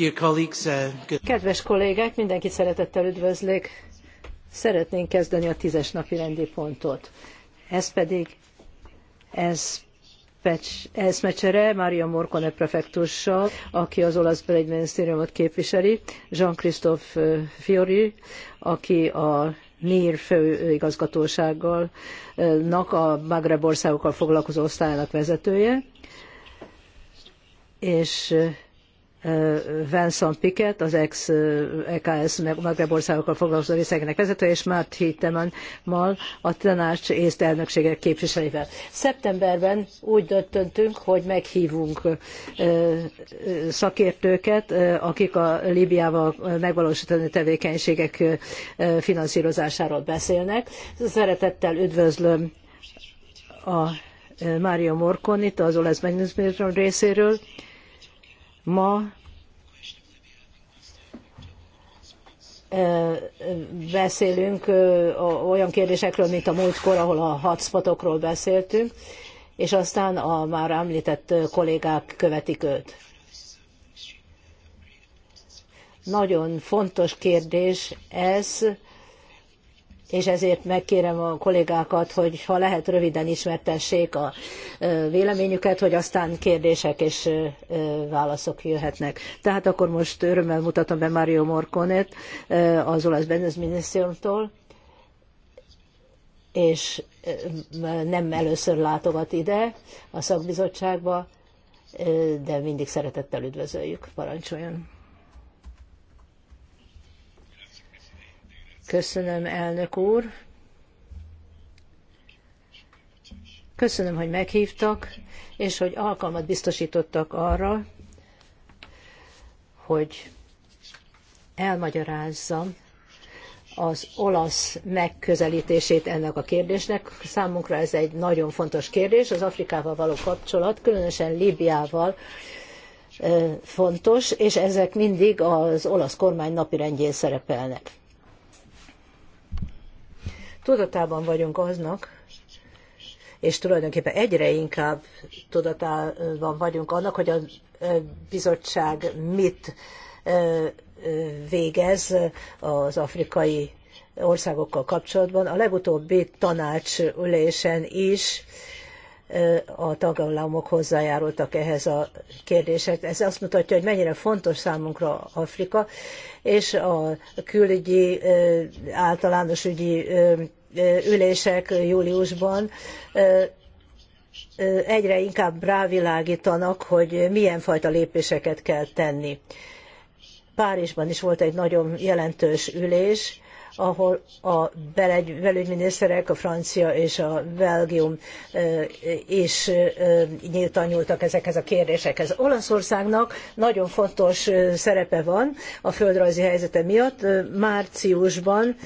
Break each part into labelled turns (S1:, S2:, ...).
S1: Uh,
S2: Kedves kollégák, mindenkit szeretettel üdvözlök. Szeretnénk kezdeni a tízes napi rendi pontot. Ez pedig ez eszmecsere Mária Morcone prefektussal, aki az olasz belügyminisztériumot képviseli, Jean-Christophe Fiori, aki a NIR főigazgatósággal, a Magreb országokkal foglalkozó osztályának vezetője, és Vincent Piket, az ex-EKS Magreb országokkal foglalkozó részegnek vezetője, és Matt Hittemann-mal a tanács észt elnöksége képviselővel. Szeptemberben úgy döntöttünk, hogy meghívunk szakértőket, akik a Líbiával megvalósítani tevékenységek finanszírozásáról beszélnek. Szeretettel üdvözlöm a Mária Morkonit, az Olasz Mennyiszmértron részéről, Ma beszélünk olyan kérdésekről, mint a múltkor, ahol a hotspotokról beszéltünk, és aztán a már említett kollégák követik őt. Nagyon fontos kérdés ez, és ezért megkérem a kollégákat, hogy ha lehet röviden ismertessék a véleményüket, hogy aztán kérdések és válaszok jöhetnek. Tehát akkor most örömmel mutatom be Mario Morconet az olasz Benzminisztériumtól, és nem először látogat ide a szakbizottságba, de mindig szeretettel üdvözöljük. Parancsoljon! Köszönöm, elnök úr. Köszönöm, hogy meghívtak, és hogy alkalmat biztosítottak arra, hogy elmagyarázzam az olasz megközelítését ennek a kérdésnek. Számunkra ez egy nagyon fontos kérdés, az Afrikával való kapcsolat, különösen Líbiával fontos, és ezek mindig az olasz kormány napirendjén szerepelnek. Tudatában vagyunk aznak, és tulajdonképpen egyre inkább tudatában vagyunk annak, hogy a bizottság mit végez az afrikai országokkal kapcsolatban. A legutóbbi tanácsülésen is a tagállamok hozzájárultak ehhez a kérdéshez. Ez azt mutatja, hogy mennyire fontos számunkra Afrika, és a külügyi általános ügyi ülések júliusban egyre inkább rávilágítanak, hogy milyen fajta lépéseket kell tenni. Párizsban is volt egy nagyon jelentős ülés, ahol a belügyminiszterek, a francia és a belgium is nyíltan nyúltak ezekhez a kérdésekhez. Olaszországnak nagyon fontos szerepe van a földrajzi helyzete miatt. Márciusban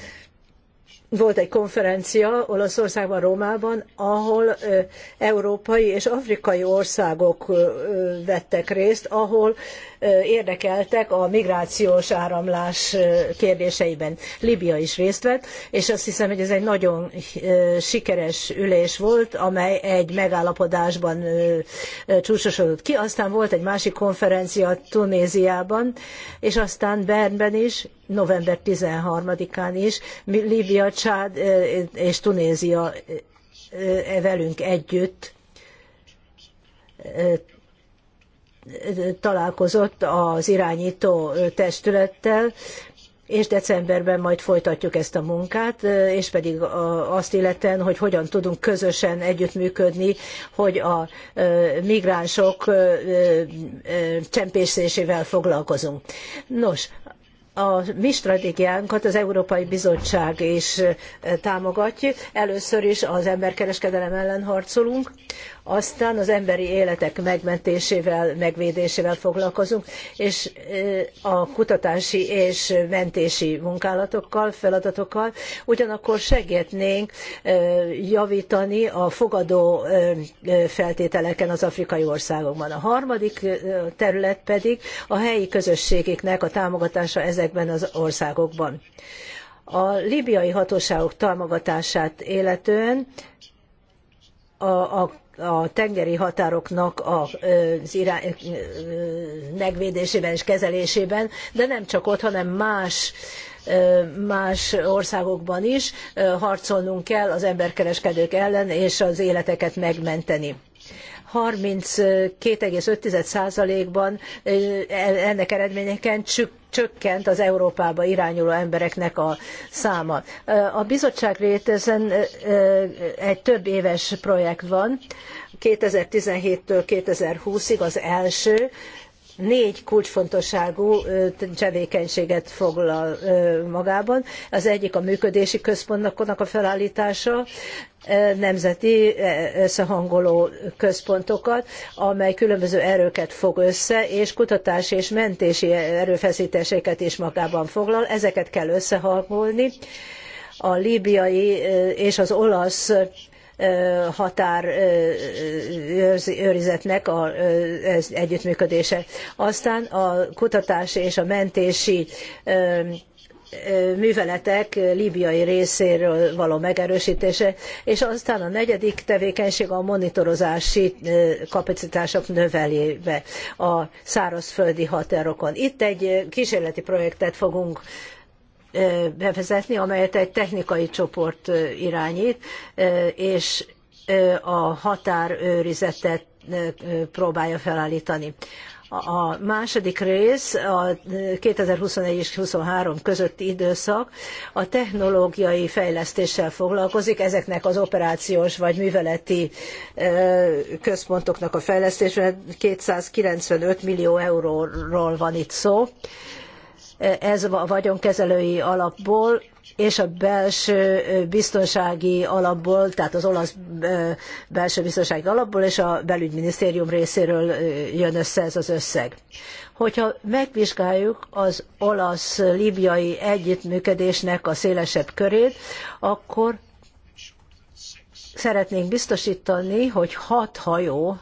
S2: volt egy konferencia Olaszországban, Rómában, ahol európai és afrikai országok vettek részt, ahol érdekeltek a migrációs áramlás kérdéseiben. Libia is részt vett, és azt hiszem, hogy ez egy nagyon sikeres ülés volt, amely egy megállapodásban csúcsosodott ki. Aztán volt egy másik konferencia Tunéziában, és aztán Bernben is, november 13-án is, Líbia, Csád eh, és Tunézia eh, eh, velünk együtt találkozott az irányító testülettel, és decemberben majd folytatjuk ezt a munkát, és pedig azt illetően, hogy hogyan tudunk közösen együttműködni, hogy a migránsok csempészésével foglalkozunk. Nos, a mi stratégiánkat az Európai Bizottság is eh, támogatja. Először is az emberkereskedelem ellen harcolunk, aztán az emberi életek megmentésével, megvédésével foglalkozunk, és a kutatási és mentési munkálatokkal, feladatokkal, ugyanakkor segítnénk javítani a fogadó feltételeken az afrikai országokban. A harmadik terület pedig a helyi közösségeknek a támogatása ezekben az országokban. A libiai hatóságok támogatását illetően a, a a tengeri határoknak az irány, megvédésében és kezelésében, de nem csak ott, hanem más más országokban is harcolnunk kell az emberkereskedők ellen és az életeket megmenteni. 32,5%-ban ennek eredményeként csökkent az Európába irányuló embereknek a száma. A bizottság rétezen egy több éves projekt van, 2017-től 2020-ig az első, négy kulcsfontosságú tevékenységet foglal magában. Az egyik a működési központnak a felállítása, nemzeti összehangoló központokat, amely különböző erőket fog össze, és kutatási és mentési erőfeszítéseket is magában foglal. Ezeket kell összehangolni a líbiai és az olasz határőrizetnek az együttműködése. Aztán a kutatási és a mentési műveletek líbiai részéről való megerősítése, és aztán a negyedik tevékenység a monitorozási kapacitások növelébe a szárazföldi határokon. Itt egy kísérleti projektet fogunk bevezetni, amelyet egy technikai csoport irányít, és a határőrizetet próbálja felállítani. A második rész, a 2021 és 2023 közötti időszak a technológiai fejlesztéssel foglalkozik, ezeknek az operációs vagy műveleti központoknak a fejlesztésre 295 millió euróról van itt szó ez a vagyonkezelői alapból és a belső biztonsági alapból, tehát az olasz belső biztonsági alapból és a belügyminisztérium részéről jön össze ez az összeg. Hogyha megvizsgáljuk az olasz-libiai együttműködésnek a szélesebb körét, akkor szeretnénk biztosítani, hogy hat hajó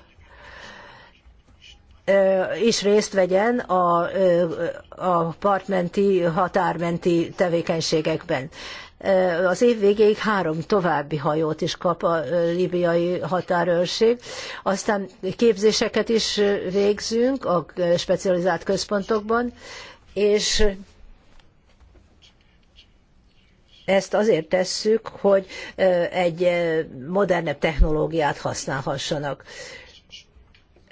S2: is részt vegyen a, a partmenti, határmenti tevékenységekben. Az év végéig három további hajót is kap a libiai határőrség. Aztán képzéseket is végzünk a specializált központokban, és ezt azért tesszük, hogy egy modernebb technológiát használhassanak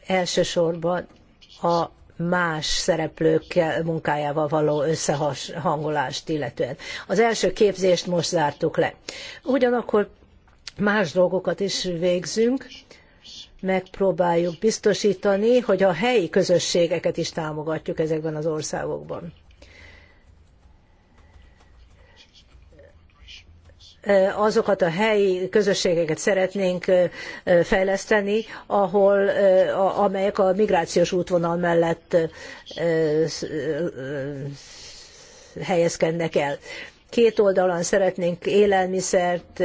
S2: elsősorban a más szereplők munkájával való összehangolást illetően. Az első képzést most zártuk le. Ugyanakkor más dolgokat is végzünk, megpróbáljuk biztosítani, hogy a helyi közösségeket is támogatjuk ezekben az országokban. azokat a helyi közösségeket szeretnénk fejleszteni, ahol, amelyek a migrációs útvonal mellett helyezkednek el. Két oldalon szeretnénk élelmiszert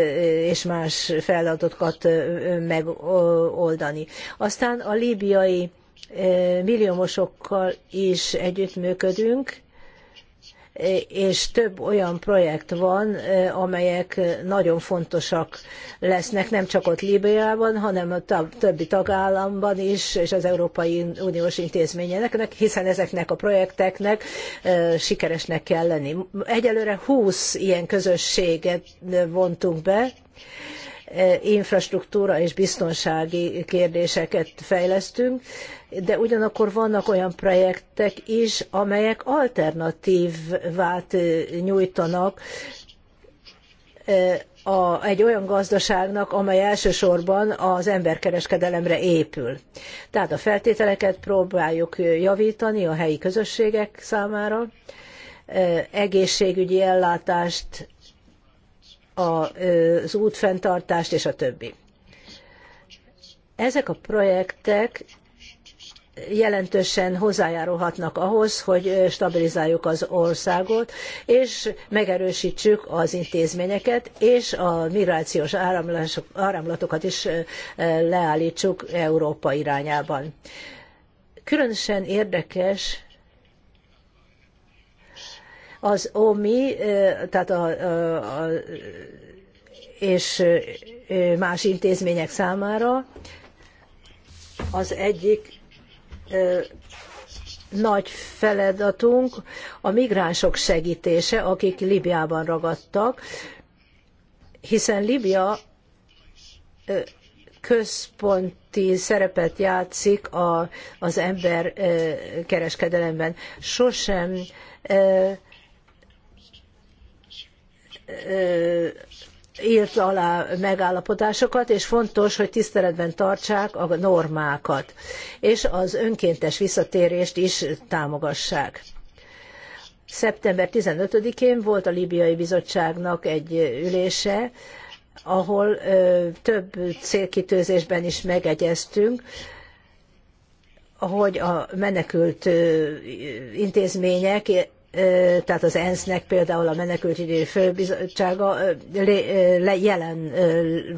S2: és más feladatokat megoldani. Aztán a líbiai milliómosokkal is együttműködünk, és több olyan projekt van, amelyek nagyon fontosak lesznek, nem csak ott Líbiában, hanem a többi tagállamban is, és az Európai Uniós intézményeknek, hiszen ezeknek a projekteknek sikeresnek kell lenni. Egyelőre 20 ilyen közösséget vontunk be, infrastruktúra és biztonsági kérdéseket fejlesztünk, de ugyanakkor vannak olyan projektek is, amelyek alternatívvát nyújtanak a, egy olyan gazdaságnak, amely elsősorban az emberkereskedelemre épül. Tehát a feltételeket próbáljuk javítani a helyi közösségek számára, egészségügyi ellátást, az útfenntartást és a többi. Ezek a projektek jelentősen hozzájárulhatnak ahhoz, hogy stabilizáljuk az országot, és megerősítsük az intézményeket, és a migrációs áramlatokat is leállítsuk Európa irányában. Különösen érdekes az OMI, tehát a, a, a és más intézmények számára az egyik nagy feladatunk a migránsok segítése, akik Libiában ragadtak, hiszen Libia központi szerepet játszik a, az ember kereskedelemben. Sosem írt alá megállapodásokat, és fontos, hogy tiszteletben tartsák a normákat, és az önkéntes visszatérést is támogassák. Szeptember 15-én volt a Libiai Bizottságnak egy ülése, ahol több célkitőzésben is megegyeztünk, hogy a menekült intézmények tehát az ENSZ-nek például a menekültügyi főbizottsága jelen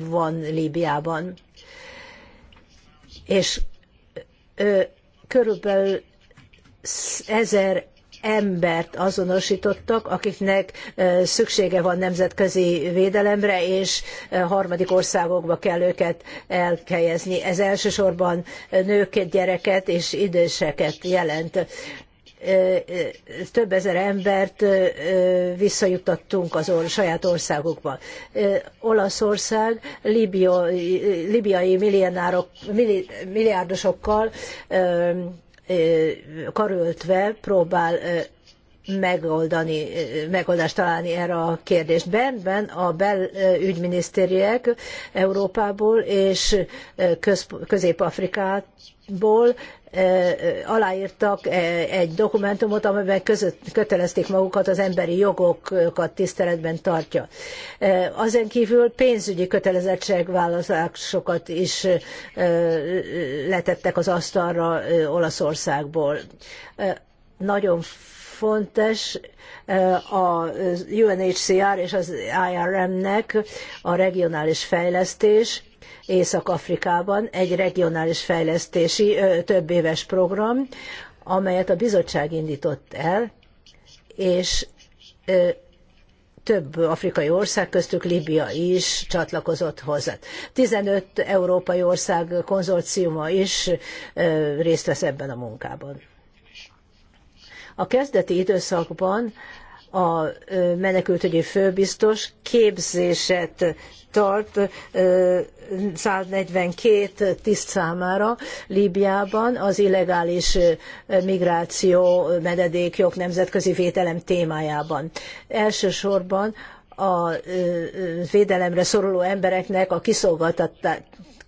S2: van Líbiában. És körülbelül ezer embert azonosítottak, akiknek szüksége van nemzetközi védelemre, és harmadik országokba kell őket elhelyezni. Ez elsősorban nőket, gyereket és időseket jelent több ezer embert visszajuttattunk az or, saját országukba. Olaszország Libia, libiai milliárdosokkal karöltve próbál megoldani, megoldást találni erre a kérdést. Bentben a belügyminisztériek Európából és Közép-Afrikából aláírtak egy dokumentumot, amelyben között, kötelezték magukat az emberi jogokat tiszteletben tartja. Azen kívül pénzügyi kötelezettségvállalásokat is letettek az asztalra Olaszországból. Nagyon fontos a UNHCR és az IRM-nek a regionális fejlesztés, Észak-Afrikában egy regionális fejlesztési több éves program, amelyet a bizottság indított el, és több afrikai ország, köztük Libia is csatlakozott hozzá. 15 európai ország konzorciuma is részt vesz ebben a munkában. A kezdeti időszakban a menekültügyi főbiztos képzéset tart 142 tiszt számára Líbiában az illegális migráció, menedékjog, nemzetközi védelem témájában. Elsősorban a védelemre szoruló embereknek a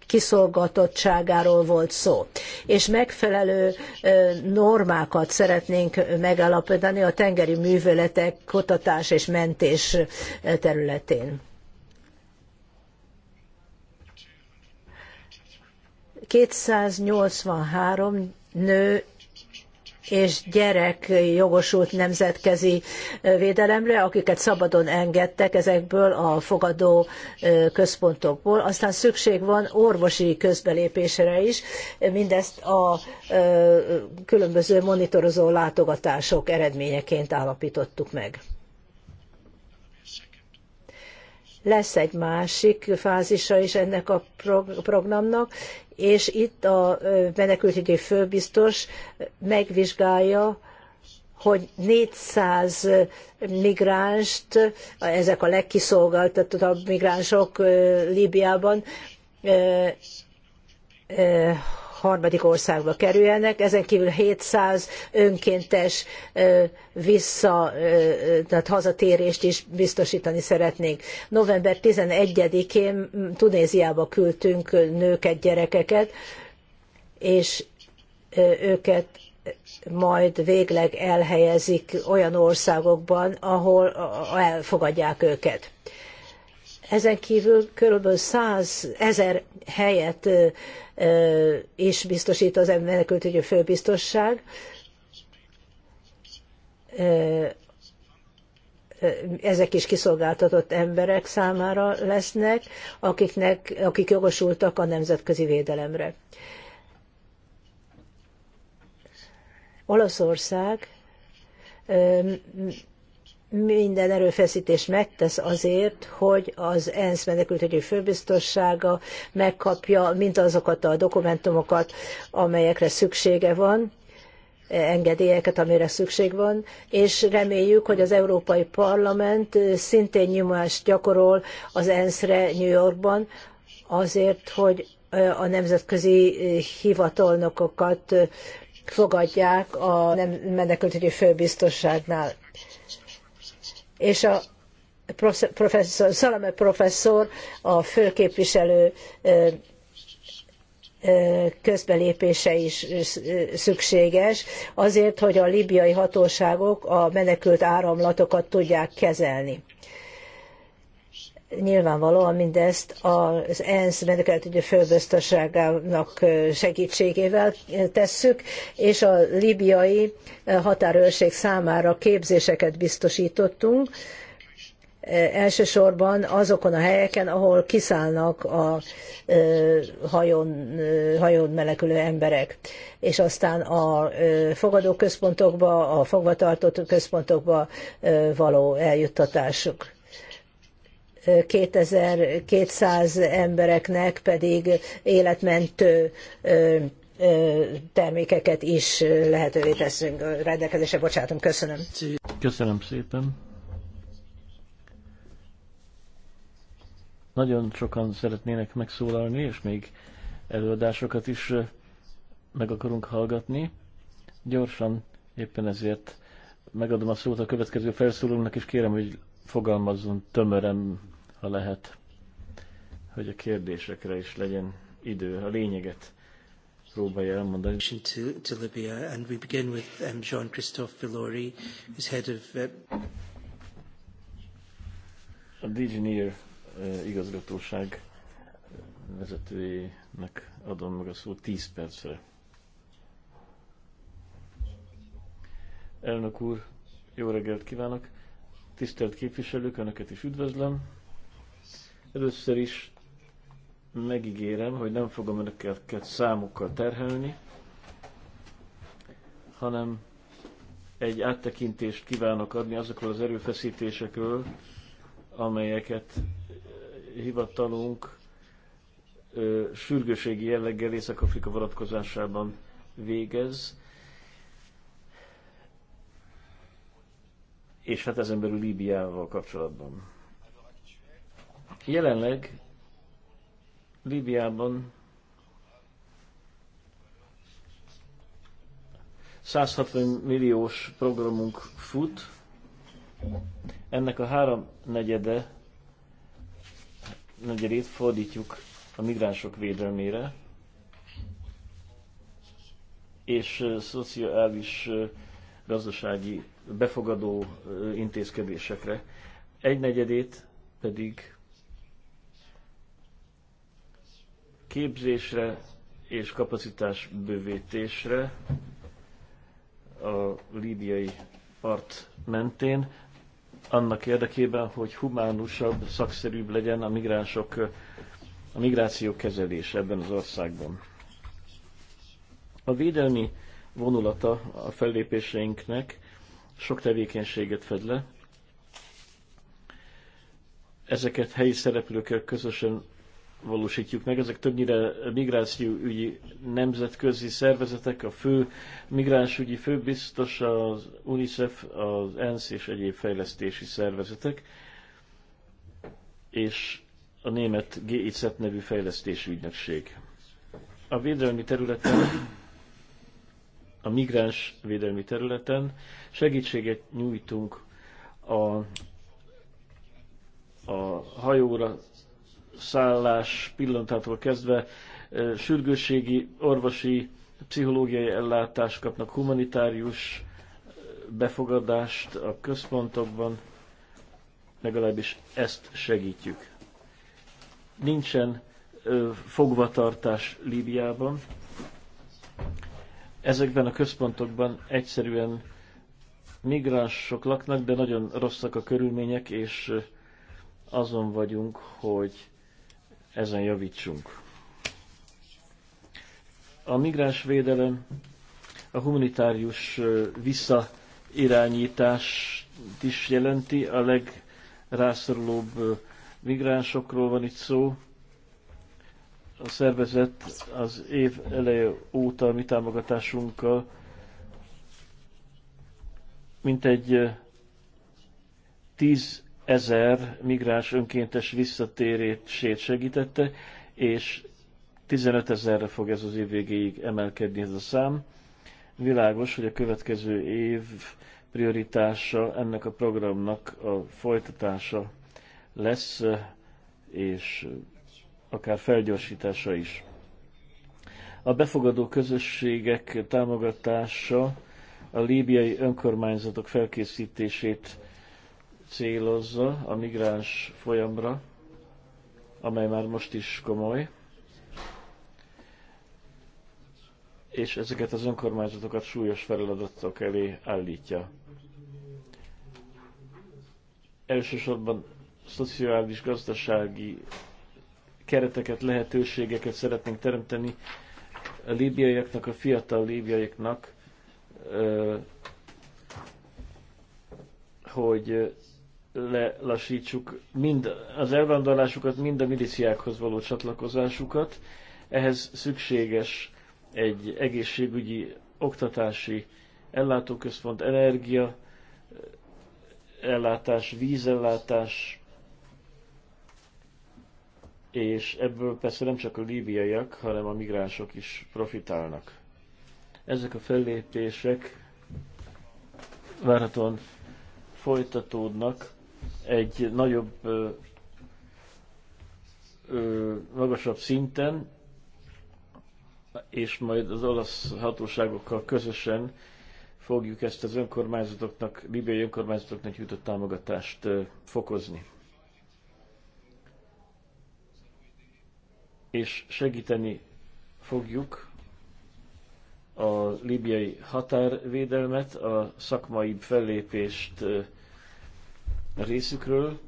S2: kiszolgatottságáról volt szó. És megfelelő normákat szeretnénk megállapítani a tengeri műveletek, kutatás és mentés területén. 283 nő és gyerek jogosult nemzetközi védelemre, akiket szabadon engedtek ezekből a fogadó központokból. Aztán szükség van orvosi közbelépésre is, mindezt a különböző monitorozó látogatások eredményeként állapítottuk meg. lesz egy másik fázisa is ennek a programnak, és itt a menekültügyi főbiztos megvizsgálja, hogy 400 migránst, ezek a legkiszolgáltatottabb migránsok Líbiában, harmadik országba kerüljenek, ezen kívül 700 önkéntes vissza, tehát hazatérést is biztosítani szeretnénk. November 11-én Tunéziába küldtünk nőket, gyerekeket, és őket majd végleg elhelyezik olyan országokban, ahol elfogadják őket. Ezen kívül körülbelül 100 ezer helyet és biztosít az menekültügyi főbiztosság. Ezek is kiszolgáltatott emberek számára lesznek, akiknek, akik jogosultak a nemzetközi védelemre. Olaszország minden erőfeszítést megtesz azért, hogy az ENSZ menekültügyi főbiztossága megkapja mindazokat a dokumentumokat, amelyekre szüksége van, engedélyeket, amire szükség van, és reméljük, hogy az Európai Parlament szintén nyomást gyakorol az ENSZ-re New Yorkban azért, hogy eh, a nemzetközi eh, hivatalnokokat eh, fogadják a menekültügyi főbiztosságnál és a professzor, Szalame professzor, a főképviselő közbelépése is szükséges, azért, hogy a libiai hatóságok a menekült áramlatokat tudják kezelni nyilvánvalóan mindezt az ENSZ menekültügyi főbiztosságának segítségével tesszük, és a libiai határőrség számára képzéseket biztosítottunk, elsősorban azokon a helyeken, ahol kiszállnak a hajón, hajón melekülő emberek, és aztán a fogadóközpontokba, a fogvatartott központokba való eljuttatásuk 2200 embereknek pedig életmentő termékeket is lehetővé teszünk rendelkezésre. bocsátom köszönöm.
S3: Köszönöm szépen. Nagyon sokan szeretnének megszólalni, és még előadásokat is meg akarunk hallgatni. Gyorsan, éppen ezért megadom a szót a következő felszólónak, és kérem, hogy fogalmazzon tömören, ha lehet, hogy a kérdésekre is legyen idő, a lényeget
S1: próbálja elmondani. To, to Libya, and we begin with um, Jean-Christophe Villori, who's head of... Uh...
S3: A Digineer uh, igazgatóság vezetőjének adom meg a szót 10 percre. Elnök úr, jó reggelt kívánok! Tisztelt képviselők, Önöket is üdvözlöm! Először is megígérem, hogy nem fogom önöket számukkal terhelni, hanem egy áttekintést kívánok adni azokról az erőfeszítésekről, amelyeket hivatalunk ö, sürgőségi jelleggel Észak-Afrika vonatkozásában végez, és hát ezen belül Líbiával kapcsolatban. Jelenleg Líbiában 160 milliós programunk fut, ennek a három negyede negyedét fordítjuk a migránsok védelmére, és szociális gazdasági befogadó intézkedésekre. Egy negyedét pedig képzésre és kapacitás bővítésre a líbiai part mentén, annak érdekében, hogy humánusabb, szakszerűbb legyen a migránsok, a migráció kezelése ebben az országban. A védelmi vonulata a fellépéseinknek sok tevékenységet fed le. Ezeket helyi szereplőkkel közösen valósítjuk meg. Ezek többnyire migrációügyi nemzetközi szervezetek, a fő migránsügyi főbiztos, az UNICEF, az ENSZ és egyéb fejlesztési szervezetek, és a német GIZ e nevű fejlesztési ügynökség. A védelmi területen, a migráns védelmi területen segítséget nyújtunk a, a hajóra szállás pillanatától kezdve sürgősségi, orvosi, pszichológiai ellátást kapnak, humanitárius befogadást a központokban, legalábbis ezt segítjük. Nincsen fogvatartás Líbiában. Ezekben a központokban egyszerűen migránsok laknak, de nagyon rosszak a körülmények, és azon vagyunk, hogy ezen javítsunk. A migránsvédelem, a humanitárius visszairányítást is jelenti, a legrászorulóbb migránsokról van itt szó. A szervezet az év eleje óta mi támogatásunkkal egy 10 ezer migráns önkéntes visszatérését segítette, és 15 ezerre fog ez az év végéig emelkedni ez a szám. Világos, hogy a következő év prioritása ennek a programnak a folytatása lesz, és akár felgyorsítása is. A befogadó közösségek támogatása a líbiai önkormányzatok felkészítését célozza a migráns folyamra, amely már most is komoly, és ezeket az önkormányzatokat súlyos feladatok elé állítja. Elsősorban szociális, gazdasági kereteket, lehetőségeket szeretnénk teremteni a líbiaiaknak, a fiatal líbiaiaknak, hogy lelassítsuk mind az elvándorlásukat, mind a miliciákhoz való csatlakozásukat. Ehhez szükséges egy egészségügyi, oktatási ellátóközpont, energia, ellátás, vízellátás, és ebből persze nem csak a líbiaiak, hanem a migránsok is profitálnak. Ezek a fellépések várhatóan folytatódnak egy nagyobb, ö, ö, magasabb szinten, és majd az olasz hatóságokkal közösen fogjuk ezt az önkormányzatoknak, libiai önkormányzatoknak jutott támogatást ö, fokozni. És segíteni fogjuk a libiai határvédelmet, a szakmai fellépést ö, részükről.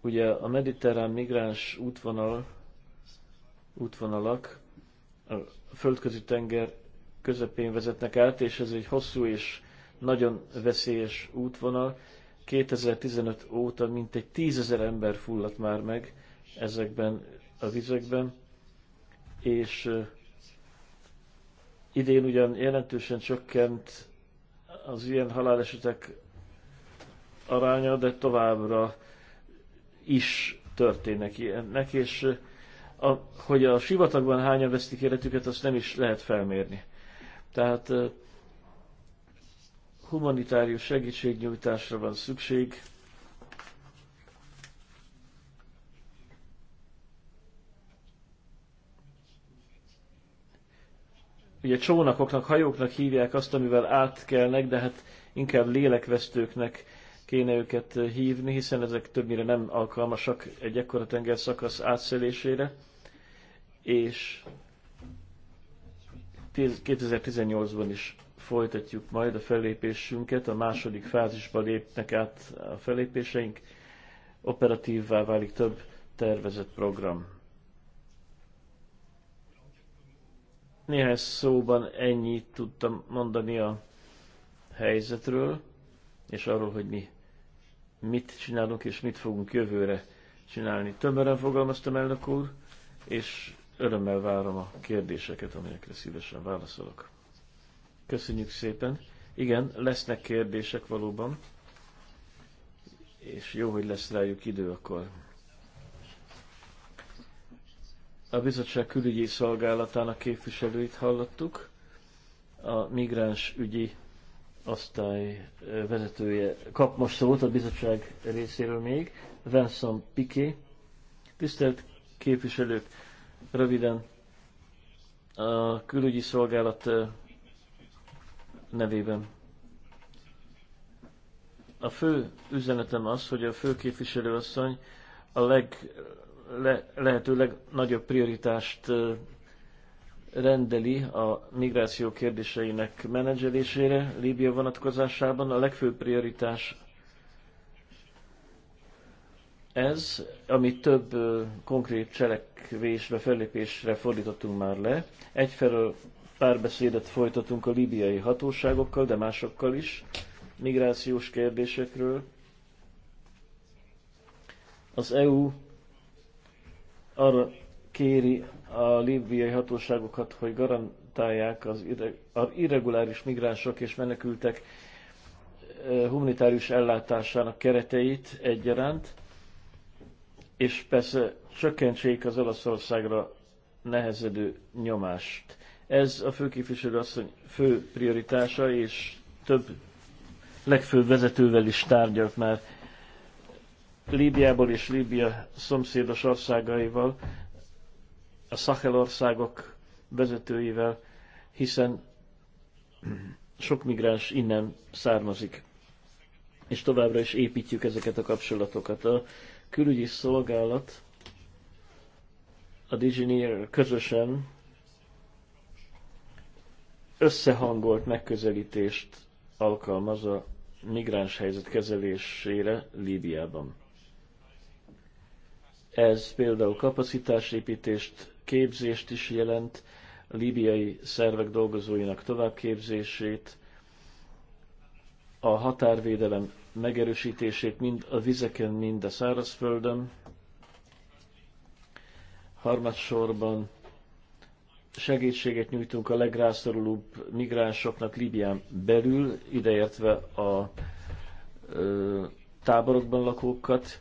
S3: Ugye a mediterrán migráns útvonal, útvonalak a földközi tenger közepén vezetnek át, és ez egy hosszú és nagyon veszélyes útvonal. 2015 óta mintegy tízezer ember fulladt már meg ezekben a vizekben, és idén ugyan jelentősen csökkent az ilyen halálesetek aránya, de továbbra is történnek ilyenek, és a, hogy a sivatagban hányan vesztik életüket, azt nem is lehet felmérni. Tehát humanitárius segítségnyújtásra van szükség. Ugye csónakoknak, hajóknak hívják azt, amivel átkelnek, de hát inkább lélekvesztőknek kéne őket hívni, hiszen ezek többnyire nem alkalmasak egy ekkora tengerszakasz átszelésére, és 2018-ban is folytatjuk majd a fellépésünket, a második fázisba lépnek át a fellépéseink, operatívvá válik több tervezett program. Néhány szóban ennyit tudtam mondani a helyzetről, és arról, hogy mi mit csinálunk és mit fogunk jövőre csinálni. Tömören fogalmaztam, elnök úr, és örömmel várom a kérdéseket, amelyekre szívesen válaszolok. Köszönjük szépen. Igen, lesznek kérdések valóban, és jó, hogy lesz rájuk idő akkor. A bizottság külügyi szolgálatának képviselőit hallottuk, a migráns ügyi osztály vezetője kap most szót a bizottság részéről még, Vincent Piqué. Tisztelt képviselők, röviden a külügyi szolgálat nevében. A fő üzenetem az, hogy a fő képviselőasszony a leg, le, lehető legnagyobb prioritást rendeli a migráció kérdéseinek menedzselésére Líbia vonatkozásában. A legfőbb prioritás ez, amit több konkrét cselekvésre, fellépésre fordítottunk már le. Egyfelől párbeszédet folytatunk a líbiai hatóságokkal, de másokkal is, migrációs kérdésekről. Az EU arra kéri a líbiai hatóságokat, hogy garantálják az irreguláris migránsok és menekültek humanitárius ellátásának kereteit egyaránt, és persze csökkentsék az Olaszországra nehezedő nyomást. Ez a főképviselő asszony fő prioritása, és több legfőbb vezetővel is tárgyalt már Líbiából és Líbia szomszédos országaival a Szahel vezetőivel, hiszen sok migráns innen származik, és továbbra is építjük ezeket a kapcsolatokat. A külügyi szolgálat, a Digineer közösen összehangolt megközelítést alkalmaz a migráns helyzet kezelésére Líbiában. Ez például kapacitásépítést képzést is jelent, a líbiai szervek dolgozóinak továbbképzését, a határvédelem megerősítését mind a vizeken, mind a szárazföldön, harmadsorban segítséget nyújtunk a legrászorulóbb migránsoknak Líbián belül, ideértve a ö, táborokban lakókat,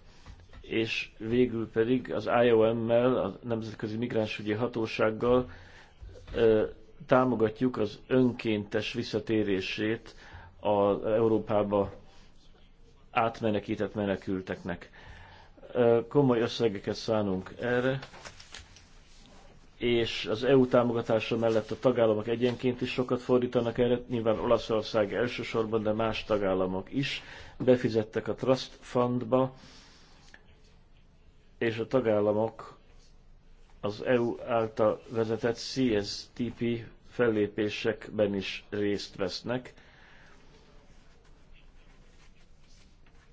S3: és végül pedig az IOM-mel, a Nemzetközi Migránsügyi Hatósággal támogatjuk az önkéntes visszatérését az Európába átmenekített menekülteknek. Komoly összegeket szánunk erre, és az EU támogatása mellett a tagállamok egyenként is sokat fordítanak erre, nyilván Olaszország elsősorban, de más tagállamok is befizettek a Trust Fundba, és a tagállamok az EU által vezetett CSTP fellépésekben is részt vesznek,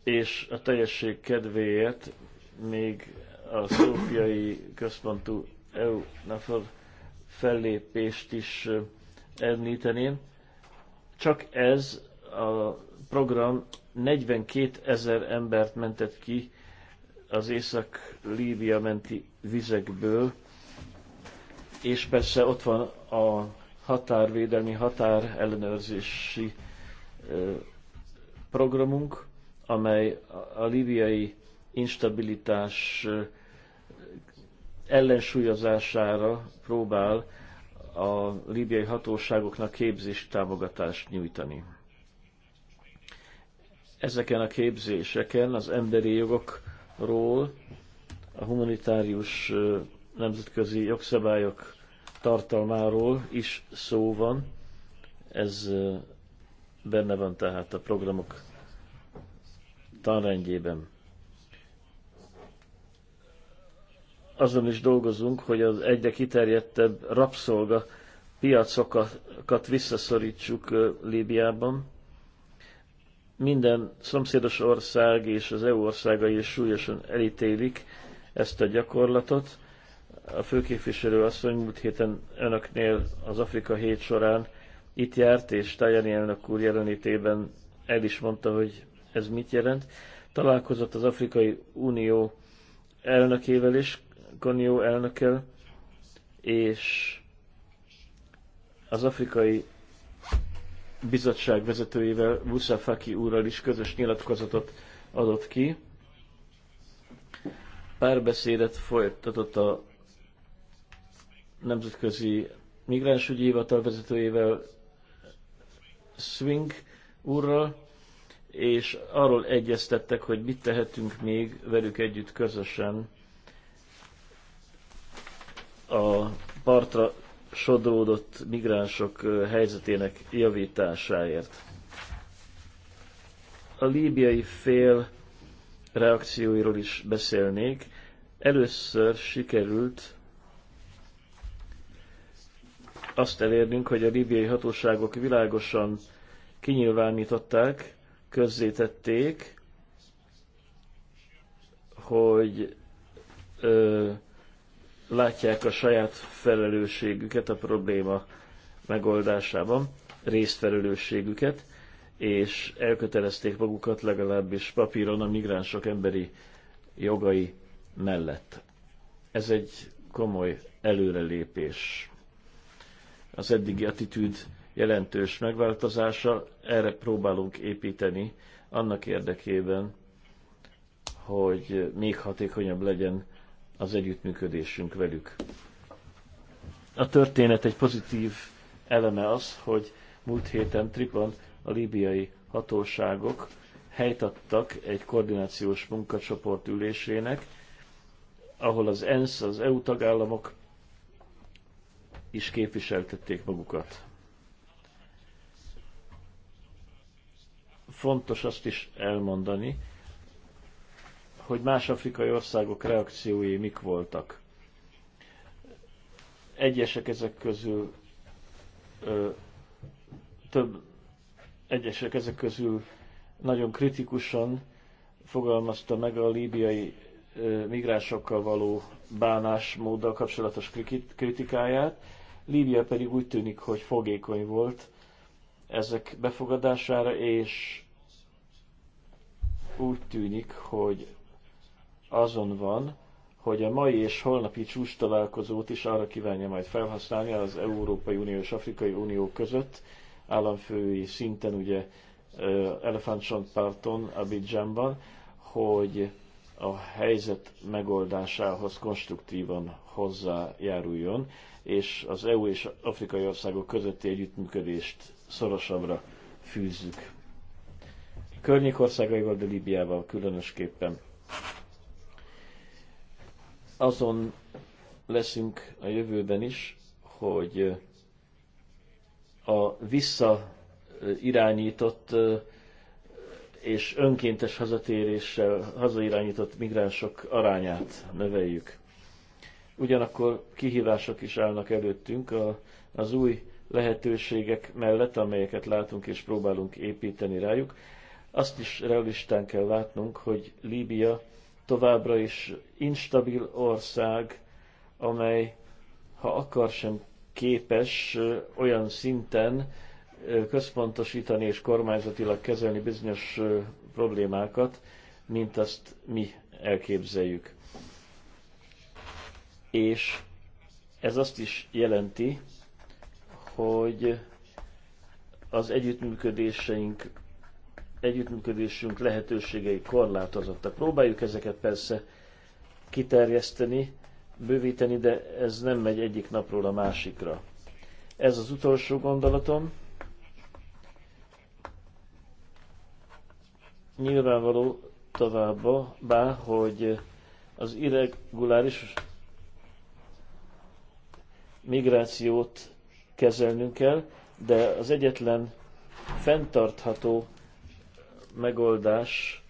S3: és a teljesség kedvéért még a szófiai központú EU NAFOR fellépést is említeném. Csak ez a program 42 ezer embert mentett ki az Észak-Líbia menti vizekből, és persze ott van a határvédelmi, határ ellenőrzési programunk, amely a líbiai instabilitás ellensúlyozására próbál a líbiai hatóságoknak képzés támogatást nyújtani. Ezeken a képzéseken az emberi jogok ról, a humanitárius nemzetközi jogszabályok tartalmáról is szó van. Ez benne van tehát a programok tanrendjében. Azon is dolgozunk, hogy az egyre kiterjedtebb rabszolga piacokat visszaszorítsuk Líbiában minden szomszédos ország és az EU országai is súlyosan elítélik ezt a gyakorlatot. A főképviselő asszony múlt héten önöknél az Afrika hét során itt járt, és Tajani elnök úr jelenítében el is mondta, hogy ez mit jelent. Találkozott az Afrikai Unió elnökével is, Konió elnökkel, és az Afrikai bizottság vezetőjével, Musa Faki úrral is közös nyilatkozatot adott ki. Párbeszédet folytatott a Nemzetközi Migránsügyi Hivatal vezetőjével, Swing úrral, és arról egyeztettek, hogy mit tehetünk még velük együtt közösen a partra sodródott migránsok helyzetének javításáért. A líbiai fél reakcióiról is beszélnék. Először sikerült azt elérnünk, hogy a líbiai hatóságok világosan kinyilvánították, közzétették, hogy ö, látják a saját felelősségüket a probléma megoldásában, részfelelősségüket, és elkötelezték magukat legalábbis papíron a migránsok emberi jogai mellett. Ez egy komoly előrelépés. Az eddigi attitűd jelentős megváltozása, erre próbálunk építeni annak érdekében, hogy még hatékonyabb legyen az együttműködésünk velük. A történet egy pozitív eleme az, hogy múlt héten Tripon a líbiai hatóságok helyt adtak egy koordinációs munkacsoport ülésének, ahol az ENSZ, az EU tagállamok is képviseltették magukat. Fontos azt is elmondani, hogy más afrikai országok reakciói mik voltak. Egyesek ezek közül ö, több, egyesek ezek közül nagyon kritikusan fogalmazta meg a líbiai ö, migránsokkal való bánásmóddal kapcsolatos kritikáját. Líbia pedig úgy tűnik, hogy fogékony volt ezek befogadására, és úgy tűnik, hogy azon van, hogy a mai és holnapi csúcs találkozót is arra kívánja majd felhasználni az Európai Unió és Afrikai Unió között, államfői szinten, ugye Elefántcsontparton, Abidjanban, hogy a helyzet megoldásához konstruktívan hozzájáruljon, és az EU és afrikai országok közötti együttműködést szorosabbra fűzzük. Környékországaival, de Líbiával különösképpen azon leszünk a jövőben is, hogy a visszairányított és önkéntes hazatéréssel hazairányított migránsok arányát növeljük. Ugyanakkor kihívások is állnak előttünk a, az új lehetőségek mellett, amelyeket látunk és próbálunk építeni rájuk. Azt is realistán kell látnunk, hogy Líbia továbbra is instabil ország, amely ha akar sem képes olyan szinten központosítani és kormányzatilag kezelni bizonyos problémákat, mint azt mi elképzeljük. És ez azt is jelenti, hogy az együttműködéseink együttműködésünk lehetőségei korlátozottak. Próbáljuk ezeket persze kiterjeszteni, bővíteni, de ez nem megy egyik napról a másikra. Ez az utolsó gondolatom. Nyilvánvaló továbbá, hogy az irreguláris migrációt kezelnünk kell, de az egyetlen fenntartható megoldás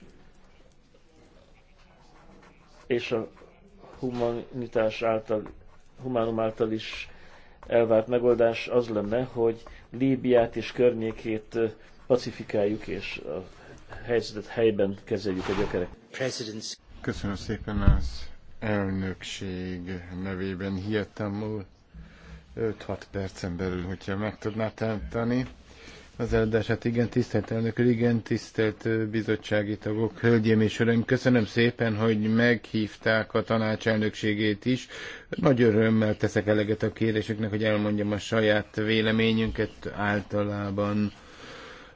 S3: és a humanitás által, humánum által is elvárt megoldás az lenne, hogy Líbiát és környékét pacifikáljuk és
S4: a helyzetet helyben kezeljük a gyökerek. Köszönöm szépen az elnökség nevében hihetem 5-6 percen belül, hogyha meg tudná tenni az eladását. Igen, tisztelt elnök, igen, tisztelt bizottsági tagok, hölgyeim és uraim, köszönöm szépen, hogy meghívták a tanács is. Nagy örömmel teszek eleget a kérdéseknek hogy elmondjam a saját véleményünket általában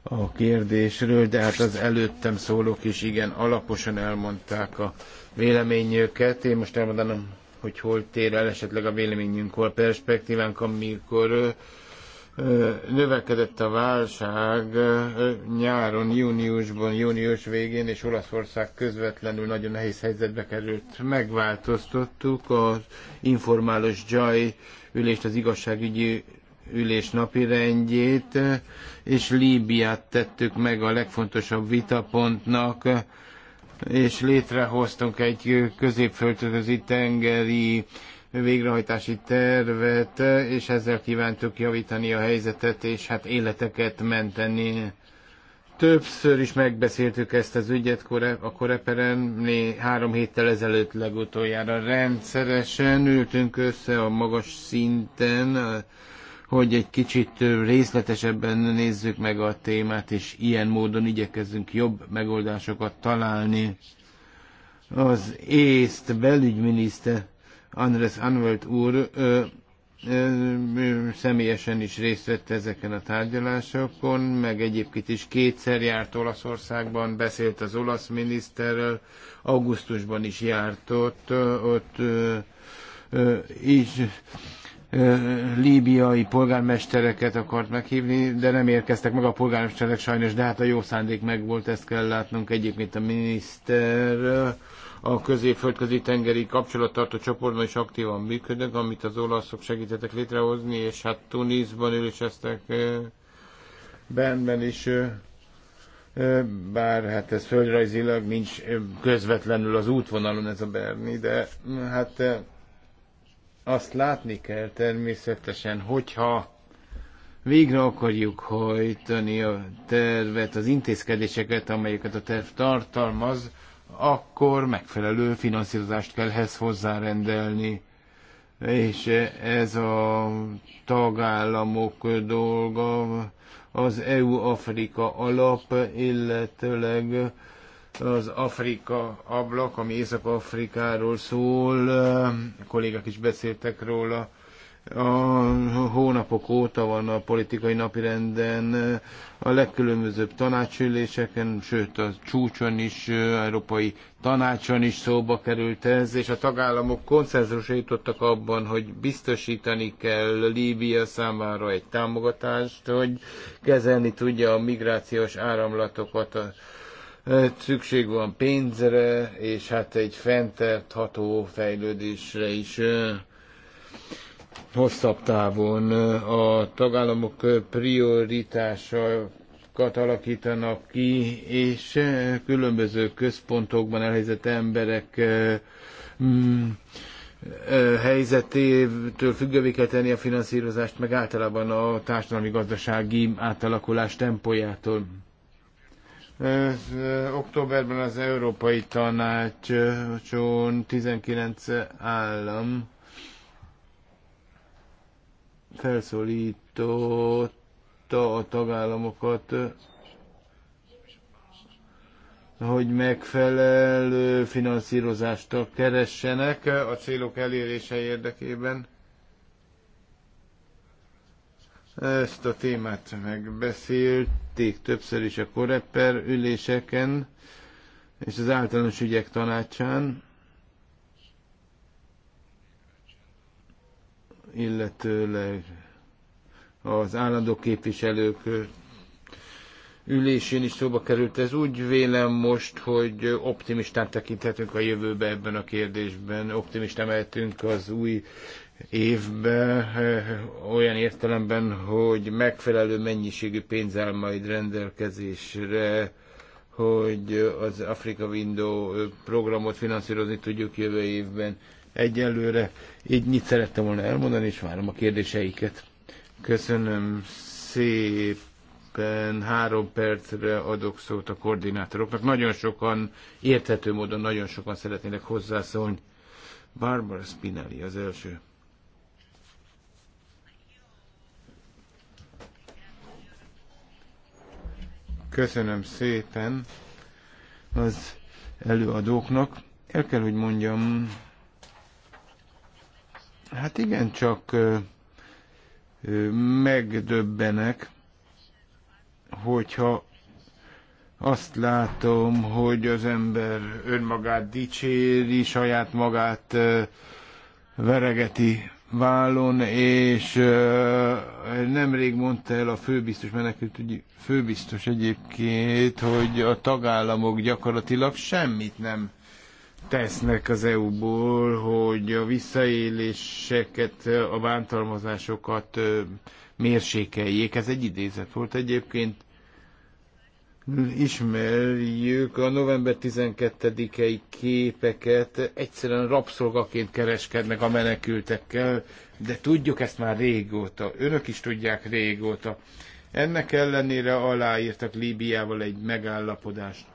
S4: a kérdésről, de hát az előttem szólók is igen alaposan elmondták a véleményüket. Én most elmondanám, hogy hol tér el esetleg a véleményünk, hol perspektívánk, amikor növekedett a válság nyáron, júniusban, június végén, és Olaszország közvetlenül nagyon nehéz helyzetbe került. Megváltoztattuk az informális Jai ülést, az igazságügyi ülés napi rendjét, és Líbiát tettük meg a legfontosabb vitapontnak, és létrehoztunk egy középföldközi tengeri végrehajtási tervet, és ezzel kívántuk javítani a helyzetet, és hát életeket menteni. Többször is megbeszéltük ezt az ügyet a koreperen, három héttel ezelőtt legutoljára rendszeresen ültünk össze a magas szinten, hogy egy kicsit részletesebben nézzük meg a témát, és ilyen módon igyekezzünk jobb megoldásokat találni. Az észt belügyminiszter Andres Anwelt úr ö, ö, személyesen is részt vett ezeken a tárgyalásokon, meg egyébként is kétszer járt Olaszországban, beszélt az olasz miniszterrel, augusztusban is járt ott, ott ö, ö, is líbiai polgármestereket akart meghívni, de nem érkeztek meg a polgármesterek sajnos, de hát a jó szándék megvolt, ezt kell látnunk egyébként a miniszter a középföldközi tengeri kapcsolattartó csoportban is aktívan működök, amit az olaszok segítettek létrehozni, és hát Tunisban eztek benben is, bár hát ez földrajzilag nincs közvetlenül az útvonalon ez a Berni, de mm, hát azt látni kell természetesen, hogyha végre akarjuk hajtani a tervet, az intézkedéseket, amelyeket a terv tartalmaz, akkor megfelelő finanszírozást kell ehhez hozzárendelni. És ez a tagállamok dolga, az EU-Afrika alap, illetőleg az Afrika ablak, ami Észak-Afrikáról szól, kollégák is beszéltek róla, a hónapok óta van a politikai napirenden, a legkülönbözőbb tanácsüléseken, sőt a csúcson is, európai tanácson is szóba került ez, és a tagállamok konszenzusra jutottak abban, hogy biztosítani kell Líbia számára egy támogatást, hogy kezelni tudja a migrációs áramlatokat, a szükség van pénzre, és hát egy fenntartható fejlődésre is hosszabb távon a tagállamok prioritása alakítanak ki, és különböző központokban elhelyezett emberek mm, helyzetétől függővé kell tenni a finanszírozást, meg általában a társadalmi-gazdasági átalakulás tempójától. Októberben az Európai Tanácson 19 állam felszólította a tagállamokat, hogy megfelelő finanszírozást keressenek a célok elérése érdekében. Ezt a témát megbeszélték többször is a Koreper üléseken és az általános ügyek tanácsán. illetőleg az állandó képviselők ülésén is szóba került. Ez úgy vélem most, hogy optimistán tekinthetünk a jövőbe ebben a kérdésben, optimistán mehetünk az új évbe olyan értelemben, hogy megfelelő mennyiségű pénz áll majd rendelkezésre, hogy az Africa Window programot finanszírozni tudjuk jövő évben egyelőre. Így nyit szerettem volna elmondani, és várom a kérdéseiket. Köszönöm szépen. Három percre adok szót a koordinátoroknak. Nagyon sokan, érthető módon nagyon sokan szeretnének hozzászólni. Barbara Spinelli az első. Köszönöm szépen az előadóknak. El kell, hogy mondjam, Hát igen, csak megdöbbenek, hogyha azt látom, hogy az ember önmagát dicséri, saját magát veregeti vállon, és nemrég mondta el a főbiztos menekültügyi főbiztos egyébként, hogy a tagállamok gyakorlatilag semmit nem tesznek az EU-ból, hogy a visszaéléseket, a bántalmazásokat mérsékeljék. Ez egy idézet volt egyébként. Ismerjük a november 12-i képeket, egyszerűen rabszolgaként kereskednek a menekültekkel, de tudjuk ezt már régóta, önök is tudják régóta. Ennek ellenére aláírtak Líbiával egy megállapodást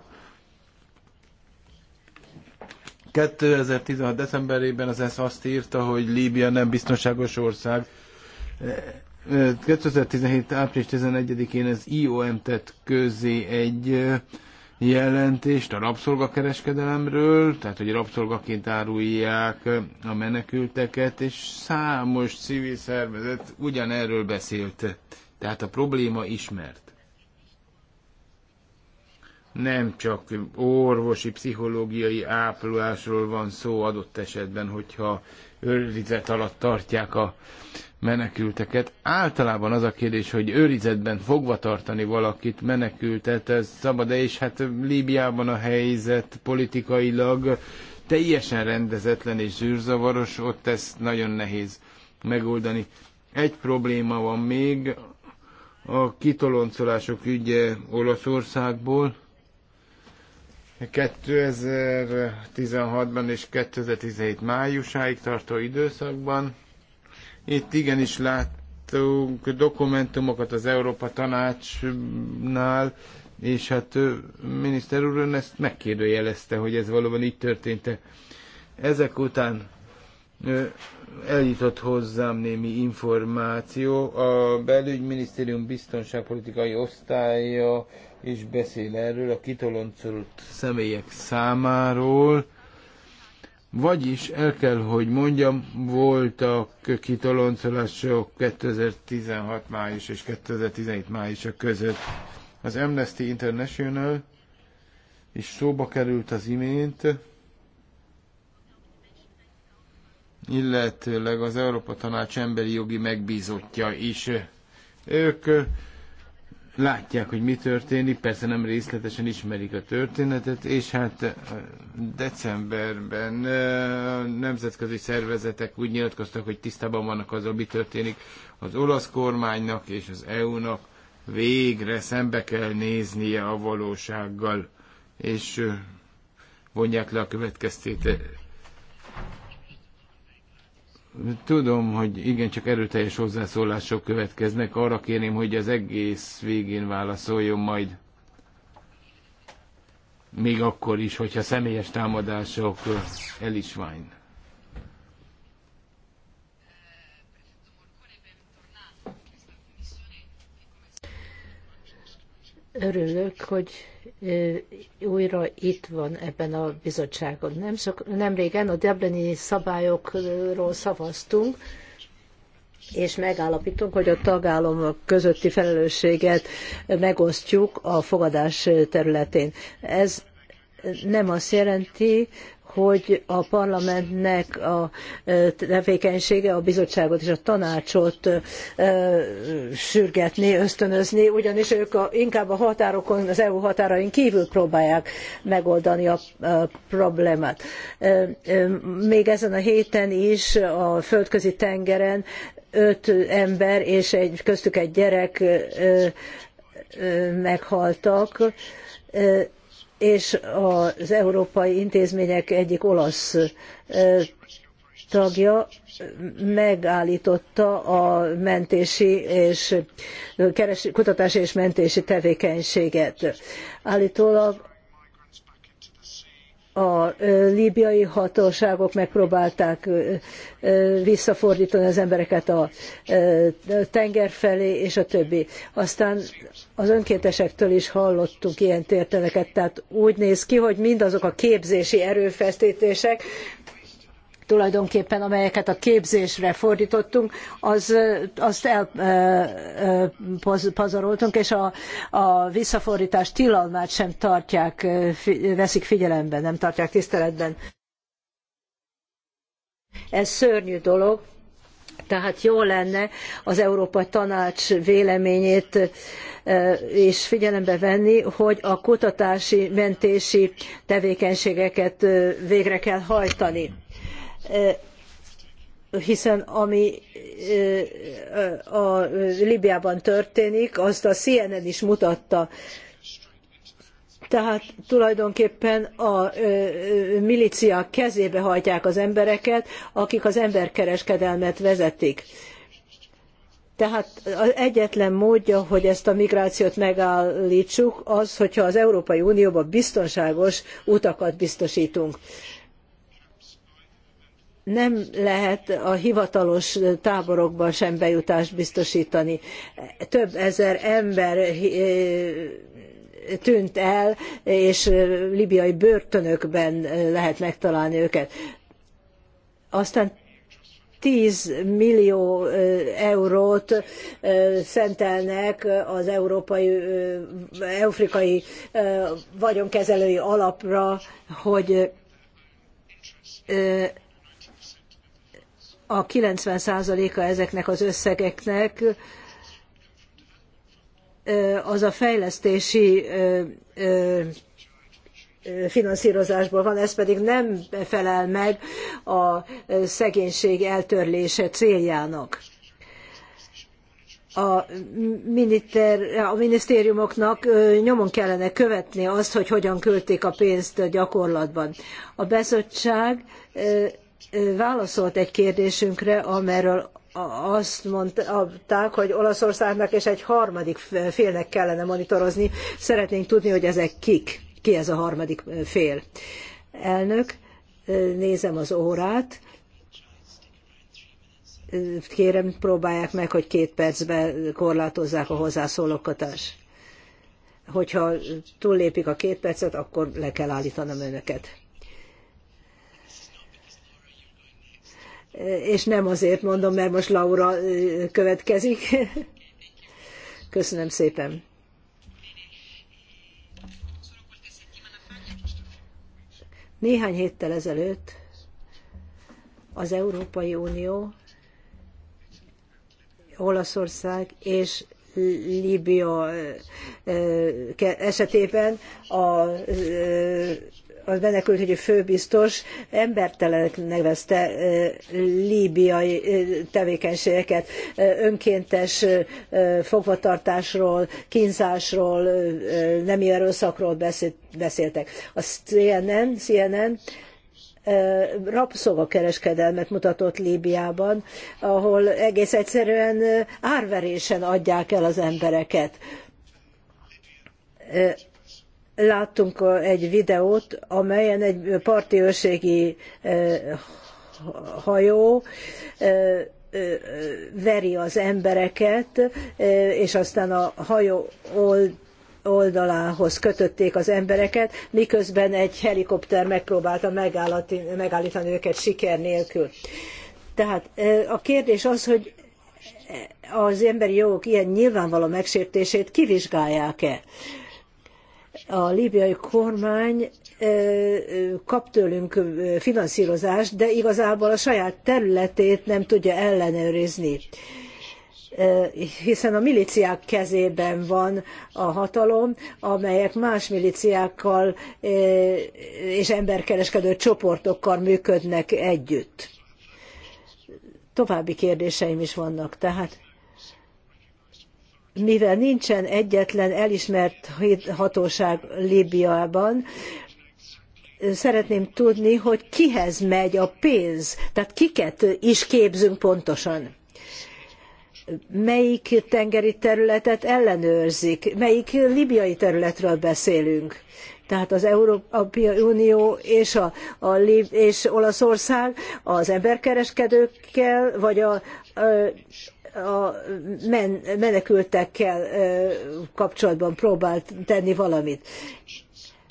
S4: 2016. decemberében az ESZ azt írta, hogy Líbia nem biztonságos ország. 2017. E, e, április 11-én az IOM tett közé egy e, jelentést a rabszolgakereskedelemről, tehát hogy rabszolgaként árulják a menekülteket, és számos civil szervezet ugyanerről beszélt. Tehát a probléma ismert nem csak orvosi, pszichológiai ápolásról van szó adott esetben, hogyha őrizet alatt tartják a menekülteket. Általában az a kérdés, hogy őrizetben fogva tartani valakit, menekültet, ez szabad-e, és hát Líbiában a helyzet politikailag teljesen rendezetlen és zűrzavaros, ott ezt nagyon nehéz megoldani. Egy probléma van még, a kitoloncolások ügye Olaszországból, 2016-ban és 2017 májusáig tartó időszakban. Itt igenis láttunk dokumentumokat az Európa Tanácsnál, és hát miniszter úr ön ezt megkérdőjelezte, hogy ez valóban így történt-e. Ezek után eljutott hozzám némi információ. A belügyminisztérium biztonságpolitikai osztálya is beszél erről, a kitoloncolt személyek számáról. Vagyis el kell, hogy mondjam, voltak kitoloncolások 2016 május és 2017 május között. Az Amnesty International is szóba került az imént, illetőleg az Európa Tanács emberi jogi megbízottja is. Ők látják, hogy mi történik, persze nem részletesen ismerik a történetet, és hát decemberben nemzetközi szervezetek úgy nyilatkoztak, hogy tisztában vannak azzal, mi történik az olasz kormánynak és az EU-nak végre szembe kell néznie a valósággal, és vonják le a következtetéseket Tudom, hogy igen, csak erőteljes hozzászólások következnek. Arra kérném, hogy az egész végén válaszoljon majd. Még akkor is, hogyha személyes támadások eh, Elisvány
S2: Örülök, hogy újra itt van ebben a bizottságon. Nem, sok, nem régen a debleni szabályokról szavaztunk, és megállapítunk, hogy a tagállamok közötti felelősséget megosztjuk a fogadás területén. Ez nem azt jelenti, hogy a parlamentnek a tevékenysége a bizottságot és a tanácsot sürgetni, ösztönözni, ugyanis ők a, inkább a határokon, az EU határain kívül próbálják megoldani a problémát. Még ezen a héten is a földközi tengeren öt ember és egy, köztük egy gyerek meghaltak és az európai intézmények egyik olasz tagja megállította a mentési és kutatási és mentési tevékenységet. Állítólag a líbiai hatóságok megpróbálták visszafordítani az embereket a tenger felé, és a többi. Aztán az önkéntesektől is hallottunk ilyen történeteket, tehát úgy néz ki, hogy mindazok a képzési erőfeszítések, tulajdonképpen, amelyeket a képzésre fordítottunk, az, azt elpazaroltunk, és a, a visszafordítás tilalmát sem tartják, veszik figyelembe, nem tartják tiszteletben. Ez szörnyű dolog, tehát jó lenne az Európai Tanács véleményét és figyelembe venni, hogy a kutatási, mentési tevékenységeket végre kell hajtani hiszen ami a Libiában történik, azt a CNN is mutatta. Tehát tulajdonképpen a miliciák kezébe hajtják az embereket, akik az emberkereskedelmet vezetik. Tehát az egyetlen módja, hogy ezt a migrációt megállítsuk, az, hogyha az Európai Unióban biztonságos utakat biztosítunk nem lehet a hivatalos táborokban sem bejutást biztosítani. Több ezer ember eh, tűnt el, és eh, libiai börtönökben eh, lehet megtalálni őket. Aztán 10 millió eurót szentelnek az európai, afrikai vagyonkezelői alapra, hogy a 90%-a ezeknek az összegeknek az a fejlesztési finanszírozásból van, ez pedig nem felel meg a szegénység eltörlése céljának. A, miniter, a minisztériumoknak nyomon kellene követni azt, hogy hogyan költik a pénzt gyakorlatban. A bizottság válaszolt egy kérdésünkre, amelyről azt mondták, hogy Olaszországnak és egy harmadik félnek kellene monitorozni. Szeretnénk tudni, hogy ezek kik, ki ez a harmadik fél. Elnök, nézem az órát. Kérem, próbálják meg, hogy két percben korlátozzák a hozzászólókatás. Hogyha túllépik a két percet, akkor le kell állítanom önöket. és nem azért mondom, mert most Laura következik. Köszönöm szépen. Néhány héttel ezelőtt az Európai Unió, Olaszország és Líbia esetében a az menekültügyi főbiztos embertelenek nevezte líbiai tevékenységeket, önkéntes fogvatartásról, kínzásról, nemi erőszakról beszéltek. A CNN, CNN rabszolgakereskedelmet mutatott Líbiában, ahol egész egyszerűen árverésen adják el az embereket láttunk egy videót, amelyen egy parti őrségi e, hajó e, e, veri az embereket, és aztán a hajó oldalához kötötték az embereket, miközben egy helikopter megpróbálta megállítani őket siker nélkül. Tehát a kérdés az, hogy az emberi jogok ilyen nyilvánvaló megsértését kivizsgálják-e? A líbiai kormány kap tőlünk finanszírozást, de igazából a saját területét nem tudja ellenőrizni hiszen a miliciák kezében van a hatalom, amelyek más miliciákkal és emberkereskedő csoportokkal működnek együtt. További kérdéseim is vannak, tehát mivel nincsen egyetlen elismert hatóság Líbiában, szeretném tudni, hogy kihez megy a pénz, tehát kiket is képzünk pontosan. Melyik tengeri területet ellenőrzik, melyik libiai területről beszélünk. Tehát az Európai Unió és, a, a és Olaszország az emberkereskedőkkel, vagy a, a a men, menekültekkel kapcsolatban próbált tenni valamit.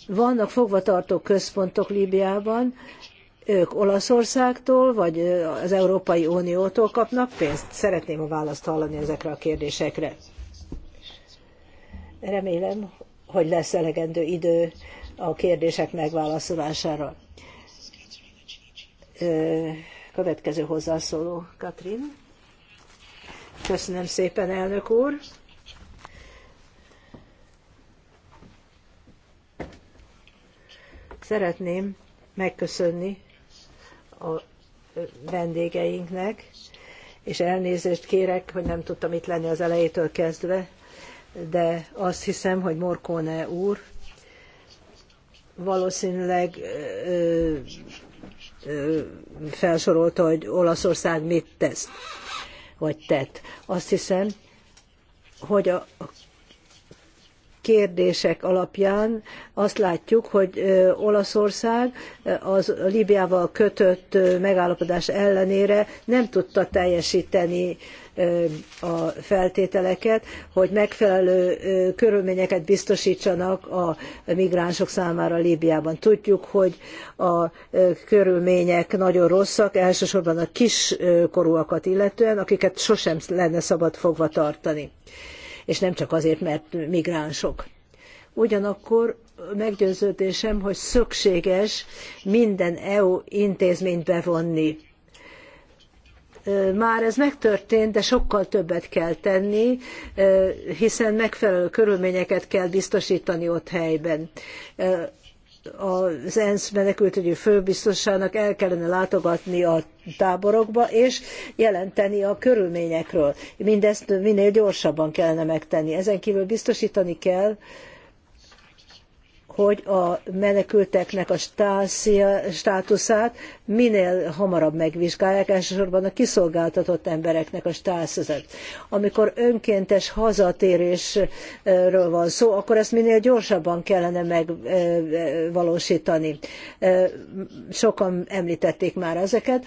S2: Vannak fogvatartó központok Líbiában, ők Olaszországtól vagy az Európai Uniótól kapnak pénzt. Szeretném a választ hallani ezekre a kérdésekre. Remélem, hogy lesz elegendő idő a kérdések megválaszolására. Következő hozzászóló, Katrin. Köszönöm szépen, elnök úr. Szeretném megköszönni a vendégeinknek, és elnézést kérek, hogy nem tudtam itt lenni az elejétől kezdve, de azt hiszem, hogy Morkóne úr valószínűleg ö, ö, felsorolta, hogy Olaszország mit tesz vagy tett. Azt hiszem, hogy a kérdések alapján azt látjuk, hogy Olaszország az Líbiával kötött megállapodás ellenére nem tudta teljesíteni a feltételeket, hogy megfelelő körülményeket biztosítsanak a migránsok számára Líbiában. Tudjuk, hogy a körülmények nagyon rosszak, elsősorban a kiskorúakat illetően, akiket sosem lenne szabad fogva tartani és nem csak azért, mert migránsok. Ugyanakkor meggyőződésem, hogy szükséges minden EU intézményt bevonni. Már ez megtörtént, de sokkal többet kell tenni, hiszen megfelelő körülményeket kell biztosítani ott helyben az ENSZ menekültügyi főbiztosának el kellene látogatni a táborokba, és jelenteni a körülményekről. Mindezt minél gyorsabban kellene megtenni. Ezen kívül biztosítani kell, hogy a menekülteknek a státuszát minél hamarabb megvizsgálják, elsősorban a kiszolgáltatott embereknek a státuszát. Amikor önkéntes hazatérésről van szó, akkor ezt minél gyorsabban kellene megvalósítani. Sokan említették már ezeket.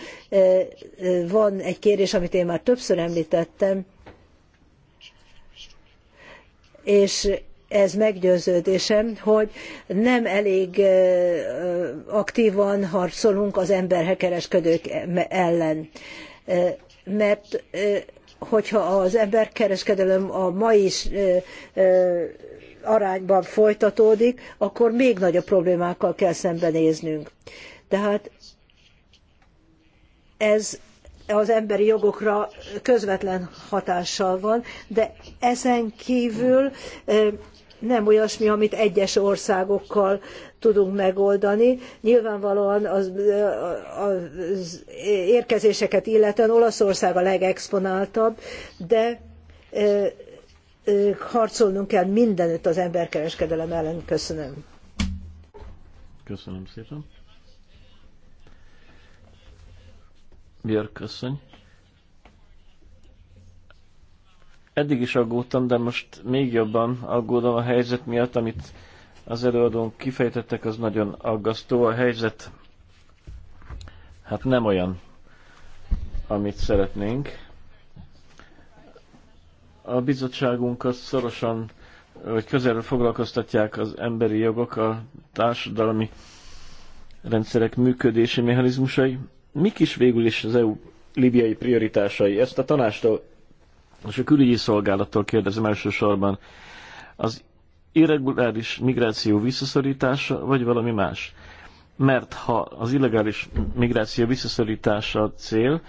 S2: Van egy kérdés, amit én már többször említettem, és ez meggyőződésem, hogy nem elég aktívan harcolunk az emberkereskedők ellen. Mert hogyha az emberkereskedelem a mai arányban folytatódik, akkor még nagyobb problémákkal kell szembenéznünk. Tehát ez az emberi jogokra közvetlen hatással van, de ezen kívül nem olyasmi, amit egyes országokkal tudunk megoldani. Nyilvánvalóan az, az érkezéseket illetően Olaszország a legexponáltabb, de harcolnunk kell mindenütt az emberkereskedelem ellen. Köszönöm.
S3: Köszönöm szépen. Björk, köszönöm. eddig is aggódtam, de most még jobban aggódom a helyzet miatt, amit az előadón kifejtettek, az nagyon aggasztó. A helyzet hát nem olyan, amit szeretnénk. A bizottságunkat szorosan, vagy közelről foglalkoztatják az emberi jogok, a társadalmi rendszerek működési mechanizmusai. Mik is végül is az EU libiai prioritásai? Ezt a tanástól most a külügyi szolgálattól kérdezem elsősorban, az irreguláris migráció visszaszorítása, vagy valami más? Mert ha az illegális migráció visszaszorítása a cél,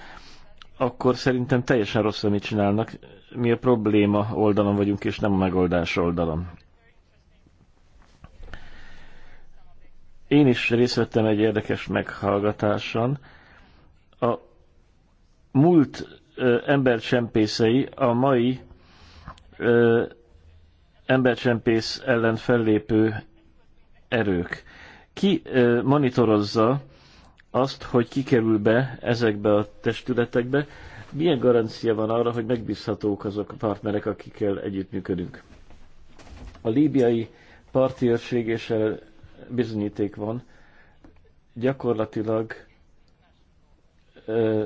S3: akkor szerintem teljesen rossz, amit csinálnak. Mi a probléma oldalon vagyunk, és nem a megoldás oldalon. Én is részt vettem egy érdekes meghallgatáson. A múlt embercsempészei a mai ö, embercsempész ellen fellépő erők. Ki ö, monitorozza azt, hogy kikerül be ezekbe a testületekbe? Milyen garancia van arra, hogy megbízhatók azok a partnerek, akikkel együttműködünk? A líbiai parti őrség és bizonyíték van, gyakorlatilag ö,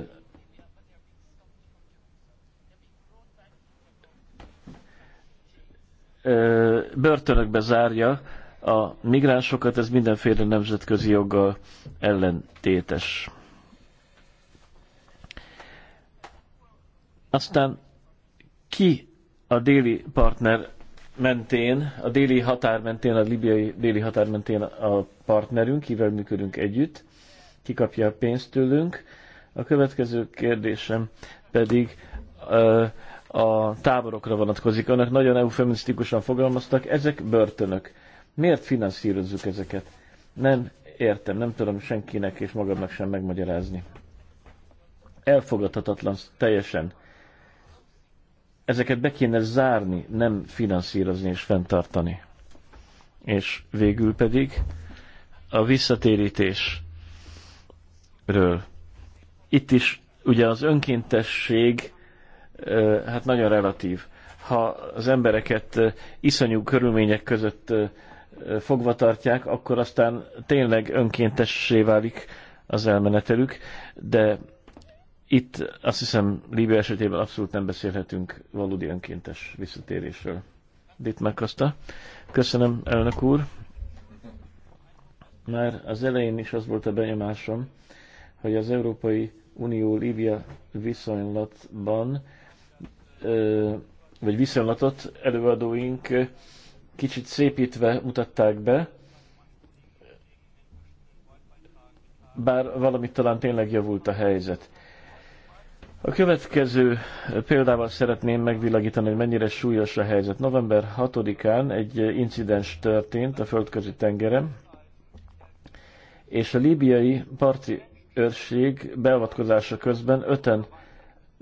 S3: börtönökbe zárja a migránsokat, ez mindenféle nemzetközi joggal ellentétes. Aztán ki a déli partner mentén, a déli határ mentén, a libiai déli határ mentén a partnerünk, kivel működünk együtt, kikapja a pénzt tőlünk. A következő kérdésem pedig a táborokra vonatkozik. Önök nagyon eufemisztikusan fogalmaztak, ezek börtönök. Miért finanszírozzuk ezeket? Nem értem, nem tudom senkinek és magamnak sem megmagyarázni. Elfogadhatatlan teljesen. Ezeket be kéne zárni, nem finanszírozni és fenntartani. És végül pedig a visszatérítésről. Itt is ugye az önkéntesség hát nagyon relatív. Ha az embereket iszonyú körülmények között fogva tartják, akkor aztán tényleg önkéntessé válik az elmenetelük, de itt azt hiszem Líbia esetében abszolút nem beszélhetünk valódi önkéntes visszatérésről. Dit megkaszta. Köszönöm, elnök úr. Már az elején is az volt a benyomásom, hogy az Európai Unió Líbia viszonylatban vagy viszonylatot előadóink kicsit szépítve mutatták be, bár valamit talán tényleg javult a helyzet. A következő példával szeretném megvilágítani, hogy mennyire súlyos a helyzet. November 6-án egy incidens történt a földközi tengeren, és a líbiai parti őrség beavatkozása közben öten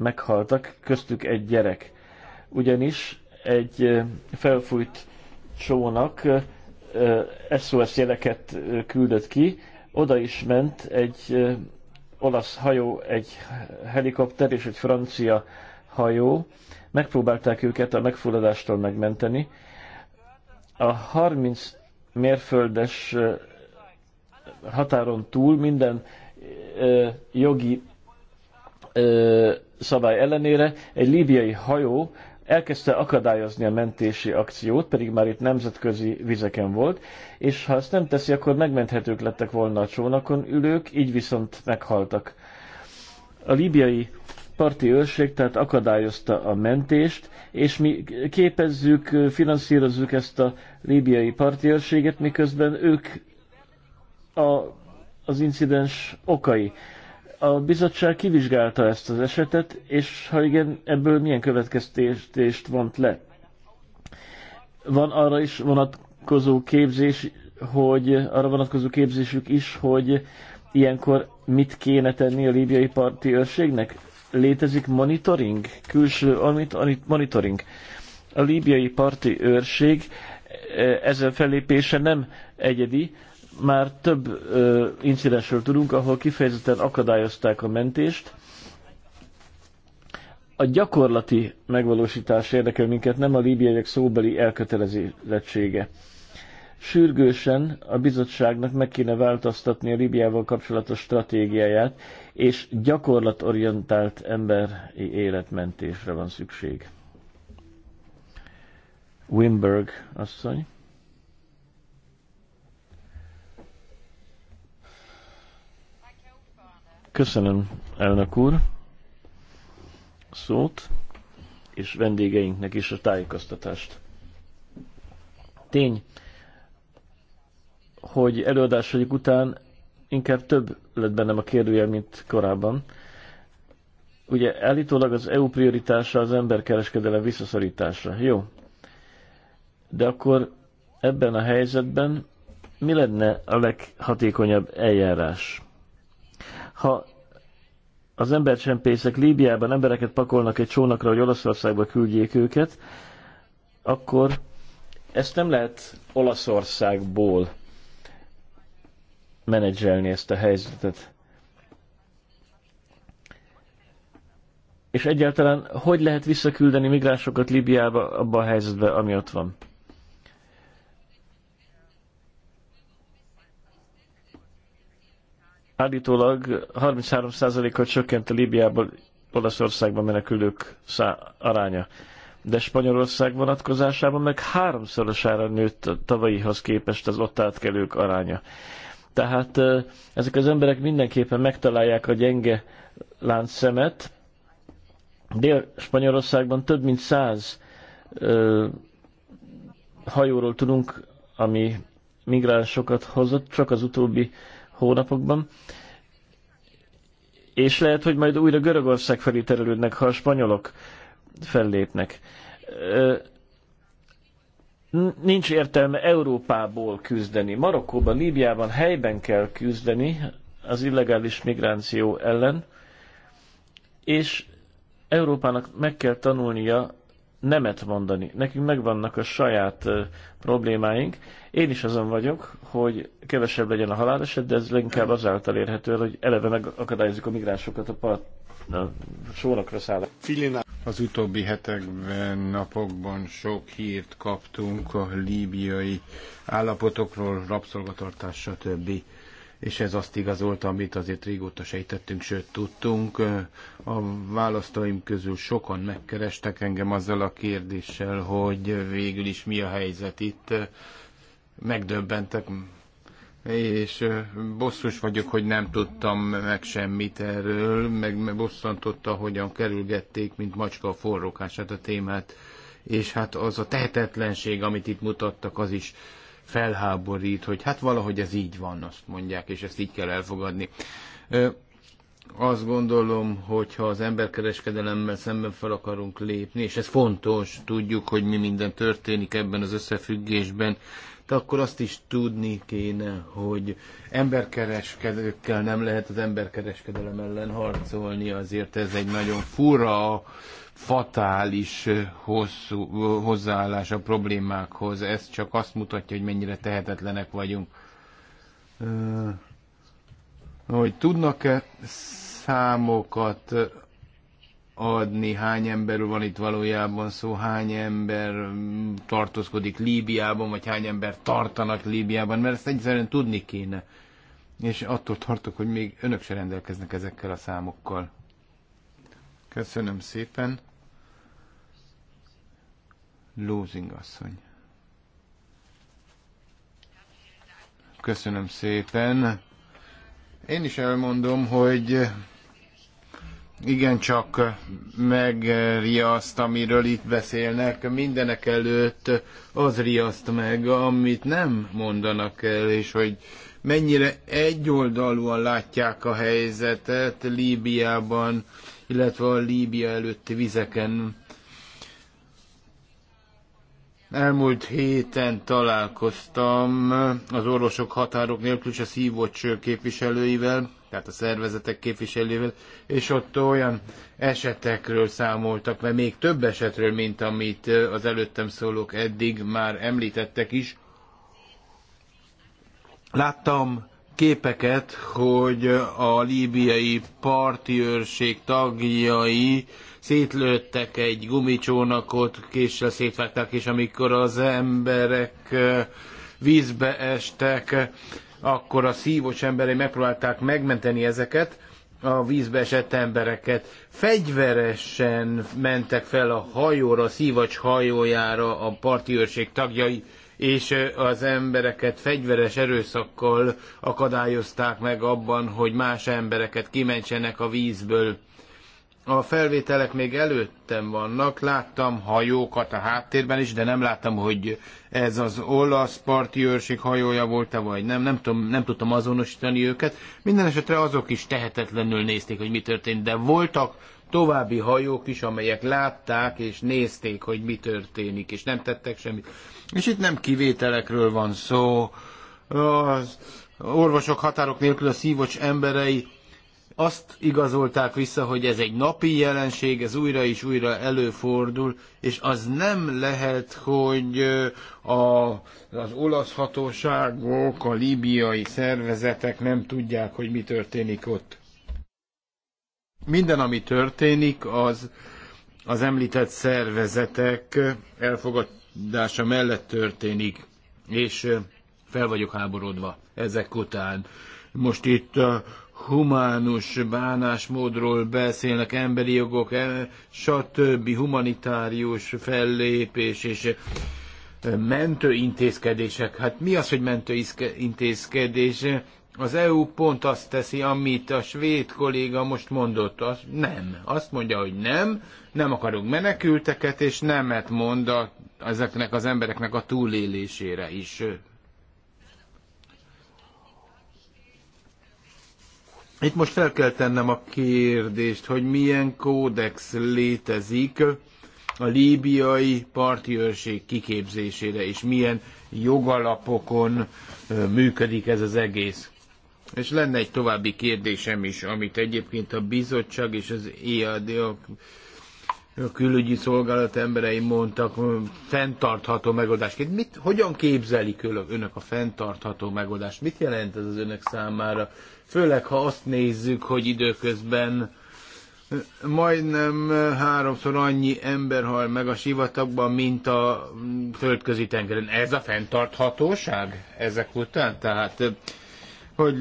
S3: meghaltak, köztük egy gyerek. Ugyanis egy felfújt csónak SOS jeleket küldött ki, oda is ment egy olasz hajó, egy helikopter és egy francia hajó. Megpróbálták őket a megfulladástól megmenteni. A 30 mérföldes határon túl minden jogi szabály ellenére egy líbiai hajó elkezdte akadályozni a mentési akciót, pedig már itt nemzetközi vizeken volt, és ha ezt nem teszi, akkor megmenthetők lettek volna a csónakon ülők, így viszont meghaltak. A líbiai parti őrség tehát akadályozta a mentést, és mi képezzük, finanszírozzuk ezt a líbiai parti őrséget, miközben ők a, az incidens okai. A bizottság kivizsgálta ezt az esetet, és ha igen, ebből milyen következtetést vont le? Van arra is vonatkozó képzés, hogy arra vonatkozó képzésük is, hogy ilyenkor mit kéne tenni a líbiai parti őrségnek? Létezik monitoring, külső monitoring. A líbiai parti őrség eh, ezen fellépése nem egyedi, már több ö, incidensről tudunk, ahol kifejezetten akadályozták a mentést. A gyakorlati megvalósítás érdekel minket, nem a líbiaiak szóbeli elkötelezettsége. Sürgősen a bizottságnak meg kéne változtatni a Líbiával kapcsolatos stratégiáját, és gyakorlatorientált emberi életmentésre van szükség. Wimberg asszony. Köszönöm, elnök úr, szót, és vendégeinknek is a tájékoztatást. Tény, hogy előadásaik után inkább több lett bennem a kérdőjel, mint korábban. Ugye állítólag az EU prioritása az emberkereskedelem visszaszorítása. Jó. De akkor ebben a helyzetben mi lenne a leghatékonyabb eljárás? Ha az embercsempészek Líbiában embereket pakolnak egy csónakra, hogy Olaszországba küldjék őket, akkor ezt nem lehet Olaszországból menedzselni ezt a helyzetet. És egyáltalán hogy lehet visszaküldeni migránsokat Líbiába abba a helyzetbe, ami ott van? Állítólag 33%-kal csökkent a Líbiából Olaszországban menekülők szá- aránya. De Spanyolország vonatkozásában meg háromszorosára nőtt a tavalyihoz képest az ott átkelők aránya. Tehát ezek az emberek mindenképpen megtalálják a gyenge láncszemet. Dél-Spanyolországban több mint száz hajóról tudunk, ami migránsokat hozott, csak az utóbbi hónapokban. És lehet, hogy majd újra Görögország felé terelődnek, ha a spanyolok fellépnek. Nincs értelme Európából küzdeni. Marokkóban, Líbiában helyben kell küzdeni az illegális migráció ellen, és Európának meg kell tanulnia nemet mondani. Nekünk megvannak a saját problémáink. Én is azon vagyok, hogy kevesebb legyen a haláleset, de ez leginkább azáltal érhető, hogy eleve megakadályozik a migránsokat a part
S4: a sónakra szállás. Az utóbbi hetekben, napokban sok hírt kaptunk a líbiai állapotokról, rabszolgatartás, stb és ez azt igazolta, amit azért régóta sejtettünk, sőt tudtunk. A választóim közül sokan megkerestek engem azzal a kérdéssel, hogy végül is mi a helyzet itt. Megdöbbentek, és bosszus vagyok, hogy nem tudtam meg semmit erről, meg bosszantotta, hogyan kerülgették, mint macska a forrókását a témát, és hát az a tehetetlenség, amit itt mutattak, az is felháborít, hogy hát valahogy ez így van, azt mondják, és ezt így kell elfogadni. Azt gondolom, hogy ha az emberkereskedelemmel szemben fel akarunk lépni, és ez fontos, tudjuk, hogy mi minden történik ebben az összefüggésben, de akkor azt is tudni kéne, hogy emberkereskedőkkel nem lehet az emberkereskedelem ellen harcolni, azért ez egy nagyon fura fatális hosszú hozzáállás a problémákhoz. Ez csak azt mutatja, hogy mennyire tehetetlenek vagyunk. Hogy tudnak-e számokat adni, hány emberről van itt valójában szó, hány ember tartózkodik Líbiában, vagy hány ember tartanak Líbiában, mert ezt egyszerűen tudni kéne. És attól tartok, hogy még önök se rendelkeznek ezekkel a számokkal. Köszönöm szépen. Losing asszony. Köszönöm szépen. Én is elmondom, hogy igen csak megriaszt, amiről itt beszélnek. Mindenek előtt az riaszt meg, amit nem mondanak el, és hogy mennyire egyoldalúan látják a helyzetet Líbiában, illetve a Líbia előtti vizeken. Elmúlt héten találkoztam az Orvosok Határok nélkül és a Szívocs képviselőivel, tehát a szervezetek képviselőivel, és ott olyan esetekről számoltak mert még több esetről, mint amit az előttem szólók eddig már említettek is. Láttam képeket, hogy a líbiai parti őrség tagjai szétlőttek egy gumicsónakot, késsel szétvágták, és amikor az emberek vízbe estek, akkor a szívos emberei megpróbálták megmenteni ezeket, a vízbe esett embereket. Fegyveresen mentek fel a hajóra, a szívacs hajójára a parti őrség tagjai és az embereket fegyveres erőszakkal akadályozták meg abban, hogy más embereket kimentsenek a vízből. A felvételek még előttem vannak, láttam hajókat a háttérben is, de nem láttam, hogy ez az olasz parti őrség hajója volt-e, vagy nem, nem, tudom, nem tudtam azonosítani őket. Minden esetre azok is tehetetlenül nézték, hogy mi történt, de voltak további hajók is, amelyek látták és nézték, hogy mi történik, és nem tettek semmit. És itt nem kivételekről van szó. Az orvosok határok nélkül a szívocs emberei azt igazolták vissza, hogy ez egy napi jelenség, ez újra és újra előfordul, és az nem lehet, hogy a, az olasz hatóságok, a libiai szervezetek nem tudják, hogy mi történik ott. Minden, ami történik, az az említett szervezetek elfogadása mellett történik, és fel vagyok háborodva ezek után. Most itt a humánus bánásmódról beszélnek, emberi jogok, e, stb. humanitárius fellépés és mentőintézkedések. Hát mi az, hogy mentőintézkedés? Az EU pont azt teszi, amit a svéd kolléga most mondott, az nem. Azt mondja, hogy nem, nem akarunk menekülteket, és nemet mond a, ezeknek az embereknek a túlélésére is. Itt most fel kell tennem a kérdést, hogy milyen kódex létezik a líbiai parti őrség kiképzésére, és milyen jogalapokon működik ez az egész. És lenne egy további kérdésem is, amit egyébként a bizottság és az IAD, e a, a külügyi szolgálat emberei mondtak, fenntartható megoldásként. Mit, hogyan képzelik önök a fenntartható megoldást? Mit jelent ez az önök számára? Főleg, ha azt nézzük, hogy időközben majdnem háromszor annyi ember hal meg a sivatagban, mint a földközi tengeren. Ez a fenntarthatóság ezek után? Tehát hogy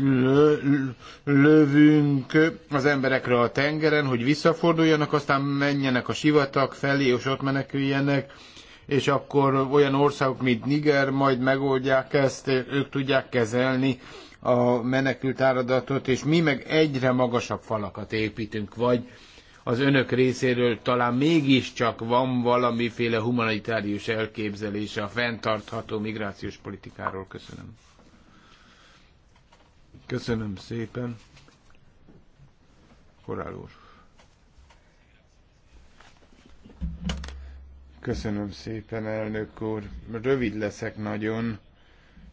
S4: lövünk az emberekre a tengeren, hogy visszaforduljanak, aztán menjenek a sivatag felé, és ott meneküljenek, és akkor olyan országok, mint Niger majd megoldják ezt, ők tudják kezelni a menekült áradatot, és mi meg egyre magasabb falakat építünk, vagy az önök részéről talán mégiscsak van valamiféle humanitárius elképzelése a fenntartható migrációs politikáról. Köszönöm. Köszönöm szépen. Korál úr. Köszönöm szépen, elnök úr. Rövid leszek nagyon.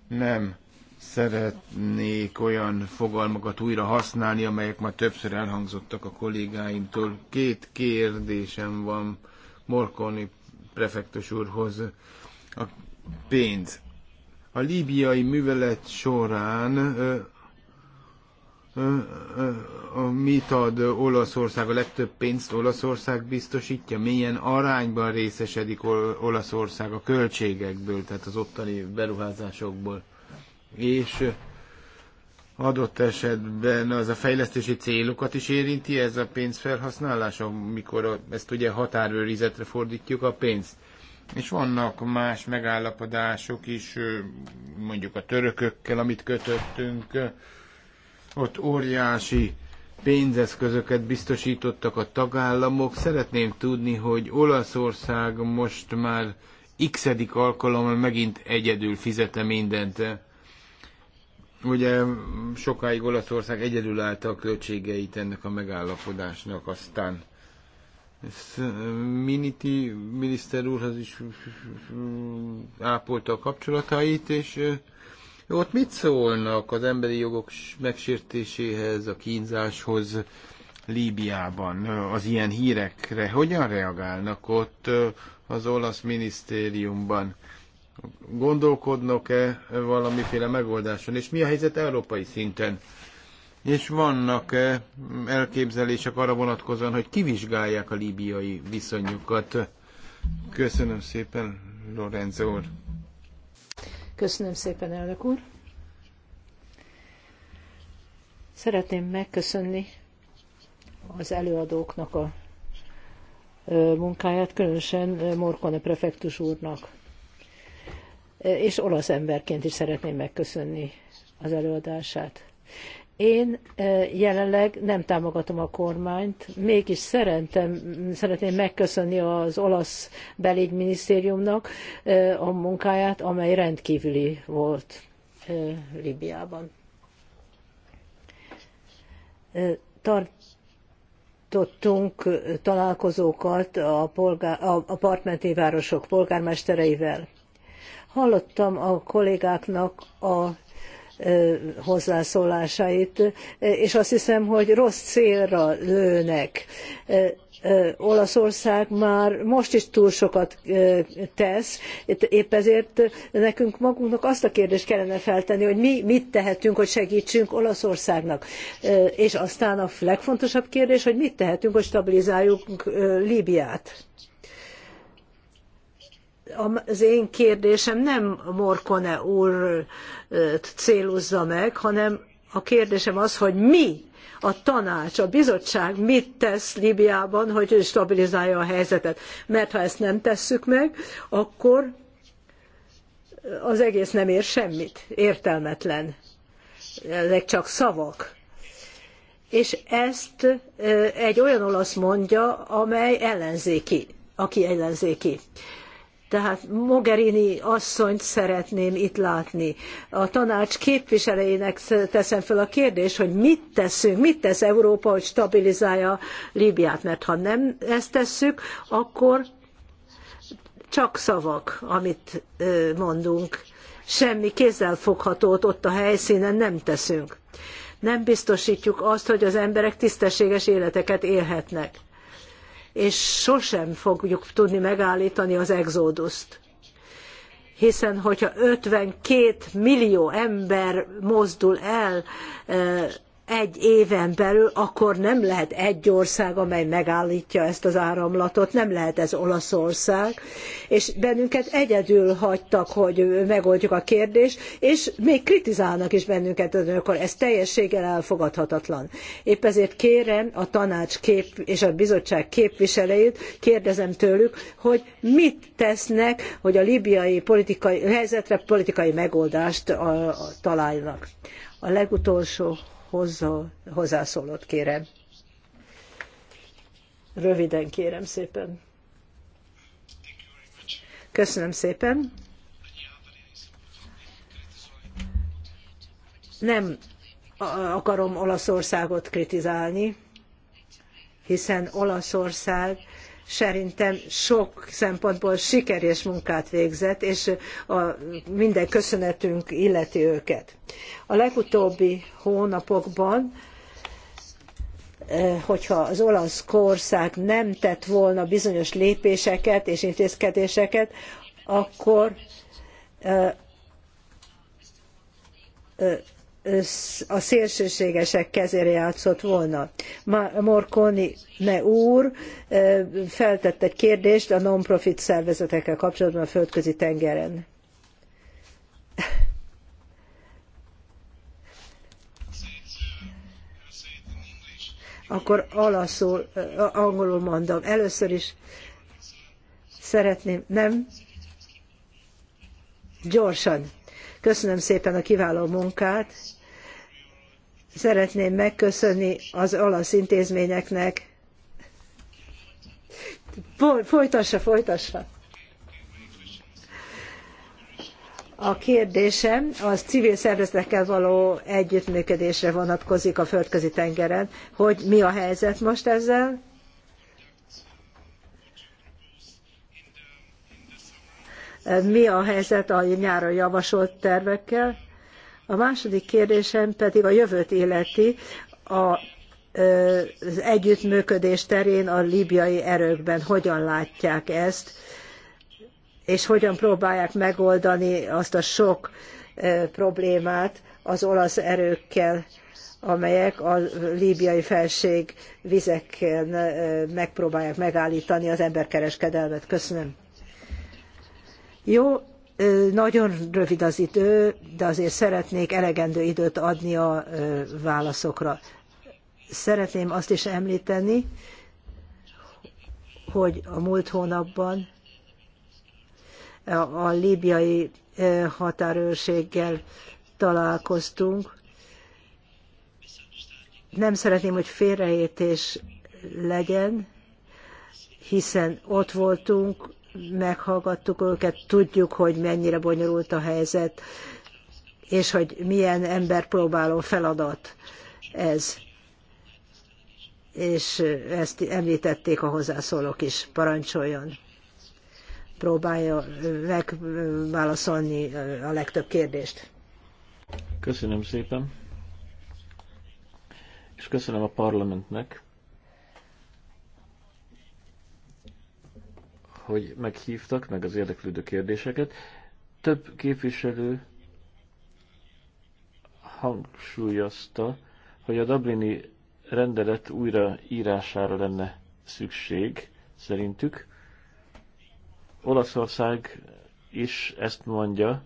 S4: Nem szeretnék olyan fogalmakat újra használni, amelyek már többször elhangzottak a kollégáimtól. Két kérdésem van Morkoni prefektus úrhoz. A pénz. A líbiai művelet során mit ad Olaszország, a legtöbb pénzt Olaszország biztosítja, milyen arányban részesedik Olaszország a költségekből, tehát az ottani beruházásokból. És adott esetben az a fejlesztési célokat is érinti ez a pénz felhasználása, amikor ezt ugye határőrizetre fordítjuk a pénzt. És vannak más megállapodások is, mondjuk a törökökkel, amit kötöttünk, ott óriási pénzeszközöket biztosítottak a tagállamok. Szeretném tudni, hogy Olaszország most már x alkalommal megint egyedül fizete mindent. Ugye sokáig Olaszország egyedül állta a költségeit ennek a megállapodásnak, aztán Miniti miniszter úrhoz is ápolta a kapcsolatait, és ott mit szólnak az emberi jogok megsértéséhez, a kínzáshoz Líbiában, az ilyen hírekre? Hogyan reagálnak ott az olasz minisztériumban? Gondolkodnak-e valamiféle megoldáson? És mi a helyzet európai szinten? És vannak -e elképzelések arra vonatkozóan, hogy kivizsgálják a líbiai viszonyokat? Köszönöm szépen, Lorenzo úr.
S2: Köszönöm szépen, elnök úr. Szeretném megköszönni az előadóknak a munkáját, különösen Morkone prefektus úrnak. És olasz emberként is szeretném megköszönni az előadását. Én jelenleg nem támogatom a kormányt, mégis szeretem, szeretném megköszönni az olasz belügyminisztériumnak a munkáját, amely rendkívüli volt Libiában. Tartottunk találkozókat a, polgár, a, partmenti városok polgármestereivel. Hallottam a kollégáknak a hozzászólásait, és azt hiszem, hogy rossz célra lőnek. Olaszország már most is túl sokat tesz, épp ezért nekünk magunknak azt a kérdést kellene feltenni, hogy mi mit tehetünk, hogy segítsünk Olaszországnak. És aztán a legfontosabb kérdés, hogy mit tehetünk, hogy stabilizáljuk Líbiát az én kérdésem nem Morkone úr célozza meg, hanem a kérdésem az, hogy mi, a tanács, a bizottság mit tesz Líbiában, hogy stabilizálja a helyzetet. Mert ha ezt nem tesszük meg, akkor az egész nem ér semmit, értelmetlen. Ezek csak szavak. És ezt egy olyan olasz mondja, amely ellenzéki, aki ellenzéki. Tehát Mogherini asszonyt szeretném itt látni. A tanács képviselőinek teszem fel a kérdést, hogy mit teszünk, mit tesz Európa, hogy stabilizálja Líbiát, mert ha nem ezt tesszük, akkor csak szavak, amit mondunk. Semmi kézzelfoghatót ott a helyszínen nem teszünk. Nem biztosítjuk azt, hogy az emberek tisztességes életeket élhetnek és sosem fogjuk tudni megállítani az exóduszt. Hiszen, hogyha 52 millió ember mozdul el eh, egy éven belül, akkor nem lehet egy ország, amely megállítja ezt az áramlatot, nem lehet ez Olaszország, és bennünket egyedül hagytak, hogy megoldjuk a kérdést, és még kritizálnak is bennünket önökkor, ez teljességgel elfogadhatatlan. Épp ezért kérem a tanács kép és a bizottság képviselőit, kérdezem tőlük, hogy mit tesznek, hogy a libiai politikai helyzetre politikai megoldást találjanak. A legutolsó hozzá, hozzászólót kérem. Röviden kérem szépen. Köszönöm szépen. Nem akarom Olaszországot kritizálni, hiszen Olaszország szerintem sok szempontból sikeres munkát végzett, és a minden köszönetünk illeti őket. A legutóbbi hónapokban eh, hogyha az olasz kország nem tett volna bizonyos lépéseket és intézkedéseket, akkor eh, eh, a szélsőségesek kezére játszott volna. Morconi ne úr feltett egy kérdést a non-profit szervezetekkel kapcsolatban a földközi tengeren. Akkor alaszul, angolul mondom. Először is szeretném, nem? Gyorsan. Köszönöm szépen a kiváló munkát Szeretném megköszönni az olasz intézményeknek. Folytassa, folytassa. A kérdésem az civil szervezetekkel való együttműködésre vonatkozik a földközi tengeren, hogy mi a helyzet most ezzel? Mi a helyzet a nyáron javasolt tervekkel? A második kérdésem pedig a jövőt illeti a az együttműködés terén a libiai erőkben. Hogyan látják ezt, és hogyan próbálják megoldani azt a sok e, problémát az olasz erőkkel, amelyek a líbiai felség vizeken e, megpróbálják megállítani az emberkereskedelmet. Köszönöm. Jó, nagyon rövid az idő, de azért szeretnék elegendő időt adni a válaszokra. Szeretném azt is említeni, hogy a múlt hónapban a líbiai határőrséggel találkoztunk. Nem szeretném, hogy félreértés legyen, hiszen ott voltunk meghallgattuk őket, tudjuk, hogy mennyire bonyolult a helyzet, és hogy milyen emberpróbáló feladat ez. És ezt említették a hozzászólók is. Parancsoljon! Próbálja megválaszolni a legtöbb kérdést.
S3: Köszönöm szépen! És köszönöm a parlamentnek, hogy meghívtak, meg az érdeklődő kérdéseket. Több képviselő hangsúlyozta, hogy a Dublini rendelet újraírására lenne szükség, szerintük. Olaszország is ezt mondja,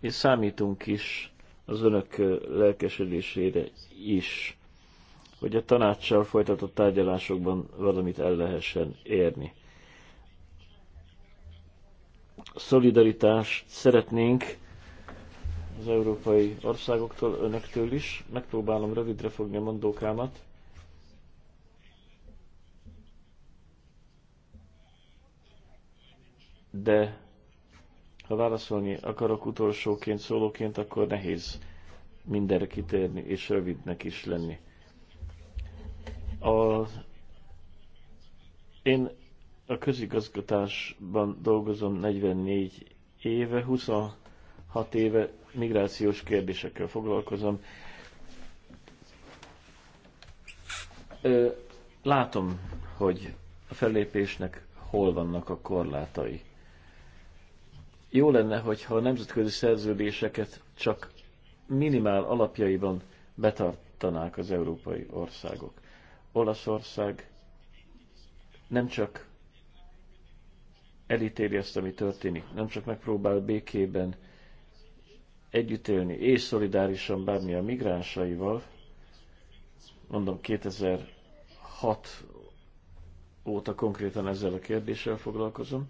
S3: és számítunk is az önök lelkesedésére is, hogy a tanácssal folytatott tárgyalásokban valamit el lehessen érni a szolidaritást szeretnénk az európai országoktól, önöktől is. Megpróbálom rövidre fogni a mondókámat. De ha válaszolni akarok utolsóként, szólóként, akkor nehéz mindenre kitérni, és rövidnek is lenni. A, én a közigazgatásban dolgozom 44 éve, 26 éve migrációs kérdésekkel foglalkozom. Látom, hogy a fellépésnek hol vannak a korlátai. Jó lenne, hogyha a nemzetközi szerződéseket csak minimál alapjaiban betartanák az európai országok. Olaszország nem csak elítéli azt, ami történik, nem csak megpróbál békében együtt élni, és szolidárisan bánni a migránsaival, mondom 2006 óta konkrétan ezzel a kérdéssel foglalkozom,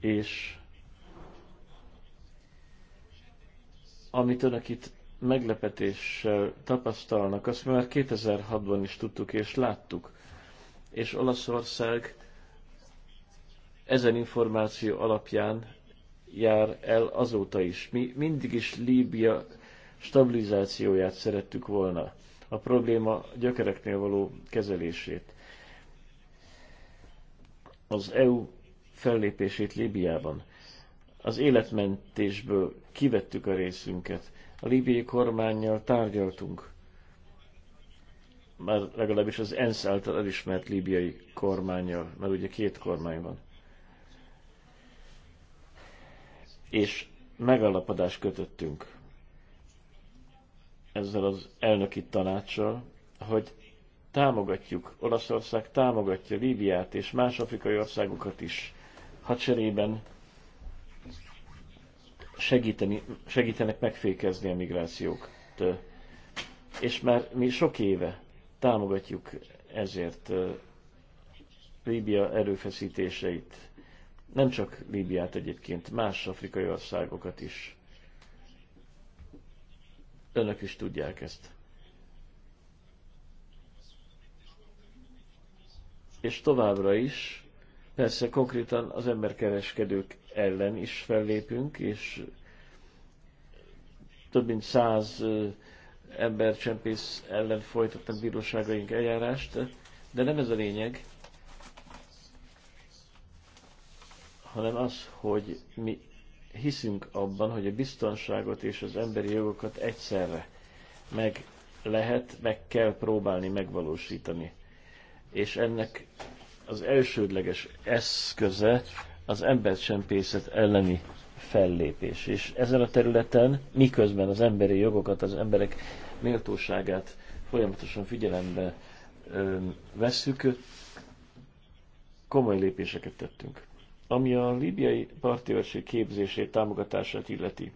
S3: és amit önök itt meglepetéssel tapasztalnak, azt már 2006-ban is tudtuk és láttuk. És Olaszország ezen információ alapján jár el azóta is. Mi mindig is Líbia stabilizációját szerettük volna, a probléma gyökereknél való kezelését. Az EU fellépését Líbiában az életmentésből kivettük a részünket. A líbiai kormányjal tárgyaltunk, már legalábbis az ENSZ által elismert líbiai kormányjal, mert ugye két kormány van. És megalapodást kötöttünk ezzel az elnöki tanácssal, hogy támogatjuk, Olaszország támogatja Líbiát és más afrikai országokat is hadserében, segíteni, segítenek megfékezni a migrációt. És már mi sok éve támogatjuk ezért Líbia erőfeszítéseit, nem csak Líbiát egyébként, más afrikai országokat is. Önök is tudják ezt. És továbbra is, persze konkrétan az emberkereskedők ellen is fellépünk, és több mint száz embercsempész ellen folytattak bíróságaink eljárást, de nem ez a lényeg, hanem az, hogy mi hiszünk abban, hogy a biztonságot és az emberi jogokat egyszerre meg lehet, meg kell próbálni megvalósítani. És ennek az elsődleges eszköze az embercsempészet elleni fellépés. És ezen a területen, miközben az emberi jogokat, az emberek méltóságát folyamatosan figyelembe vesszük, komoly lépéseket tettünk. Ami a líbiai partiőrség képzését, támogatását illeti.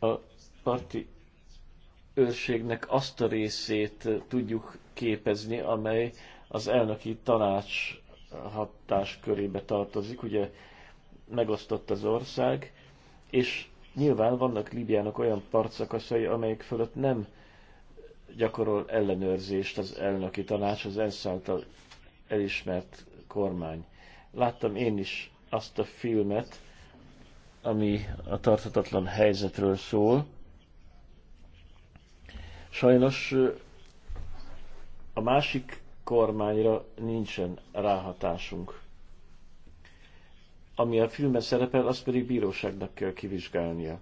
S3: A parti őrségnek azt a részét tudjuk képezni, amely az elnöki tanács hatás körébe tartozik, ugye megosztott az ország, és nyilván vannak Líbiának olyan partszakaszai, amelyek fölött nem gyakorol ellenőrzést az elnöki tanács, az ENSZ által elismert kormány. Láttam én is azt a filmet, ami a tarthatatlan helyzetről szól. Sajnos a másik kormányra nincsen ráhatásunk. Ami a filmben szerepel, azt pedig bíróságnak kell kivizsgálnia.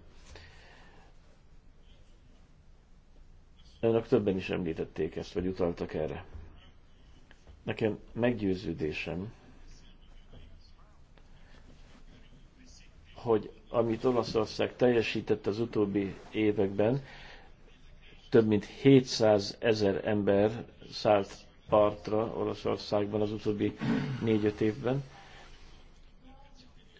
S3: Önök többen is említették ezt, vagy utaltak erre. Nekem meggyőződésem, hogy amit Olaszország teljesített az utóbbi években, több mint 700 ezer ember szállt partra Oroszországban az utóbbi négy-öt évben.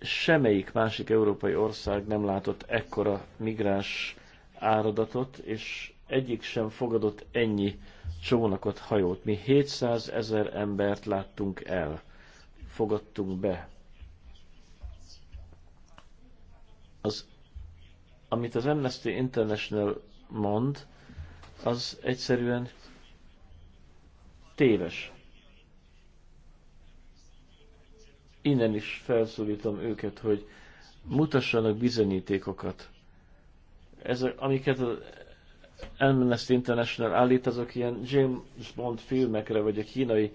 S3: Semmelyik másik európai ország nem látott ekkora migráns áradatot, és egyik sem fogadott ennyi csónakot, hajót. Mi 700 ezer embert láttunk el, fogadtunk be. Az, amit az Amnesty International mond, az egyszerűen téves. Innen is felszólítom őket, hogy mutassanak bizonyítékokat. Ezek, amiket az Amnesty International állít, azok ilyen James Bond filmekre, vagy a kínai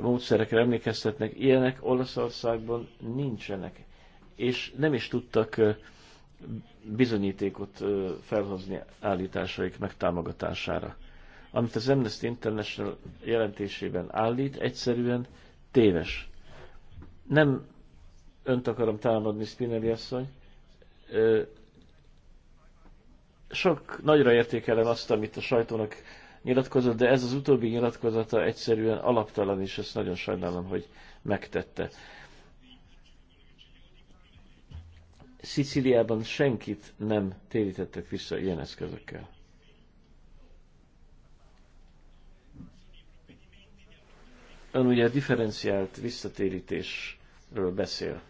S3: módszerekre emlékeztetnek. Ilyenek Olaszországban nincsenek. És nem is tudtak bizonyítékot felhozni állításaik megtámogatására amit az Amnesty International jelentésében állít, egyszerűen téves. Nem önt akarom támadni, Spinelli asszony. Sok nagyra értékelem azt, amit a sajtónak nyilatkozott, de ez az utóbbi nyilatkozata egyszerűen alaptalan, és ezt nagyon sajnálom, hogy megtette. Szicíliában senkit nem térítettek vissza ilyen eszközökkel. Ön ugye a differenciált visszatérítésről beszél.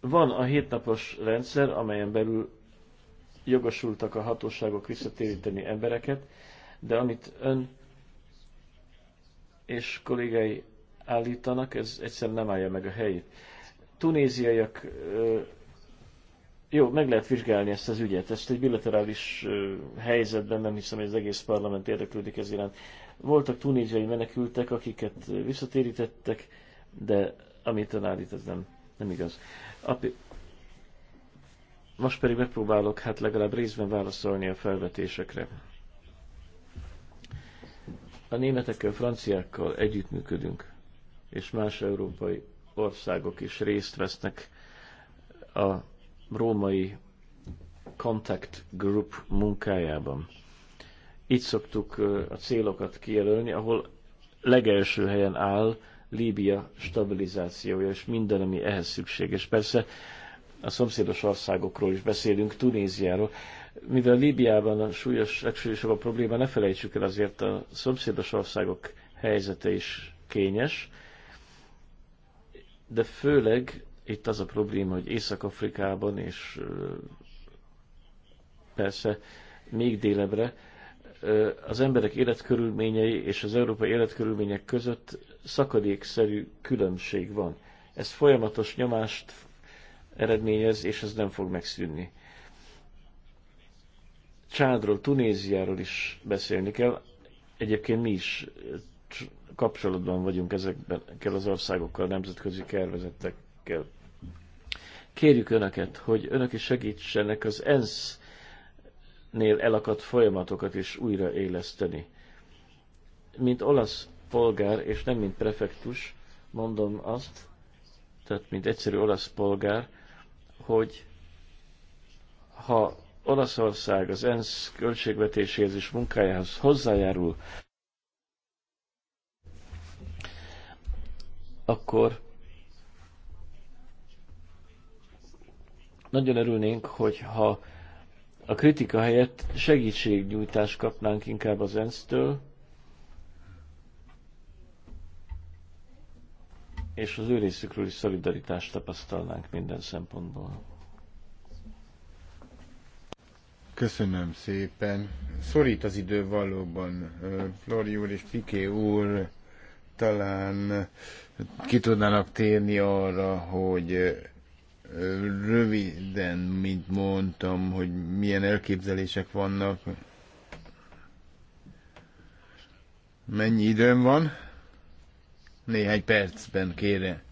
S3: Van a hétnapos rendszer, amelyen belül jogosultak a hatóságok visszatéríteni embereket, de amit ön és kollégái állítanak, ez egyszerűen nem állja meg a helyét. Tunéziaiak jó, meg lehet vizsgálni ezt az ügyet. Ezt egy bilaterális helyzetben nem hiszem, hogy az egész parlament érdeklődik ez iránt. Voltak tunéziai menekültek, akiket visszatérítettek, de amit ön állít, ez nem, nem igaz. Api, most pedig megpróbálok hát legalább részben válaszolni a felvetésekre. A németekkel, franciákkal együttműködünk, és más európai országok is részt vesznek a római Contact Group munkájában. Itt szoktuk a célokat kijelölni, ahol legelső helyen áll Líbia stabilizációja, és minden, ami ehhez szükséges. Persze a szomszédos országokról is beszélünk, Tunéziáról. Mivel Líbiában a súlyos, legsúlyosabb a probléma, ne felejtsük el azért a szomszédos országok helyzete is kényes, de főleg itt az a probléma, hogy Észak-Afrikában és persze még délebre az emberek életkörülményei és az európai életkörülmények között szakadékszerű különbség van. Ez folyamatos nyomást eredményez, és ez nem fog megszűnni. Csádról, Tunéziáról is beszélni kell. Egyébként mi is kapcsolatban vagyunk ezekkel az országokkal, nemzetközi kervezettek kell. Kérjük Önöket, hogy Önök is segítsenek az ENSZ-nél elakadt folyamatokat is újraéleszteni. Mint olasz polgár, és nem mint prefektus, mondom azt, tehát mint egyszerű olasz polgár, hogy ha Olaszország az ENSZ költségvetéséhez és munkájához hozzájárul, akkor Nagyon örülnénk, hogyha a kritika helyett segítségnyújtást kapnánk inkább az ENSZ-től, és az ő részükről is szolidaritást tapasztalnánk minden szempontból.
S4: Köszönöm szépen. Szorít az idő valóban. Flori úr és Piké úr talán ki tudnának térni arra, hogy röviden, mint mondtam, hogy milyen elképzelések vannak. Mennyi időm van? Néhány percben kére.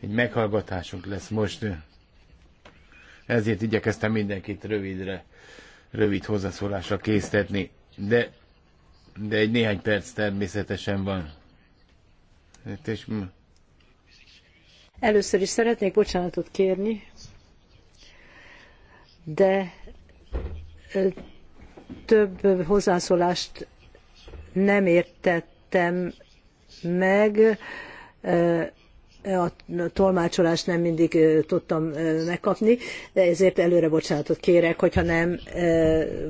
S4: Egy meghallgatásunk lesz most. Ezért igyekeztem mindenkit rövidre, rövid hozzászólásra késztetni. De, de egy néhány perc természetesen van. Hát és
S2: Először is szeretnék bocsánatot kérni, de több hozzászólást nem értettem meg, a tolmácsolást nem mindig tudtam megkapni, de ezért előre bocsánatot kérek, hogyha nem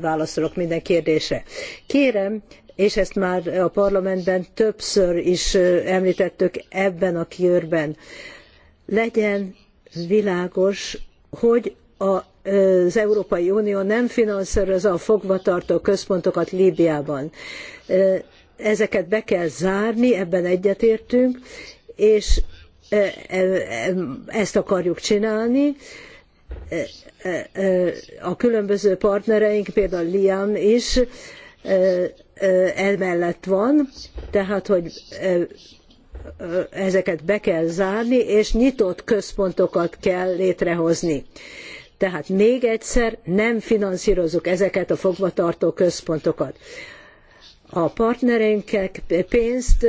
S2: válaszolok minden kérdésre. Kérem, és ezt már a parlamentben többször is említettük ebben a körben, legyen világos, hogy a az Európai Unió nem finanszírozza a fogvatartó központokat Líbiában. Ezeket be kell zárni, ebben egyetértünk, és e, e, ezt akarjuk csinálni. E, a különböző partnereink, például Liam is, emellett van, tehát hogy ezeket be kell zárni, és nyitott központokat kell létrehozni. Tehát még egyszer nem finanszírozunk ezeket a fogvatartó központokat. A partnereinknek pénzt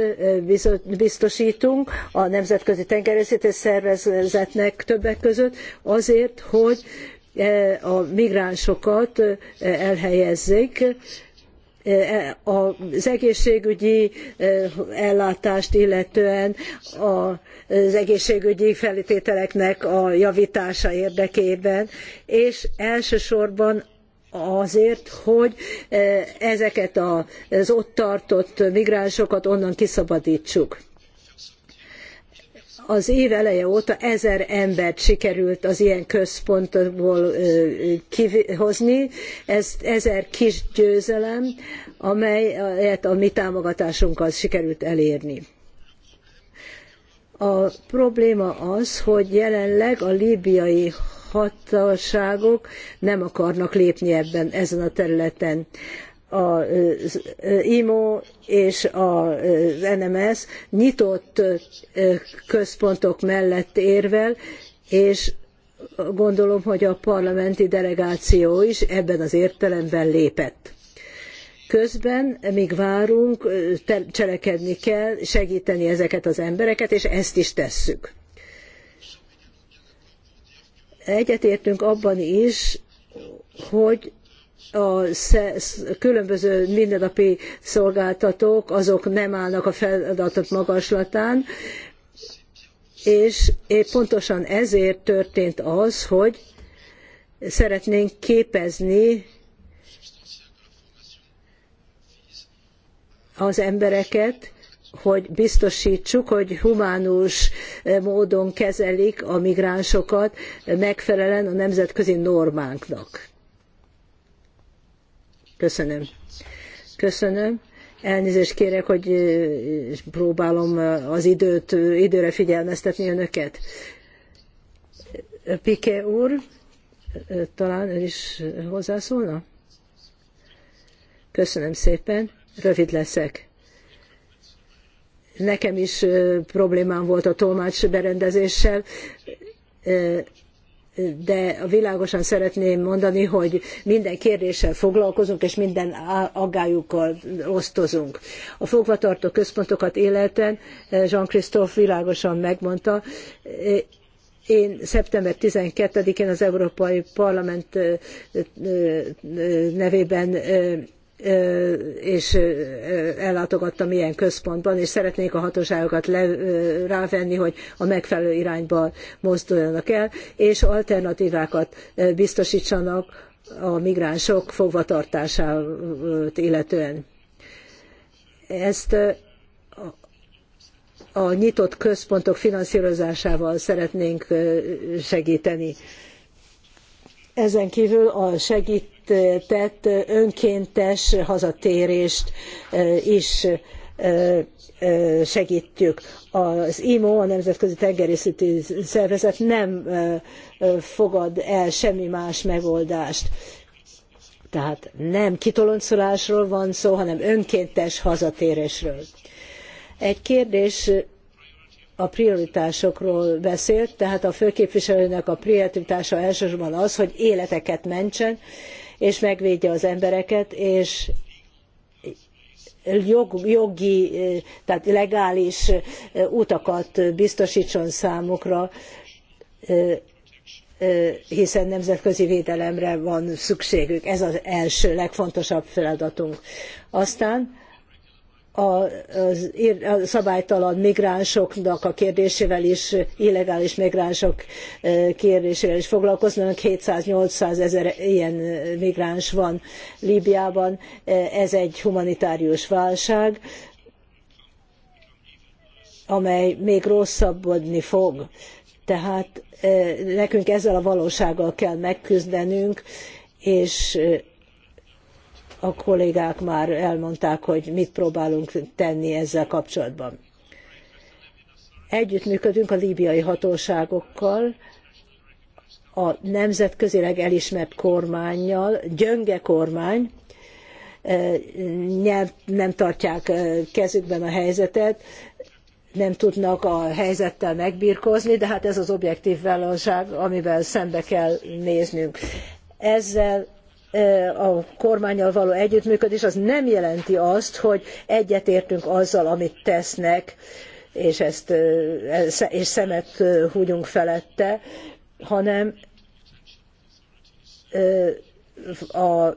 S2: biztosítunk a Nemzetközi Tengerészeti Szervezetnek többek között azért, hogy a migránsokat elhelyezzék E, e, az egészségügyi e, ellátást illetően az egészségügyi feltételeknek a javítása érdekében, és elsősorban azért, hogy ezeket az ott tartott migránsokat onnan kiszabadítsuk az év eleje óta ezer embert sikerült az ilyen központból kihozni. Ez ezer kis győzelem, amelyet a mi támogatásunkkal sikerült elérni. A probléma az, hogy jelenleg a líbiai hatóságok nem akarnak lépni ebben ezen a területen az IMO és az NMS nyitott központok mellett érvel, és gondolom, hogy a parlamenti delegáció is ebben az értelemben lépett. Közben, míg várunk, cselekedni kell, segíteni ezeket az embereket, és ezt is tesszük. Egyetértünk abban is, hogy a különböző mindennapi szolgáltatók, azok nem állnak a feladatok magaslatán, és épp pontosan ezért történt az, hogy szeretnénk képezni az embereket, hogy biztosítsuk, hogy humánus módon kezelik a migránsokat megfelelően a nemzetközi normáknak Köszönöm. Köszönöm. Elnézést kérek, hogy próbálom az időt, időre figyelmeztetni önöket. Piké úr, talán ön is hozzászólna? Köszönöm szépen, rövid leszek. Nekem is problémám volt a tolmács berendezéssel de világosan szeretném mondani, hogy minden kérdéssel foglalkozunk, és minden aggályukkal osztozunk. A fogvatartó központokat életen eh, Jean-Christophe világosan megmondta, eh, én szeptember 12-én az Európai Parlament eh, nevében és ellátogattam ilyen központban, és szeretnék a hatóságokat le, rávenni, hogy a megfelelő irányba mozduljanak el, és alternatívákat biztosítsanak a migránsok fogvatartását illetően. Ezt a nyitott központok finanszírozásával szeretnénk segíteni. Ezen kívül a segít tett önkéntes hazatérést is segítjük. Az IMO, a Nemzetközi Tengerészeti Szervezet nem fogad el semmi más megoldást. Tehát nem kitoloncolásról van szó, hanem önkéntes hazatérésről. Egy kérdés a prioritásokról beszélt, tehát a főképviselőnek a prioritása elsősorban az, hogy életeket mentsen, és megvédje az embereket, és jogi, tehát legális utakat biztosítson számukra, hiszen nemzetközi védelemre van szükségük. Ez az első, legfontosabb feladatunk. Aztán a, a szabálytalan migránsoknak a kérdésével is, illegális migránsok e, kérdésével is foglalkoznak. 700-800 ezer ilyen migráns van Líbiában. E, ez egy humanitárius válság, amely még rosszabbodni fog. Tehát e, nekünk ezzel a valósággal kell megküzdenünk, és a kollégák már elmondták, hogy mit próbálunk tenni ezzel kapcsolatban. Együttműködünk a líbiai hatóságokkal, a nemzetközileg elismert kormányjal, gyönge kormány, e, nem, tartják e, kezükben a helyzetet, nem tudnak a helyzettel megbírkozni, de hát ez az objektív valóság, amivel szembe kell néznünk. Ezzel a kormányjal való együttműködés az nem jelenti azt, hogy egyetértünk azzal, amit tesznek, és, ezt, és szemet húgyunk felette, hanem a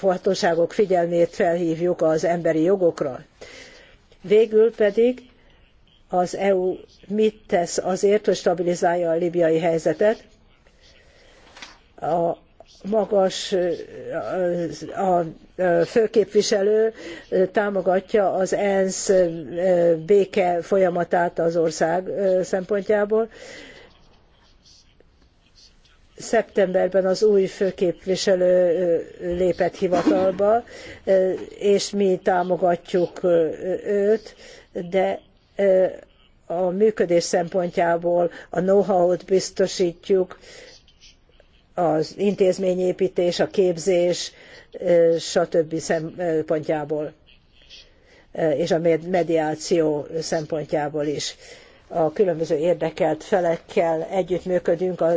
S2: hatóságok figyelmét felhívjuk az emberi jogokra. Végül pedig az EU mit tesz azért, hogy stabilizálja a libiai helyzetet? A magas a főképviselő támogatja az ENSZ béke folyamatát az ország szempontjából. Szeptemberben az új főképviselő lépett hivatalba, és mi támogatjuk őt, de a működés szempontjából a know-how-t biztosítjuk, az intézményépítés, a képzés, stb. szempontjából, és a mediáció szempontjából is. A különböző érdekelt felekkel együttműködünk a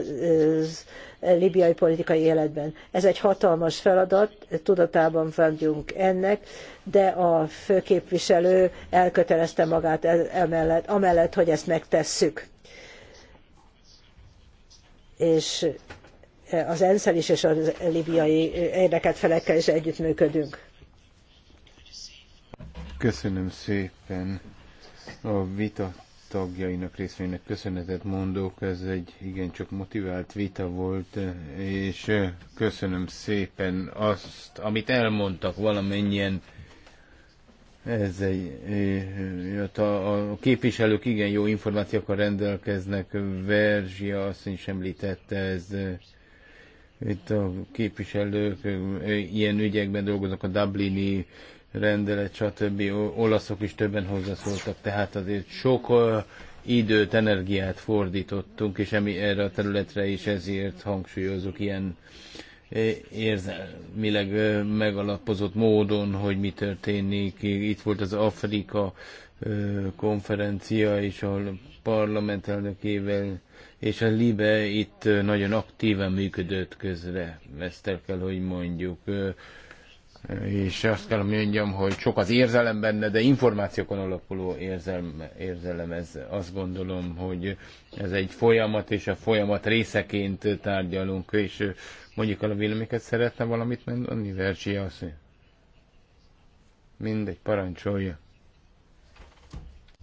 S2: libiai politikai életben. Ez egy hatalmas feladat, tudatában vagyunk ennek, de a főképviselő elkötelezte magát emellett, amellett, hogy ezt megtesszük. És az ensz is és a libiai érdekelt felekkel is együttműködünk.
S4: Köszönöm szépen a vita tagjainak részvénynek köszönetet mondok, ez egy igencsak motivált vita volt, és köszönöm szépen azt, amit elmondtak valamennyien. Ez egy, a, a képviselők igen jó információkkal rendelkeznek, Verzsia azt is említette, ez itt a képviselők ilyen ügyekben dolgoznak, a Dublini rendelet, stb. Olaszok is többen hozzászóltak, tehát azért sok időt, energiát fordítottunk, és emi, erre a területre is ezért hangsúlyozok ilyen érzelmileg megalapozott módon, hogy mi történik. Itt volt az Afrika konferencia, és ahol parlament elnökével és a Libe itt nagyon aktívan működött közre, ezt el kell, hogy mondjuk. És azt kell hogy mondjam, hogy sok az érzelem benne, de információkon alapuló érzelm, érzelem ez. Azt gondolom, hogy ez egy folyamat, és a folyamat részeként tárgyalunk, és mondjuk el a véleményeket, szeretne valamit mondani, Versi azt Mindegy, parancsolja.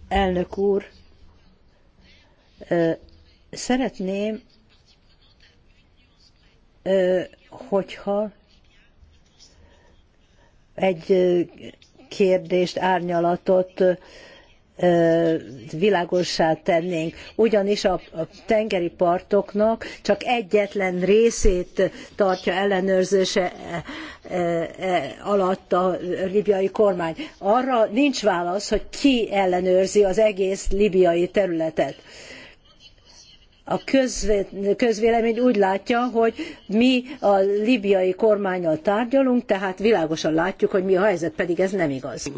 S2: Elnök úr, Szeretném, hogyha egy kérdést, árnyalatot világossá tennénk. Ugyanis a tengeri partoknak csak egyetlen részét tartja ellenőrzése e, e, e, alatt a libiai kormány. Arra nincs válasz, hogy ki ellenőrzi az egész libiai területet a közvélemény úgy látja, hogy mi a libiai kormányal tárgyalunk, tehát világosan látjuk, hogy mi a helyzet, pedig ez nem igaz.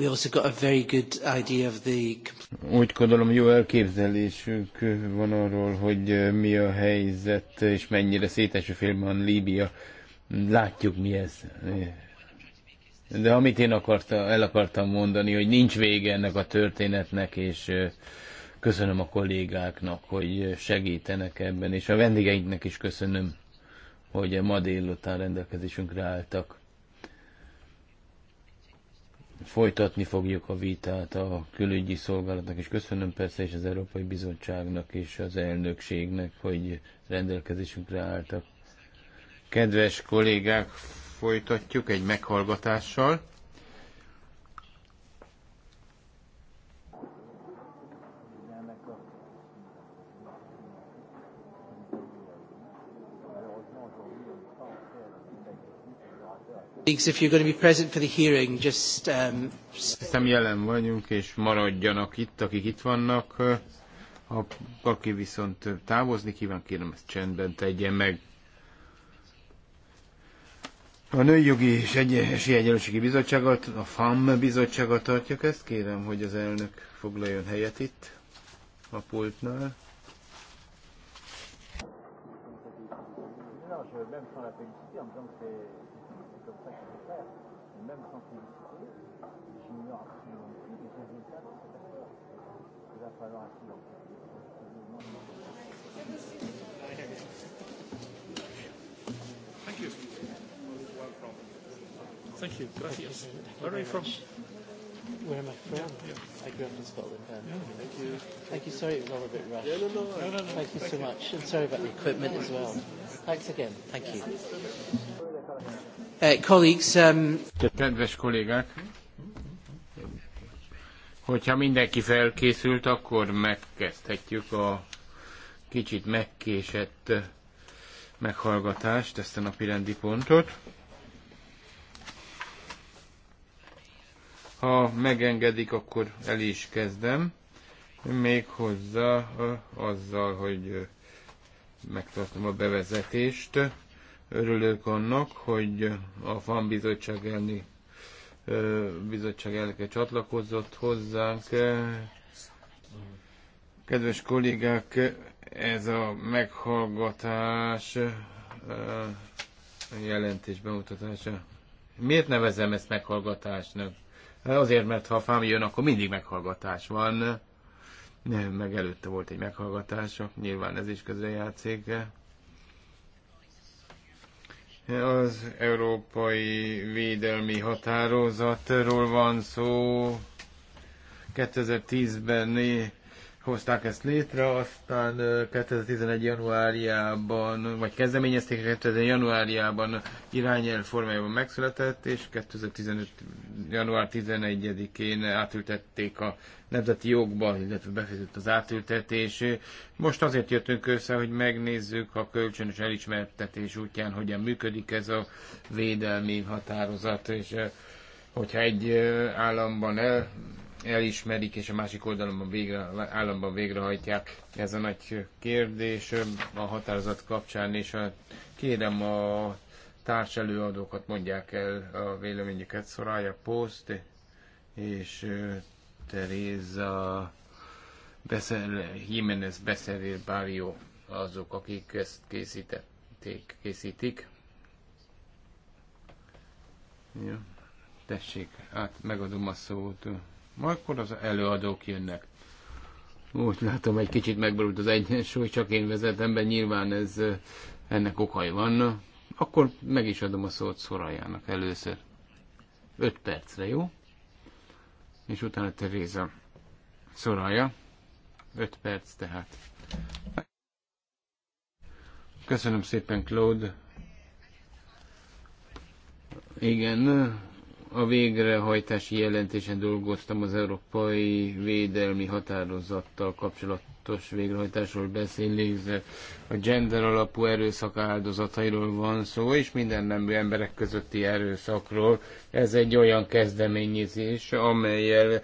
S4: Úgy gondolom, jó elképzelésünk van arról, hogy mi a helyzet, és mennyire széteső van Líbia. Látjuk mi ez. De amit én akarta, el akartam mondani, hogy nincs vége ennek a történetnek, és köszönöm a kollégáknak, hogy segítenek ebben, és a vendégeinknek is köszönöm, hogy ma délután rendelkezésünkre álltak. Folytatni fogjuk a vitát a külügyi szolgálatnak, és köszönöm persze és az Európai Bizottságnak és az elnökségnek, hogy rendelkezésünkre álltak. Kedves kollégák, folytatjuk egy meghallgatással.
S1: Um, Szerintem
S4: jelen vagyunk, és maradjanak itt, akik itt vannak. Ha aki viszont távozni kíván, kérem ezt csendben tegye meg. A Nőjogi és Egyesi Egyenlőségi Bizottságot, a FAM bizottságot tartjuk ezt. Kérem, hogy az elnök foglaljon helyet itt a pultnál.
S5: je vais sur la même sans publicité, j'ignore absolument plus les résultats Il va falloir un Thank
S1: you. Thank you. Gracias. Where are you from? Where am I from? Yeah, yeah. I grew up in Scotland. yeah. Thank you. Thank you. Sorry, it was all a bit rushed. Yeah, no, no, no, no, no. Thank you so much, and sorry about the equipment as well. Thanks again. Thank you. Uh, um, Kedves kollégák,
S4: hogyha mindenki felkészült, akkor megkezdhetjük a kicsit megkésett meghallgatást, ezt a napi rendi pontot. Ha megengedik, akkor el is kezdem. Méghozzá uh, azzal, hogy uh, megtartom a bevezetést Örülök annak, hogy a FAN bizottság elni bizottság elnöke csatlakozott hozzánk. Kedves kollégák, ez a meghallgatás jelentés bemutatása. Miért nevezem ezt meghallgatásnak? Hát azért, mert ha a fám jön, akkor mindig meghallgatás van. Nem, meg előtte volt egy meghallgatás, nyilván ez is közrejátszik. játszik. Az Európai Védelmi Határozatról van szó. 2010-ben hozták ezt létre, aztán 2011. januárjában, vagy kezdeményezték 2011. januárjában irányelv formájában megszületett, és 2015. január 11-én átültették a nemzeti jogba, illetve befejezett az átültetés. Most azért jöttünk össze, hogy megnézzük a kölcsönös elismertetés útján, hogyan működik ez a védelmi határozat, és hogyha egy államban el elismerik, és a másik oldalon végre, államban végrehajtják. Ez a nagy kérdés a határozat kapcsán, és a, kérem a társelőadókat mondják el a véleményeket Szorája Post és Teréza Beszer, Jiménez Beszerél Bárió azok, akik ezt készítették, készítik. Ja. Tessék, át megadom a szót. Akkor az előadók jönnek. Úgy látom, egy kicsit megborult az egyensúly, csak én vezetem be, nyilván ez, ennek okai van. Akkor meg is adom a szót Szorajának először. 5 percre, jó? És utána Teréza Szoraja. 5 perc tehát. Köszönöm szépen, Claude. Igen, a végrehajtási jelentésen dolgoztam az Európai Védelmi Határozattal kapcsolatos végrehajtásról beszélünk. A gender alapú erőszak áldozatairól van szó, és minden nemű emberek közötti erőszakról. Ez egy olyan kezdeményezés, amelyel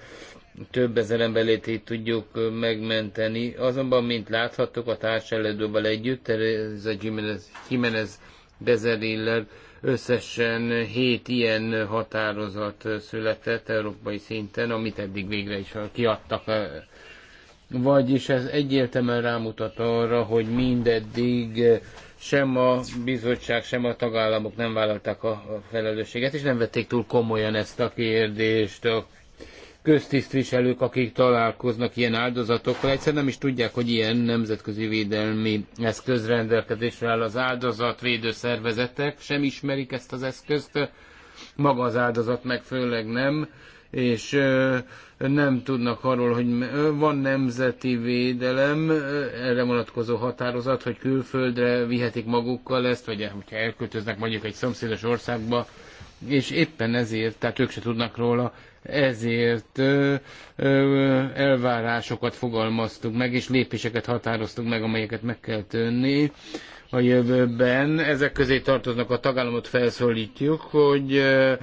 S4: több ezer emberét tudjuk megmenteni. Azonban, mint láthattuk, a társadalmi együtt, ez a Jimenez, Jimenez Bezeriller, Összesen hét ilyen határozat született európai szinten, amit eddig végre is kiadtak. Vagyis ez egyértelműen rámutat arra, hogy mindeddig sem a bizottság, sem a tagállamok nem vállalták a felelősséget, és nem vették túl komolyan ezt a kérdést. A köztisztviselők, akik találkoznak ilyen áldozatokkal, egyszerűen nem is tudják, hogy ilyen nemzetközi védelmi eszköz rendelkezésre áll az áldozatvédő szervezetek, sem ismerik ezt az eszközt, maga az áldozat meg főleg nem, és nem tudnak arról, hogy van nemzeti védelem, erre vonatkozó határozat, hogy külföldre vihetik magukkal ezt, vagy hogyha elköltöznek mondjuk egy szomszédos országba, és éppen ezért, tehát ők se tudnak róla, ezért ö, ö, elvárásokat fogalmaztuk meg, és lépéseket határoztuk meg, amelyeket meg kell tönni a jövőben. Ezek közé tartoznak a tagállamot felszólítjuk, hogy ö,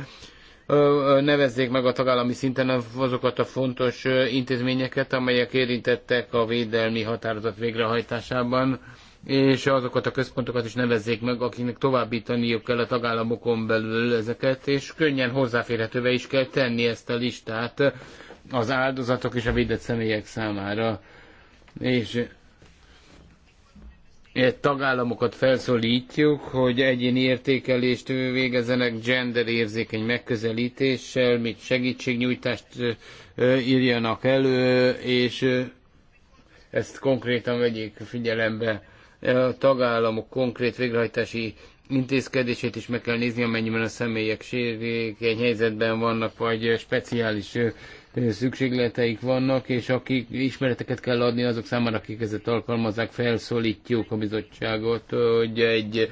S4: nevezzék meg a tagállami szinten azokat a fontos intézményeket, amelyek érintettek a védelmi határozat végrehajtásában és azokat a központokat is nevezzék meg, akinek továbbítaniuk kell a tagállamokon belül ezeket, és könnyen hozzáférhetővé is kell tenni ezt a listát az áldozatok és a védett személyek számára. És e tagállamokat felszólítjuk, hogy egyéni értékelést végezzenek gender érzékeny megközelítéssel, mit segítségnyújtást írjanak elő, és ezt konkrétan vegyék figyelembe. E a tagállamok konkrét végrehajtási intézkedését is meg kell nézni, amennyiben a személyek sérülékeny helyzetben vannak, vagy speciális szükségleteik vannak, és akik ismereteket kell adni azok számára, akik ezet alkalmazzák, felszólítjuk a bizottságot, hogy egy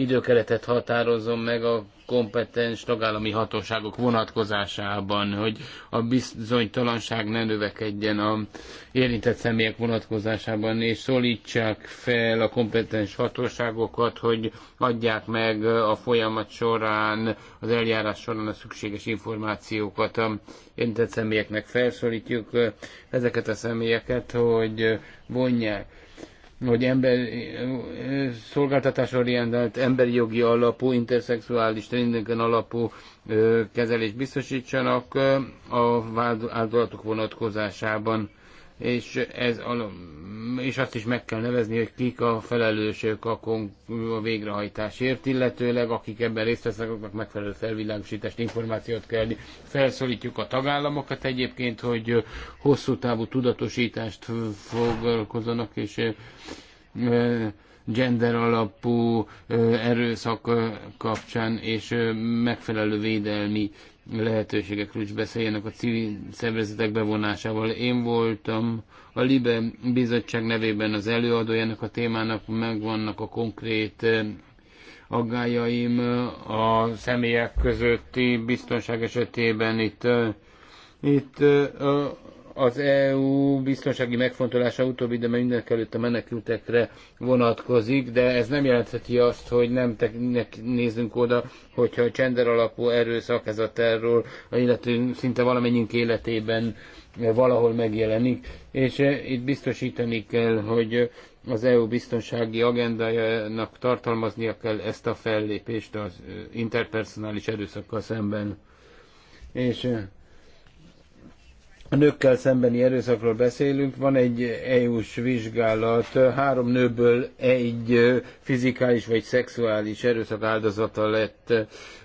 S4: időkeretet határozzon meg a kompetens tagállami hatóságok vonatkozásában, hogy a bizonytalanság ne növekedjen a érintett személyek vonatkozásában, és szólítsák fel a kompetens hatóságokat, hogy adják meg a folyamat során, az eljárás során a szükséges információkat a érintett személyeknek. Felszólítjuk ezeket a személyeket, hogy vonják hogy ember, szolgáltatás orientált, emberi jogi alapú, interszexuális, tényeken alapú kezelést biztosítsanak a áldozatok vonatkozásában, és ez és azt is meg kell nevezni, hogy kik a felelősök a, a végrehajtásért, illetőleg akik ebben részt vesznek, akiknek megfelelő felvilágosítást, információt kell adni. Felszólítjuk a tagállamokat egyébként, hogy hosszú távú tudatosítást foglalkozzanak, és gender alapú erőszak kapcsán és megfelelő védelmi lehetőségekről is beszéljenek a civil szervezetek bevonásával. Én voltam a Libe bizottság nevében az előadójának a témának, megvannak a konkrét eh, aggájaim a személyek közötti biztonság esetében itt, eh, itt eh, az EU biztonsági megfontolása utóbbi időben mindenek előtt a menekültekre vonatkozik, de ez nem jelentheti azt, hogy nem nézzünk oda, hogyha a csender alapú erőszak, ez a terror, illető szinte valamennyünk életében valahol megjelenik, és eh, itt biztosítani kell, hogy az EU biztonsági agendájának tartalmaznia kell ezt a fellépést az eh, interpersonális erőszakkal szemben. És eh, a nőkkel szembeni erőszakról beszélünk. Van egy EU-s vizsgálat, három nőből egy fizikális vagy szexuális erőszak áldozata lett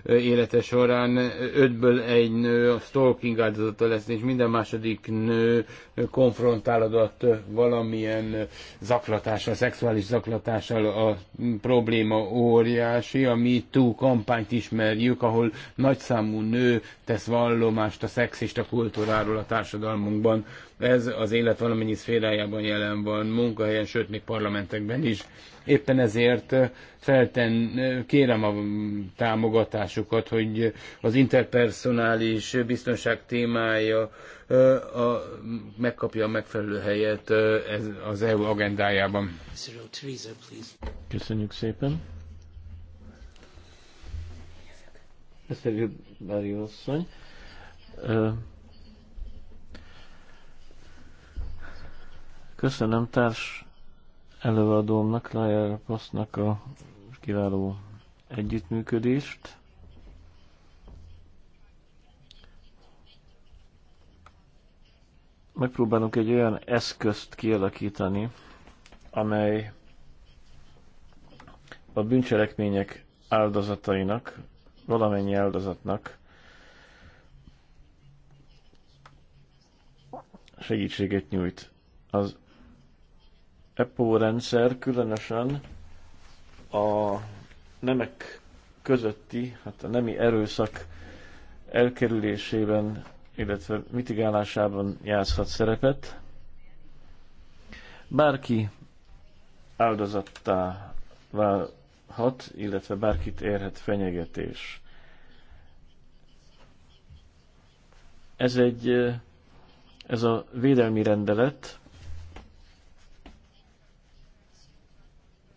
S4: élete során, ötből egy nő a stalking áldozata lesz, és minden második nő konfrontálódott valamilyen zaklatással, szexuális zaklatással a probléma óriási. A Me Too kampányt ismerjük, ahol nagyszámú nő tesz vallomást a szexista kultúráról a társadalomban társadalmunkban. Ez az élet valamennyi szférájában jelen van, munkahelyen, sőt még parlamentekben is. Éppen ezért eh, felten, eh, kérem a támogatásukat, hogy az interpersonális biztonság témája eh, a, megkapja a megfelelő helyet ez, az EU agendájában.
S3: Köszönjük szépen. Mr. Barry Köszönöm társ előadómnak, Lajer Posznak a kiváló együttműködést. Megpróbálunk egy olyan eszközt kialakítani, amely a bűncselekmények áldozatainak, valamennyi áldozatnak segítséget nyújt. Az EPO rendszer különösen a nemek közötti, hát a nemi erőszak elkerülésében, illetve mitigálásában játszhat szerepet. Bárki áldozattá válhat, illetve bárkit érhet fenyegetés. Ez egy, ez a védelmi rendelet,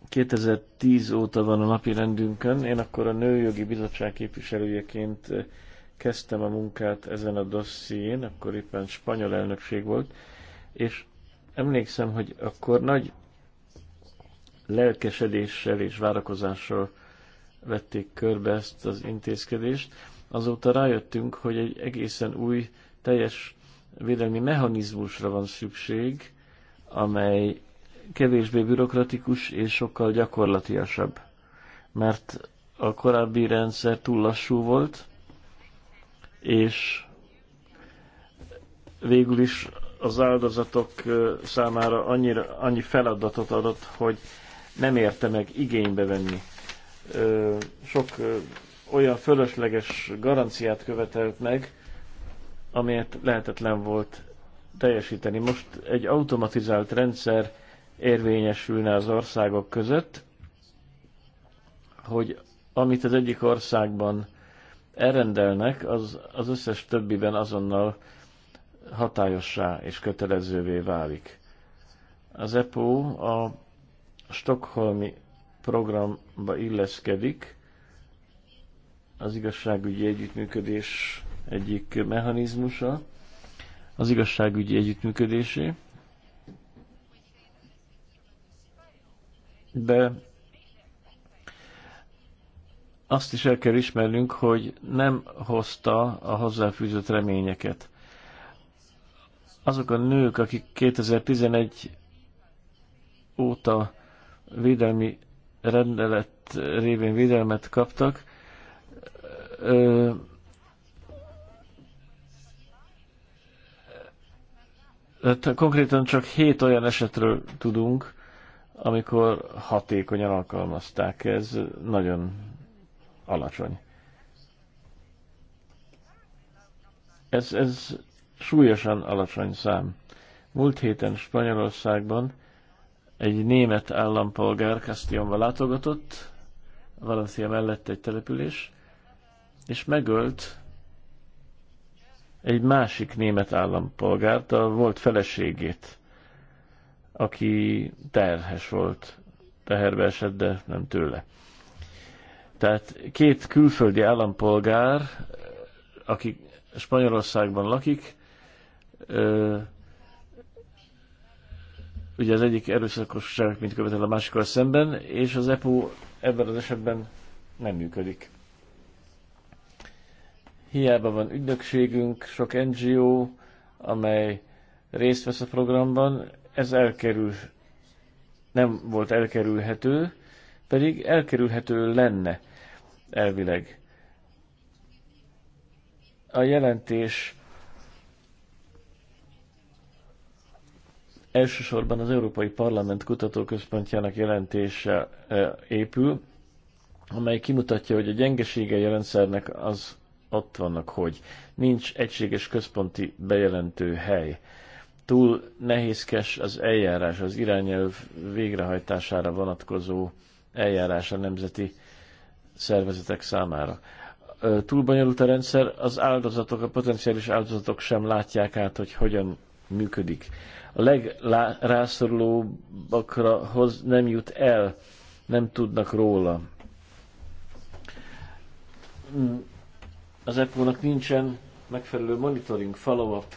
S3: 2010 óta van a napi rendünkön. Én akkor a Nőjogi Bizottság képviselőjeként eh, kezdtem a munkát ezen a dosszién, akkor éppen spanyol elnökség volt, és emlékszem, hogy akkor nagy lelkesedéssel és várakozással vették körbe ezt az intézkedést. Azóta rájöttünk, hogy egy egészen új, teljes védelmi mechanizmusra van szükség, amely kevésbé bürokratikus és sokkal gyakorlatiasabb, mert a korábbi rendszer túl lassú volt, és végül is az áldozatok számára annyira, annyi feladatot adott, hogy nem érte meg igénybe venni. Sok olyan fölösleges garanciát követelt meg, amelyet lehetetlen volt teljesíteni. Most egy automatizált rendszer érvényesülne az országok között, hogy amit az egyik országban elrendelnek, az, az összes többiben azonnal hatályossá és kötelezővé válik. Az EPO a Stockholmi programba illeszkedik, az igazságügyi együttműködés egyik mechanizmusa, az igazságügyi együttműködésé. de azt is el kell ismernünk, hogy nem hozta a hozzáfűzött reményeket. Azok a nők, akik 2011 óta védelmi rendelet révén védelmet kaptak, ö, konkrétan csak hét olyan esetről tudunk, amikor hatékonyan alkalmazták. Ez nagyon alacsony. Ez, ez súlyosan alacsony szám. Múlt héten Spanyolországban egy német állampolgár Castillonba látogatott, Valencia mellett egy település, és megölt egy másik német állampolgárt, a volt feleségét aki terhes volt, teherbe esett, de nem tőle. Tehát két külföldi állampolgár, aki Spanyolországban lakik, ö, ugye az egyik erőszakos cselekményt követel a másikkal szemben, és az EPO ebben az esetben nem működik. Hiába van ügynökségünk, sok NGO, amely részt vesz a programban, ez elkerül, nem volt elkerülhető, pedig elkerülhető lenne elvileg. A jelentés elsősorban az Európai Parlament Kutatóközpontjának jelentése eh, épül, amely kimutatja, hogy a gyengeségei a rendszernek az ott vannak, hogy nincs egységes központi bejelentő hely túl nehézkes az eljárás, az irányelv végrehajtására vonatkozó eljárás a nemzeti szervezetek számára. Túl bonyolult a rendszer, az áldozatok, a potenciális áldozatok sem látják át, hogy hogyan működik. A legrászorulóbbakra nem jut el, nem tudnak róla. Mm. Az EPO-nak nincsen megfelelő monitoring, follow-up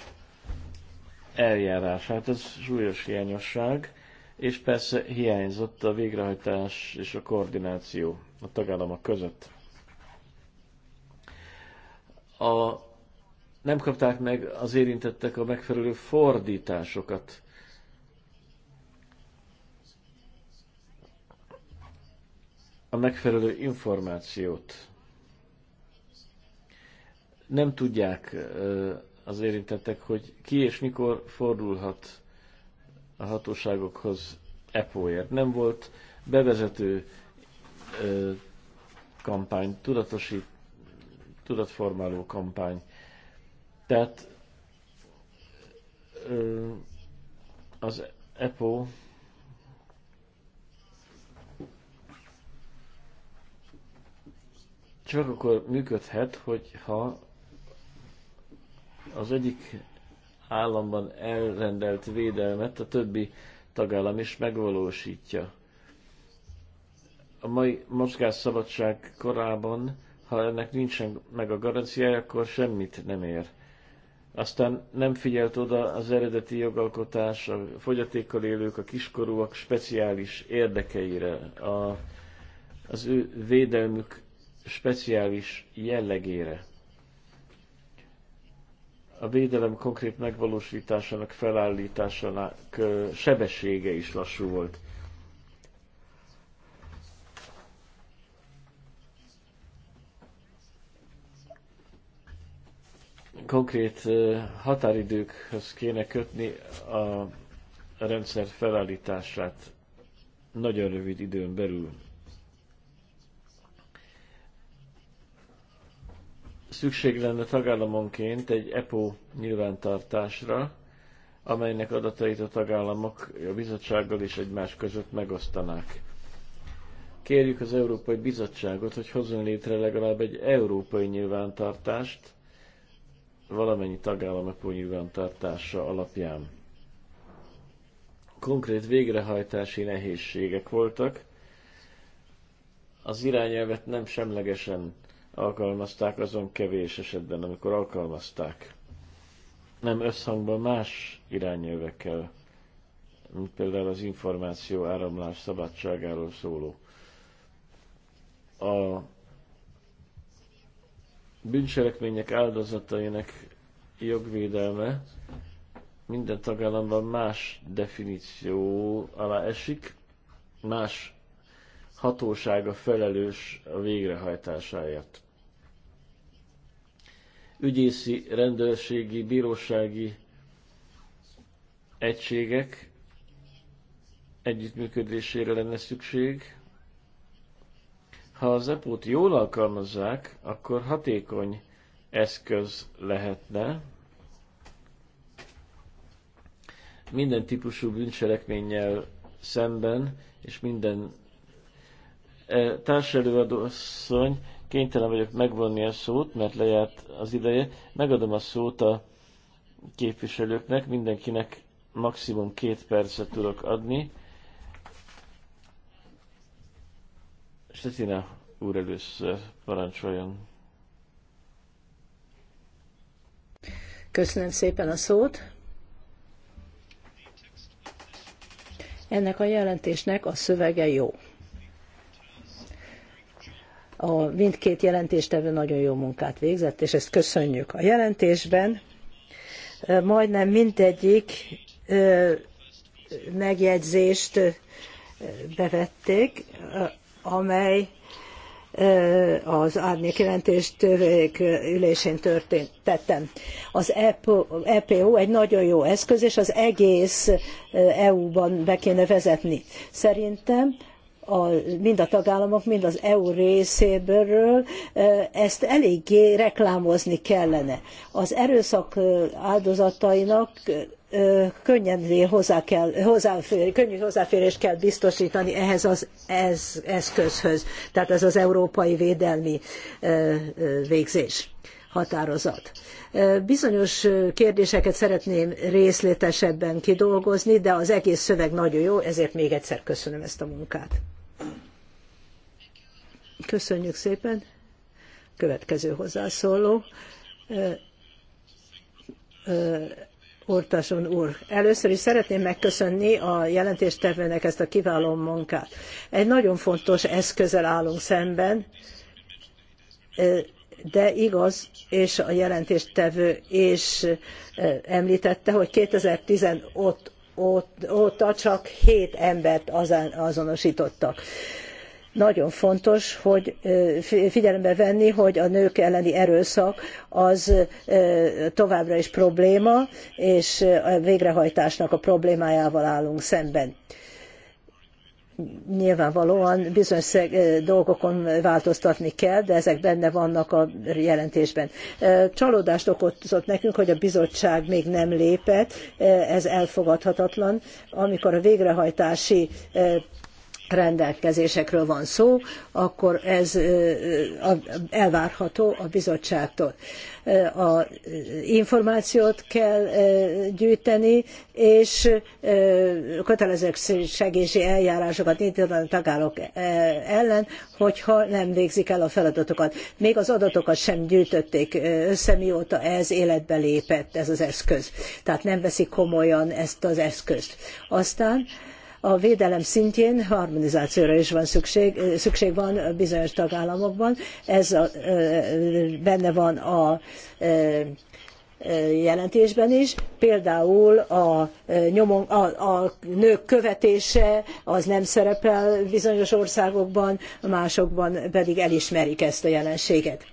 S3: eljárását. Ez súlyos hiányosság, és persze hiányzott a végrehajtás és a koordináció a tagállamok között. A, nem kapták meg az érintettek a megfelelő fordításokat. A megfelelő információt. Nem tudják az érintettek, hogy ki és mikor fordulhat a hatóságokhoz EPO-ért. Nem volt bevezető ö, kampány, tudatosi, tudatformáló kampány. Tehát ö, az EPO csak akkor működhet, hogyha az egyik államban elrendelt védelmet a többi tagállam is megvalósítja. A mai mozgásszabadság korában, ha ennek nincsen meg a garanciája, akkor semmit nem ér. Aztán nem figyelt oda az eredeti jogalkotás, a fogyatékkal élők, a kiskorúak speciális érdekeire, a, az ő védelmük speciális jellegére a védelem konkrét megvalósításának, felállításának sebessége is lassú volt. Konkrét határidőkhöz kéne kötni a rendszer felállítását nagyon rövid időn belül. szükség lenne tagállamonként egy EPO nyilvántartásra, amelynek adatait a tagállamok a bizottsággal és egymás között megosztanák. Kérjük az Európai Bizottságot, hogy hozzon létre legalább egy európai nyilvántartást, valamennyi tagállam EPO nyilvántartása alapján. Konkrét végrehajtási nehézségek voltak, az irányelvet nem semlegesen alkalmazták, azon kevés esetben, amikor alkalmazták. Nem összhangban más irányelvekkel, mint például az információ áramlás szabadságáról szóló. A bűncselekmények áldozatainak jogvédelme minden tagállamban más definíció alá esik, más hatósága felelős a végrehajtásáért. Ügyészi, rendőrségi, bírósági egységek együttműködésére lenne szükség. Ha az epót jól alkalmazzák, akkor hatékony eszköz lehetne minden típusú bűncselekménnyel szemben és minden Társelőadó asszony, kénytelen vagyok megvonni a szót, mert lejárt az ideje. Megadom a szót a képviselőknek, mindenkinek maximum két percet tudok adni. Stetina úr először parancsoljon.
S2: Köszönöm szépen a szót. Ennek a jelentésnek a szövege jó. A mindkét jelentéstevő nagyon jó munkát végzett, és ezt köszönjük. A jelentésben majdnem mindegyik megjegyzést bevették, amely az árnyék jelentéstővék ülésén történt, tettem. Az EPO e egy nagyon jó eszköz, és az egész EU-ban be kéne vezetni. Szerintem a, mind a tagállamok, mind az EU részéből ezt eléggé reklámozni kellene. Az erőszak áldozatainak könnyen hozzá kell, hozzáfér, könnyű hozzáférést kell biztosítani ehhez az ez, eszközhöz, tehát ez az európai védelmi végzés határozat. Bizonyos kérdéseket szeretném részletesebben kidolgozni, de az egész szöveg nagyon jó, ezért még egyszer köszönöm ezt a munkát. Köszönjük szépen. Következő hozzászóló. Ortason úr, először is szeretném megköszönni a jelentéstevőnek ezt a kiváló munkát. Egy nagyon fontos eszközzel állunk szemben, de igaz, és a jelentéstevő is eh, említette, hogy 2015 óta csak 7 embert azonosítottak. Nagyon fontos, hogy eh, figyelembe venni, hogy a nők elleni erőszak az eh, továbbra is probléma, és a végrehajtásnak a problémájával állunk szemben nyilvánvalóan bizonyos dolgokon változtatni kell, de ezek benne vannak a jelentésben. Csalódást okozott nekünk, hogy a bizottság még nem lépett, ez elfogadhatatlan. Amikor a végrehajtási rendelkezésekről van szó, akkor ez elvárható a bizottságtól. A információt kell gyűjteni, és kötelezettségi eljárásokat indítani a tagállamok ellen, hogyha nem végzik el a feladatokat. Még az adatokat sem gyűjtötték össze, mióta ez életbe lépett, ez az eszköz. Tehát nem veszik komolyan ezt az eszközt. Aztán a védelem szintjén harmonizációra is van szükség, szükség van bizonyos tagállamokban. Ez a, benne van a jelentésben is, például a, nyomon, a, a, nők követése az nem szerepel bizonyos országokban, másokban pedig elismerik ezt a jelenséget.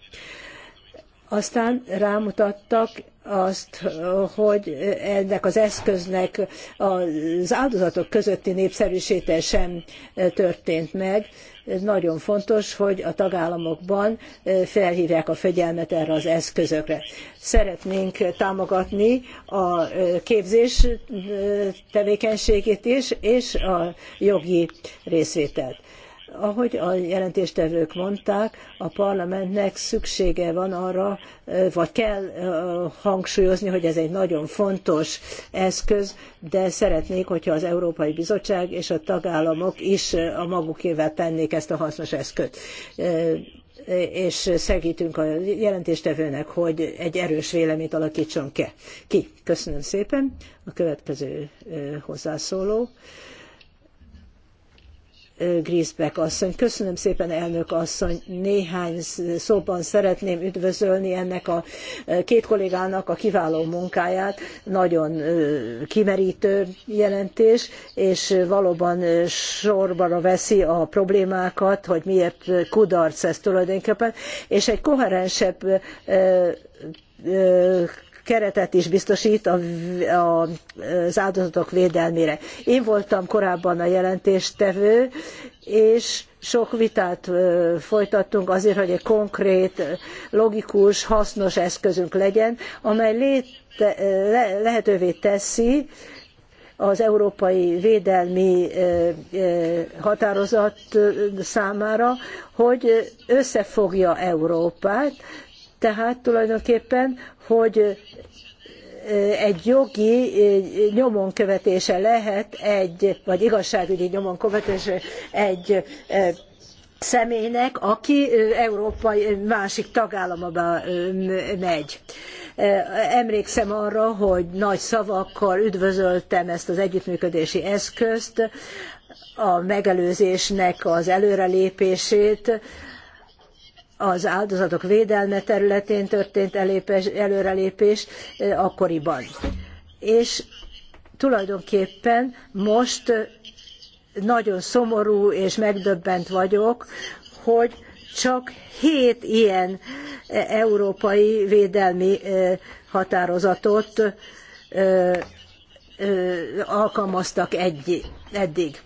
S2: Aztán rámutattak azt, hogy ennek az eszköznek az áldozatok közötti népszerűsítés sem történt meg. nagyon fontos, hogy a tagállamokban felhívják a figyelmet erre az eszközökre. Szeretnénk támogatni a képzés tevékenységét is, és a jogi részvételt. Ahogy a jelentéstevők mondták, a parlamentnek szüksége van arra, vagy kell hangsúlyozni, hogy ez egy nagyon fontos eszköz, de szeretnék, hogyha az Európai Bizottság és a tagállamok is a magukével tennék ezt a hasznos eszközt, és segítünk a jelentéstevőnek, hogy egy erős véleményt alakítson ki. Köszönöm szépen. A következő hozzászóló. Griesbeck asszony. Köszönöm szépen, elnök asszony. Néhány szóban szeretném üdvözölni ennek a két kollégának a kiváló munkáját. Nagyon kimerítő jelentés, és valóban sorba veszi a problémákat, hogy miért kudarc ez tulajdonképpen, és egy koherensebb keretet is biztosít a, a, az áldozatok védelmére. Én voltam korábban a jelentéstevő, és sok vitát folytattunk azért, hogy egy konkrét, logikus, hasznos eszközünk legyen, amely léte, le, lehetővé teszi, az európai védelmi határozat számára, hogy összefogja Európát, tehát tulajdonképpen hogy egy jogi nyomon követése lehet egy, vagy igazságügyi nyomon követése egy személynek, aki európai másik tagállamába megy. Emlékszem arra, hogy nagy szavakkal üdvözöltem ezt az együttműködési eszközt, a megelőzésnek az előrelépését, az áldozatok védelme területén történt előrelépés akkoriban. És tulajdonképpen most nagyon szomorú és megdöbbent vagyok, hogy csak hét ilyen e, európai védelmi határozatot alkalmaztak eddig.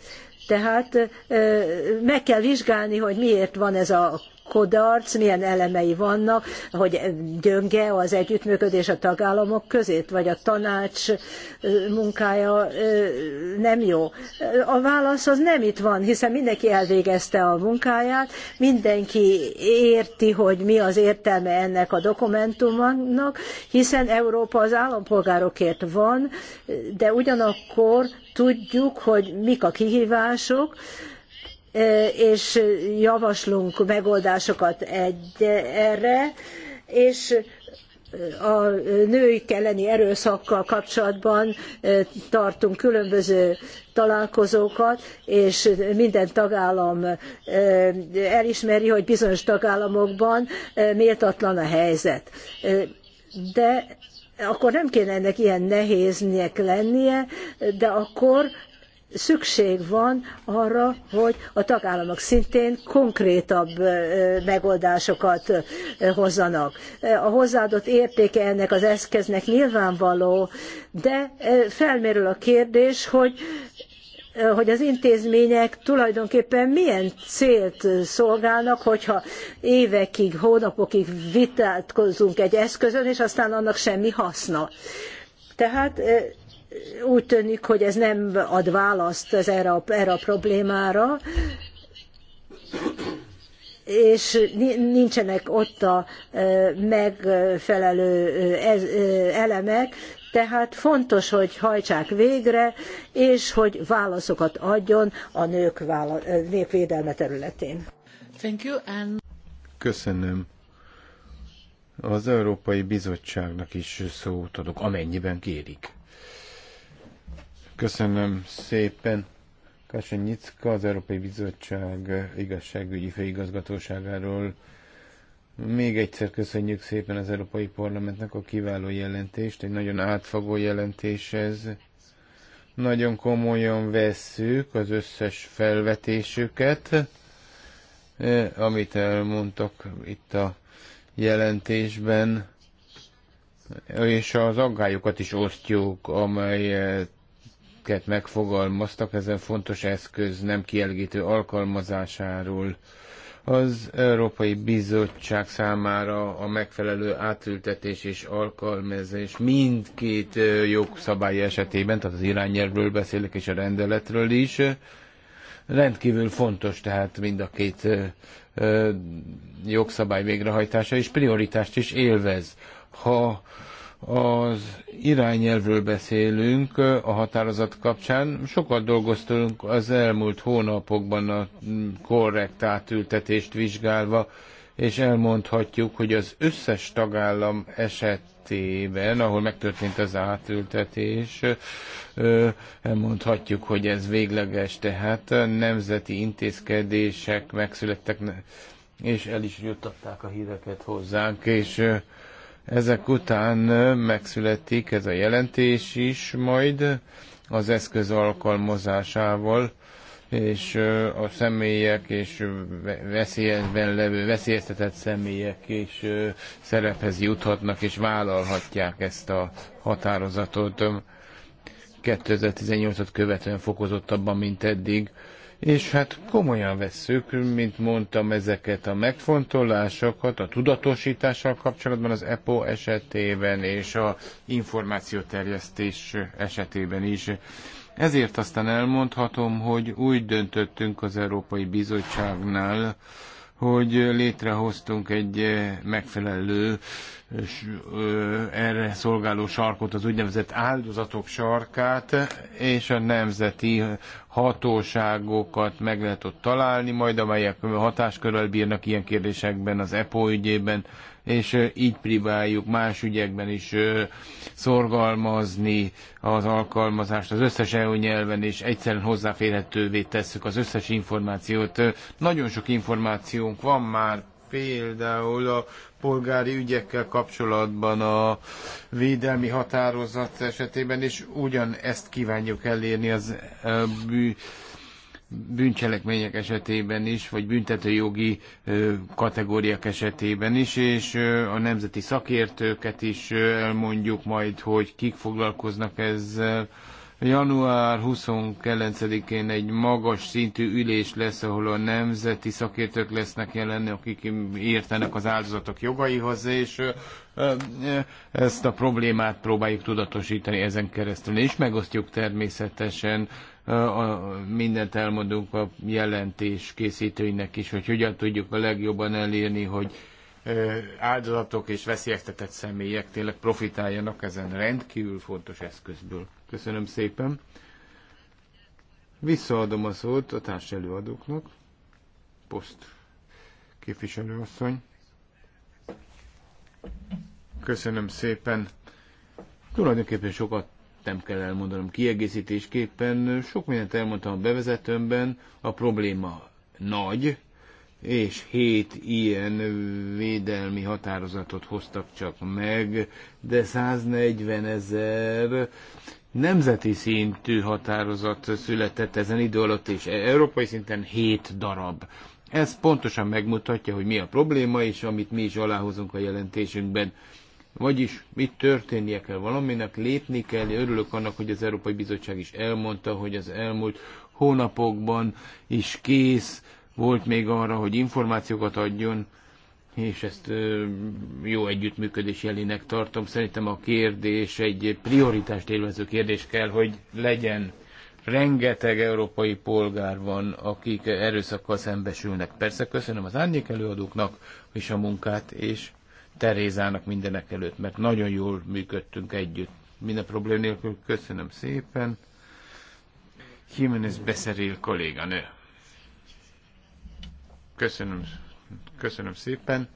S2: Tehát meg kell vizsgálni, hogy miért van ez a kudarc, milyen elemei vannak, hogy gyönge az együttműködés a tagállamok között, vagy a tanács munkája nem jó. A válasz az nem itt van, hiszen mindenki elvégezte a munkáját, mindenki érti, hogy mi az értelme ennek a dokumentumnak, hiszen Európa az állampolgárokért van, de ugyanakkor tudjuk, hogy mik a kihívások, és javaslunk megoldásokat egy, erre, és a női elleni erőszakkal kapcsolatban tartunk különböző találkozókat, és minden tagállam elismeri, hogy bizonyos tagállamokban méltatlan a helyzet. De akkor nem kéne ennek ilyen nehéznek lennie, de akkor szükség van arra, hogy a tagállamok szintén konkrétabb megoldásokat hozzanak. A hozzáadott értéke ennek az eszköznek nyilvánvaló, de felmerül a kérdés, hogy hogy az intézmények tulajdonképpen milyen célt szolgálnak, hogyha évekig, hónapokig vitátkozunk egy eszközön, és aztán annak semmi haszna. Tehát úgy tűnik, hogy ez nem ad választ az erre, a, erre a problémára, és nincsenek ott a megfelelő elemek, tehát fontos, hogy hajtsák végre, és hogy válaszokat adjon a nők, vála, nők védelme területén. Thank you and...
S4: Köszönöm. Az Európai Bizottságnak is szót adok, amennyiben kérik. Köszönöm szépen. Nyicka, az Európai Bizottság igazságügyi főigazgatóságáról. Még egyszer köszönjük szépen az Európai Parlamentnek a kiváló jelentést, egy nagyon átfogó jelentés ez. Nagyon komolyan vesszük az összes felvetésüket, eh, amit elmondtak itt a jelentésben, és az aggályokat is osztjuk, amelyet amiket megfogalmaztak ezen fontos eszköz nem kielégítő alkalmazásáról. Az Európai Bizottság számára a megfelelő átültetés és alkalmazás mindkét jogszabály esetében, tehát az irányelvről beszélek és a rendeletről is, rendkívül fontos tehát mind a két jogszabály végrehajtása, és prioritást is élvez. Ha az irányelvről beszélünk a határozat kapcsán. Sokat dolgoztunk az elmúlt hónapokban a korrekt átültetést vizsgálva, és elmondhatjuk, hogy az összes tagállam esetében, ahol megtörtént az átültetés, elmondhatjuk, hogy ez végleges, tehát nemzeti intézkedések megszülettek, és el is juttatták a híreket hozzánk, és ezek után megszületik ez a jelentés is majd az eszköz alkalmazásával, és a személyek és veszélyben levő, veszélyeztetett személyek is szerephez juthatnak és vállalhatják ezt a határozatot. 2018-at követően fokozottabban, mint eddig és hát komolyan vesszük, mint mondtam, ezeket a megfontolásokat a tudatosítással kapcsolatban az EPO esetében és a információterjesztés esetében is. Ezért aztán elmondhatom, hogy úgy döntöttünk az Európai Bizottságnál, hogy létrehoztunk egy eh, megfelelő és eh, erre szolgáló sarkot, az úgynevezett áldozatok sarkát, és a nemzeti hatóságokat meg lehet ott találni, majd amelyek hatáskörrel bírnak ilyen kérdésekben, az EPO ügyében, és így próbáljuk más ügyekben is szorgalmazni az alkalmazást az összes EU nyelven, és egyszerűen hozzáférhetővé tesszük az összes információt. Nagyon sok információnk van már, például a polgári ügyekkel kapcsolatban a védelmi határozat esetében, és ugyan ezt kívánjuk elérni az bűncselekmények esetében is, vagy büntetőjogi kategóriák esetében is, és a nemzeti szakértőket is elmondjuk majd, hogy kik foglalkoznak ezzel. Január 29-én egy magas szintű ülés lesz, ahol a nemzeti szakértők lesznek jelenni, akik értenek az áldozatok jogaihoz, és ezt a problémát próbáljuk tudatosítani ezen keresztül, és megosztjuk természetesen mindent elmondunk a jelentés készítőinek is, hogy hogyan tudjuk a legjobban elérni, hogy áldozatok és veszélyeztetett személyek tényleg profitáljanak ezen rendkívül fontos eszközből. Köszönöm szépen. Visszaadom a szót a előadóknak. Poszt képviselőasszony. Köszönöm szépen. Tulajdonképpen sokat nem kell elmondanom kiegészítésképpen. Sok mindent elmondtam a bevezetőmben, a probléma nagy, és hét ilyen védelmi határozatot hoztak csak meg, de 140 ezer nemzeti szintű határozat született ezen idő alatt, és európai szinten 7 darab. Ez pontosan megmutatja, hogy mi a probléma, és amit mi is aláhozunk a jelentésünkben. Vagyis mit történnie kell valaminek, lépni kell, örülök annak, hogy az Európai Bizottság is elmondta, hogy az elmúlt hónapokban is kész volt még arra, hogy információkat adjon, és ezt jó együttműködés jelének tartom. Szerintem a kérdés egy prioritást élvező kérdés kell, hogy legyen. Rengeteg európai polgár van, akik erőszakkal szembesülnek. Persze köszönöm az árnyék előadóknak is a munkát, és Terézának mindenek előtt, mert nagyon jól működtünk együtt. Minden problém nélkül köszönöm szépen. Jiménez Beszeril kolléganő. Köszönöm, köszönöm szépen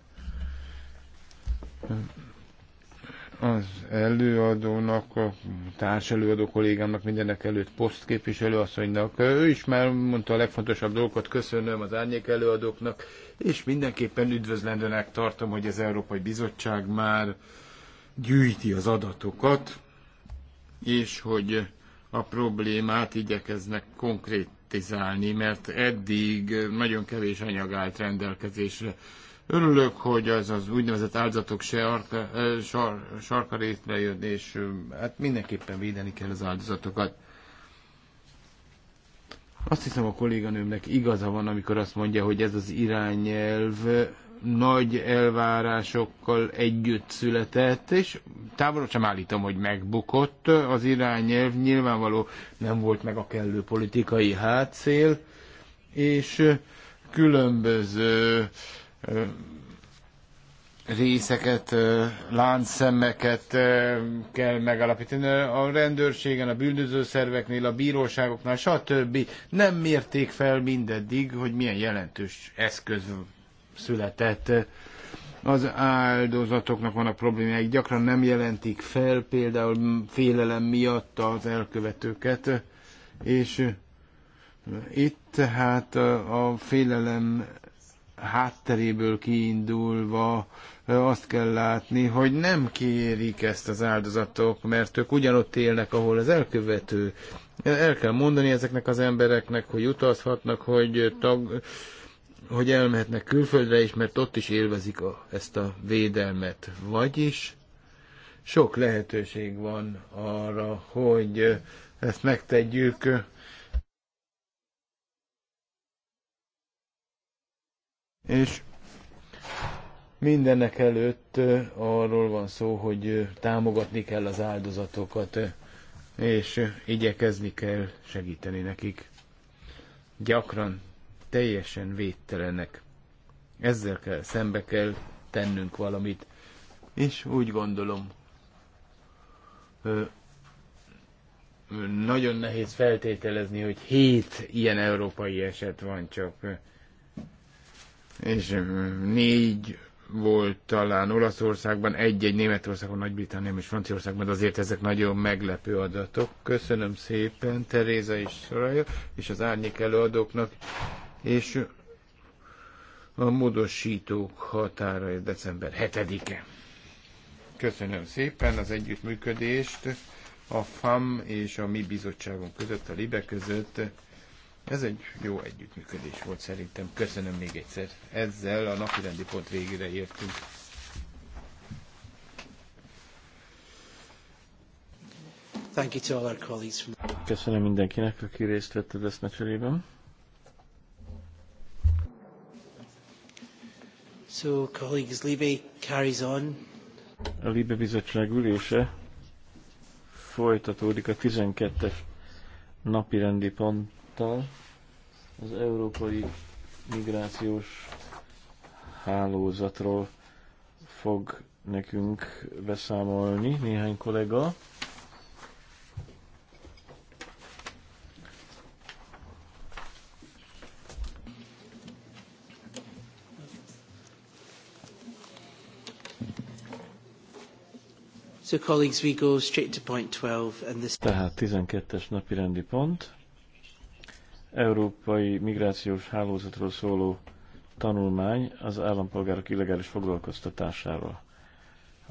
S4: az előadónak, a társelőadó kollégámnak mindenek előtt posztképviselő asszonynak. Ő is már mondta a legfontosabb dolgokat, köszönöm az árnyék előadóknak, és mindenképpen üdvözlendőnek tartom, hogy az Európai Bizottság már gyűjti az adatokat, és hogy a problémát igyekeznek konkrétizálni, mert eddig nagyon kevés anyag állt rendelkezésre Örülök, hogy az az úgynevezett áldozatok sarka, sar, sarka részre jön, és hát mindenképpen védeni kell az áldozatokat. Azt hiszem a kolléganőmnek igaza van, amikor azt mondja, hogy ez az irányelv nagy elvárásokkal együtt született, és távolról sem állítom, hogy megbukott az irányelv, nyilvánvaló nem volt meg a kellő politikai hátszél, és különböző részeket, láncszemeket kell megalapítani a rendőrségen, a bűnözőszerveknél, a bíróságoknál, stb. Nem mérték fel mindeddig, hogy milyen jelentős eszköz született. Az áldozatoknak van a problémáik, gyakran nem jelentik fel például félelem miatt az elkövetőket, és itt tehát a félelem hátteréből kiindulva azt kell látni, hogy nem kérik ezt az áldozatok, mert ők ugyanott élnek, ahol az elkövető. El kell mondani ezeknek az embereknek, hogy utazhatnak, hogy, tag, hogy elmehetnek külföldre is, mert ott is élvezik a, ezt a védelmet. Vagyis sok lehetőség van arra, hogy ezt megtegyük És mindenek előtt arról van szó, hogy támogatni kell az áldozatokat, és igyekezni kell segíteni nekik. Gyakran teljesen védtelenek. Ezzel kell, szembe kell tennünk valamit. És úgy gondolom, nagyon nehéz feltételezni, hogy hét ilyen európai eset van csak és négy volt talán Olaszországban, egy-egy Németországban, Nagy-Britanniában és Franciaországban, de azért ezek nagyon meglepő adatok. Köszönöm szépen Teréza és Soraya, és az árnyék előadóknak, és a módosítók határa december 7-e. Köszönöm szépen az együttműködést a FAM és a mi bizottságunk között, a LIBE között. Ez egy jó együttműködés volt szerintem. Köszönöm még egyszer. Ezzel a napirendi pont végére értünk.
S1: Thank you to all our colleagues.
S3: Köszönöm mindenkinek, aki részt vett az eszmecserében.
S1: So, colleagues, Libé carries on.
S3: A Libé bizottság ülése folytatódik a 12-es napirendi pont Ezúttal az európai migrációs hálózatról fog nekünk beszámolni néhány kollega.
S1: So colleagues, we go straight to point 12 and this...
S3: Tehát 12-es napi rendi pont európai migrációs hálózatról szóló tanulmány az állampolgárok illegális foglalkoztatásáról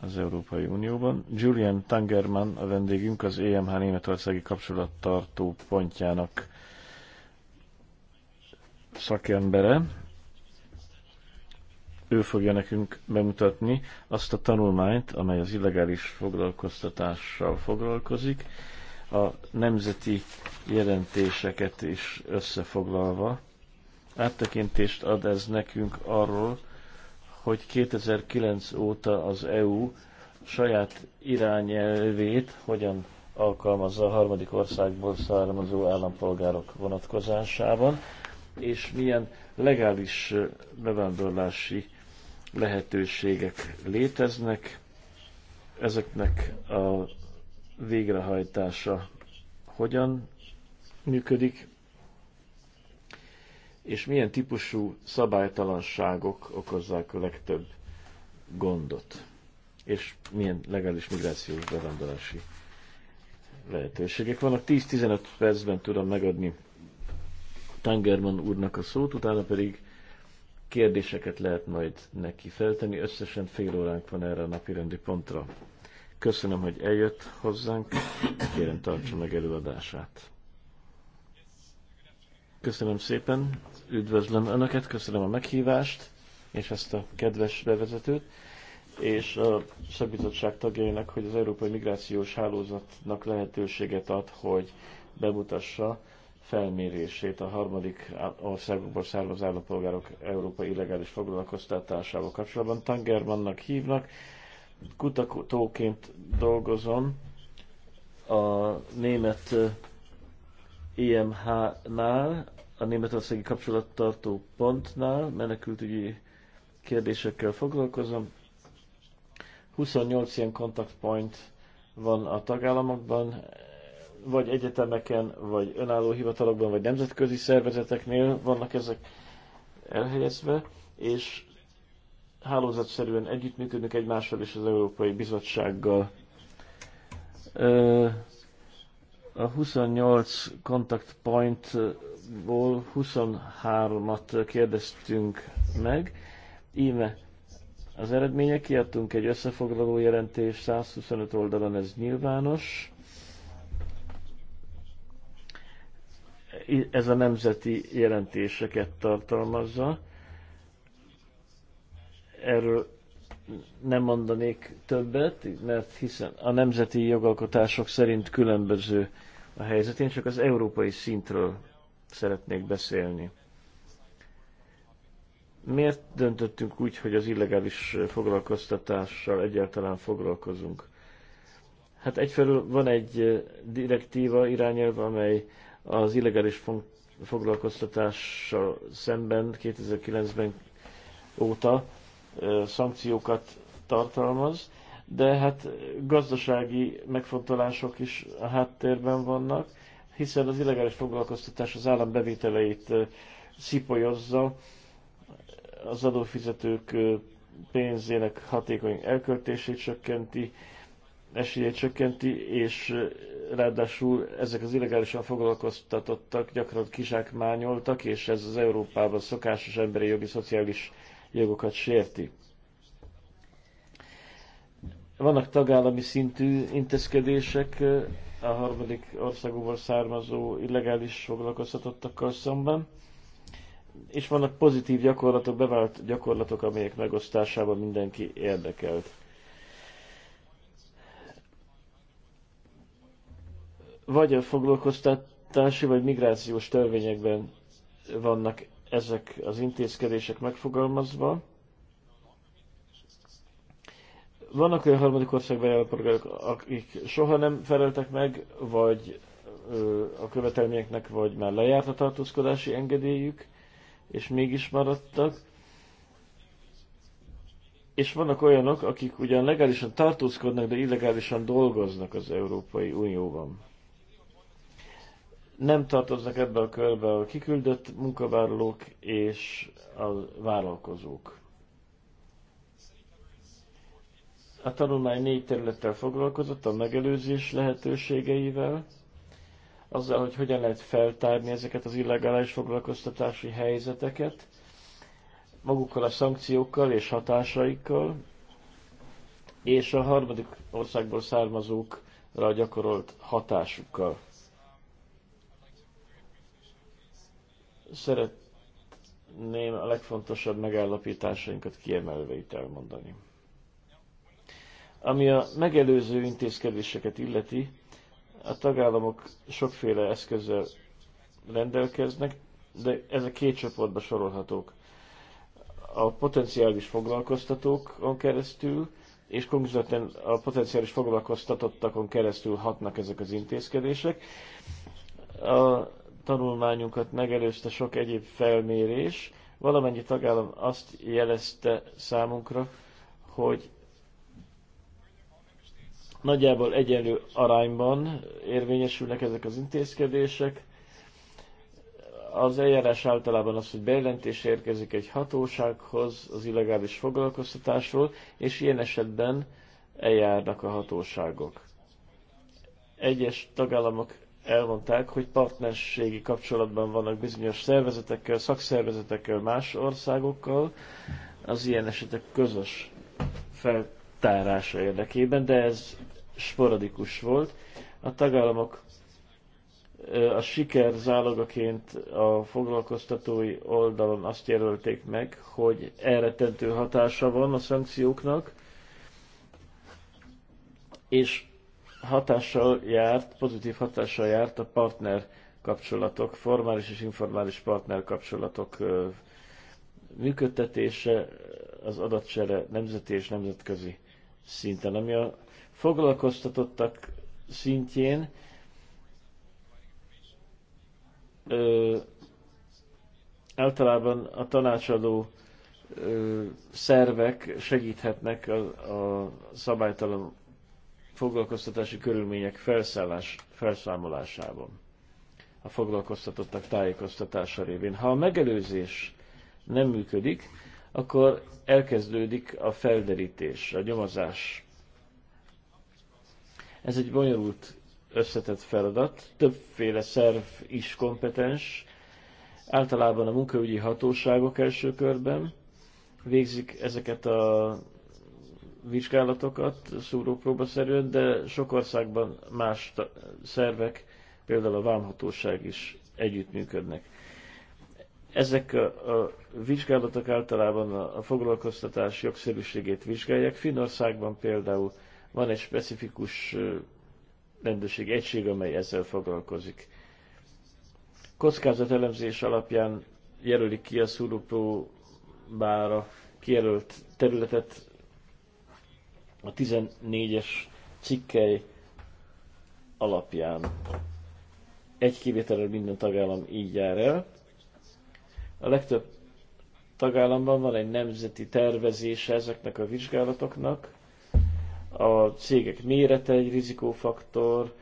S3: az Európai Unióban. Julian Tangerman a vendégünk az EMH Németországi kapcsolattartó pontjának szakembere. Ő fogja nekünk bemutatni azt a tanulmányt, amely az illegális foglalkoztatással foglalkozik, a nemzeti jelentéseket is összefoglalva. Áttekintést ad ez nekünk arról, hogy 2009 óta az EU saját irányelvét hogyan alkalmazza a harmadik országból származó állampolgárok vonatkozásában, és milyen legális bevándorlási lehetőségek léteznek, ezeknek a végrehajtása hogyan működik, és milyen típusú szabálytalanságok okozzák a legtöbb gondot, és milyen legális migrációs bevándorlási lehetőségek vannak. 10-15 percben tudom megadni Tangerman úrnak a szót, utána pedig kérdéseket lehet majd neki feltenni. Összesen fél óránk van erre a napi rendi pontra. Köszönöm, hogy eljött hozzánk. Kérem, tartsa meg előadását. Köszönöm szépen, üdvözlöm Önöket, köszönöm a meghívást, és ezt a kedves bevezetőt, és a szakbizottság tagjainak, hogy az Európai Migrációs Hálózatnak lehetőséget ad, hogy bemutassa felmérését a harmadik országokból származó állampolgárok európai illegális foglalkoztatásával kapcsolatban. Tangermannak hívnak, kutatóként dolgozom a német IMH-nál, a Németországi Kapcsolattartó Pontnál, menekültügyi kérdésekkel foglalkozom. 28 ilyen kontaktpoint van a tagállamokban, vagy egyetemeken, vagy önálló hivatalokban, vagy nemzetközi szervezeteknél vannak ezek elhelyezve, és hálózatszerűen együttműködnek egymással és az Európai Bizottsággal. A 28 contact pointból 23-at kérdeztünk meg. Íme az eredmények kiadtunk egy összefoglaló jelentés, 125 oldalon ez nyilvános. Ez a nemzeti jelentéseket tartalmazza erről nem mondanék többet, mert hiszen a nemzeti jogalkotások szerint különböző a helyzet. Én csak az európai szintről szeretnék beszélni. Miért döntöttünk úgy, hogy az illegális foglalkoztatással egyáltalán foglalkozunk? Hát egyfelől van egy direktíva, irányelv, amely az illegális foglalkoztatással szemben 2009-ben óta szankciókat tartalmaz, de hát gazdasági megfontolások is a háttérben vannak, hiszen az illegális foglalkoztatás az állam bevételeit szipolyozza, az adófizetők pénzének hatékony elköltését csökkenti, esélyét csökkenti, és ráadásul ezek az illegálisan foglalkoztatottak gyakran kizsákmányoltak, és ez az Európában szokásos emberi jogi szociális jogokat sérti. Vannak tagállami szintű intézkedések eh, a harmadik országokból származó illegális foglalkoztatottakkal szemben, és vannak pozitív gyakorlatok, bevált gyakorlatok, amelyek megosztásában mindenki érdekelt. Vagy a foglalkoztatási, vagy migrációs törvényekben vannak ezek az intézkedések megfogalmazva. Vannak olyan harmadik országban járó polgárok, akik soha nem feleltek meg, vagy a követelményeknek, vagy már lejárt a tartózkodási engedélyük, és mégis maradtak. És vannak olyanok, akik ugyan legálisan tartózkodnak, de illegálisan dolgoznak az Európai Unióban nem tartoznak ebbe a körbe a kiküldött munkavállalók és a vállalkozók. A tanulmány négy területtel foglalkozott, a megelőzés lehetőségeivel, azzal, hogy hogyan lehet feltárni ezeket az illegális foglalkoztatási helyzeteket, magukkal a szankciókkal és hatásaikkal, és a harmadik országból származókra gyakorolt hatásukkal. szeretném a legfontosabb megállapításainkat kiemelve itt elmondani. Ami a megelőző intézkedéseket illeti, a tagállamok sokféle eszközzel rendelkeznek, de ezek két csoportba sorolhatók. A potenciális foglalkoztatókon keresztül, és konkrétan a potenciális foglalkoztatottakon keresztül hatnak ezek az intézkedések. A tanulmányunkat megelőzte sok egyéb felmérés. Valamennyi tagállam azt jelezte számunkra, hogy nagyjából egyenlő arányban érvényesülnek ezek az intézkedések. Az eljárás általában az, hogy bejelentés érkezik egy hatósághoz az illegális foglalkoztatásról, és ilyen esetben eljárnak a hatóságok. Egyes tagállamok elmondták, hogy partnerségi kapcsolatban vannak bizonyos szervezetekkel, szakszervezetekkel, más országokkal, az ilyen esetek közös feltárása érdekében, de ez sporadikus volt. A tagállamok a siker zálogaként a foglalkoztatói oldalon azt jelölték meg, hogy elrettentő hatása van a szankcióknak, és hatással járt, pozitív hatással járt a partner kapcsolatok, formális és informális partner kapcsolatok működtetése, az adatcsere nemzeti és nemzetközi szinten, ami a foglalkoztatottak szintjén ö, általában a tanácsadó ö, szervek segíthetnek a, a szabálytalan foglalkoztatási körülmények felszállás, felszámolásában, a foglalkoztatottak tájékoztatása révén. Ha a megelőzés nem működik, akkor elkezdődik a felderítés, a nyomozás. Ez egy bonyolult, összetett feladat, többféle szerv is kompetens, általában a munkaügyi hatóságok első körben végzik ezeket a vizsgálatokat szúrópróbaszerűen, de sok országban más szervek, például a vámhatóság is együttműködnek. Ezek a, a vizsgálatok általában a, a foglalkoztatás jogszerűségét vizsgálják. Finnországban például van egy specifikus rendőrség egység, amely ezzel foglalkozik. Kockázatelemzés alapján jelölik ki a szúrópróbára kijelölt területet a 14-es cikkely alapján. Egy kivételről minden tagállam így jár el. A legtöbb tagállamban van egy nemzeti tervezése ezeknek a vizsgálatoknak. A cégek mérete egy rizikófaktor,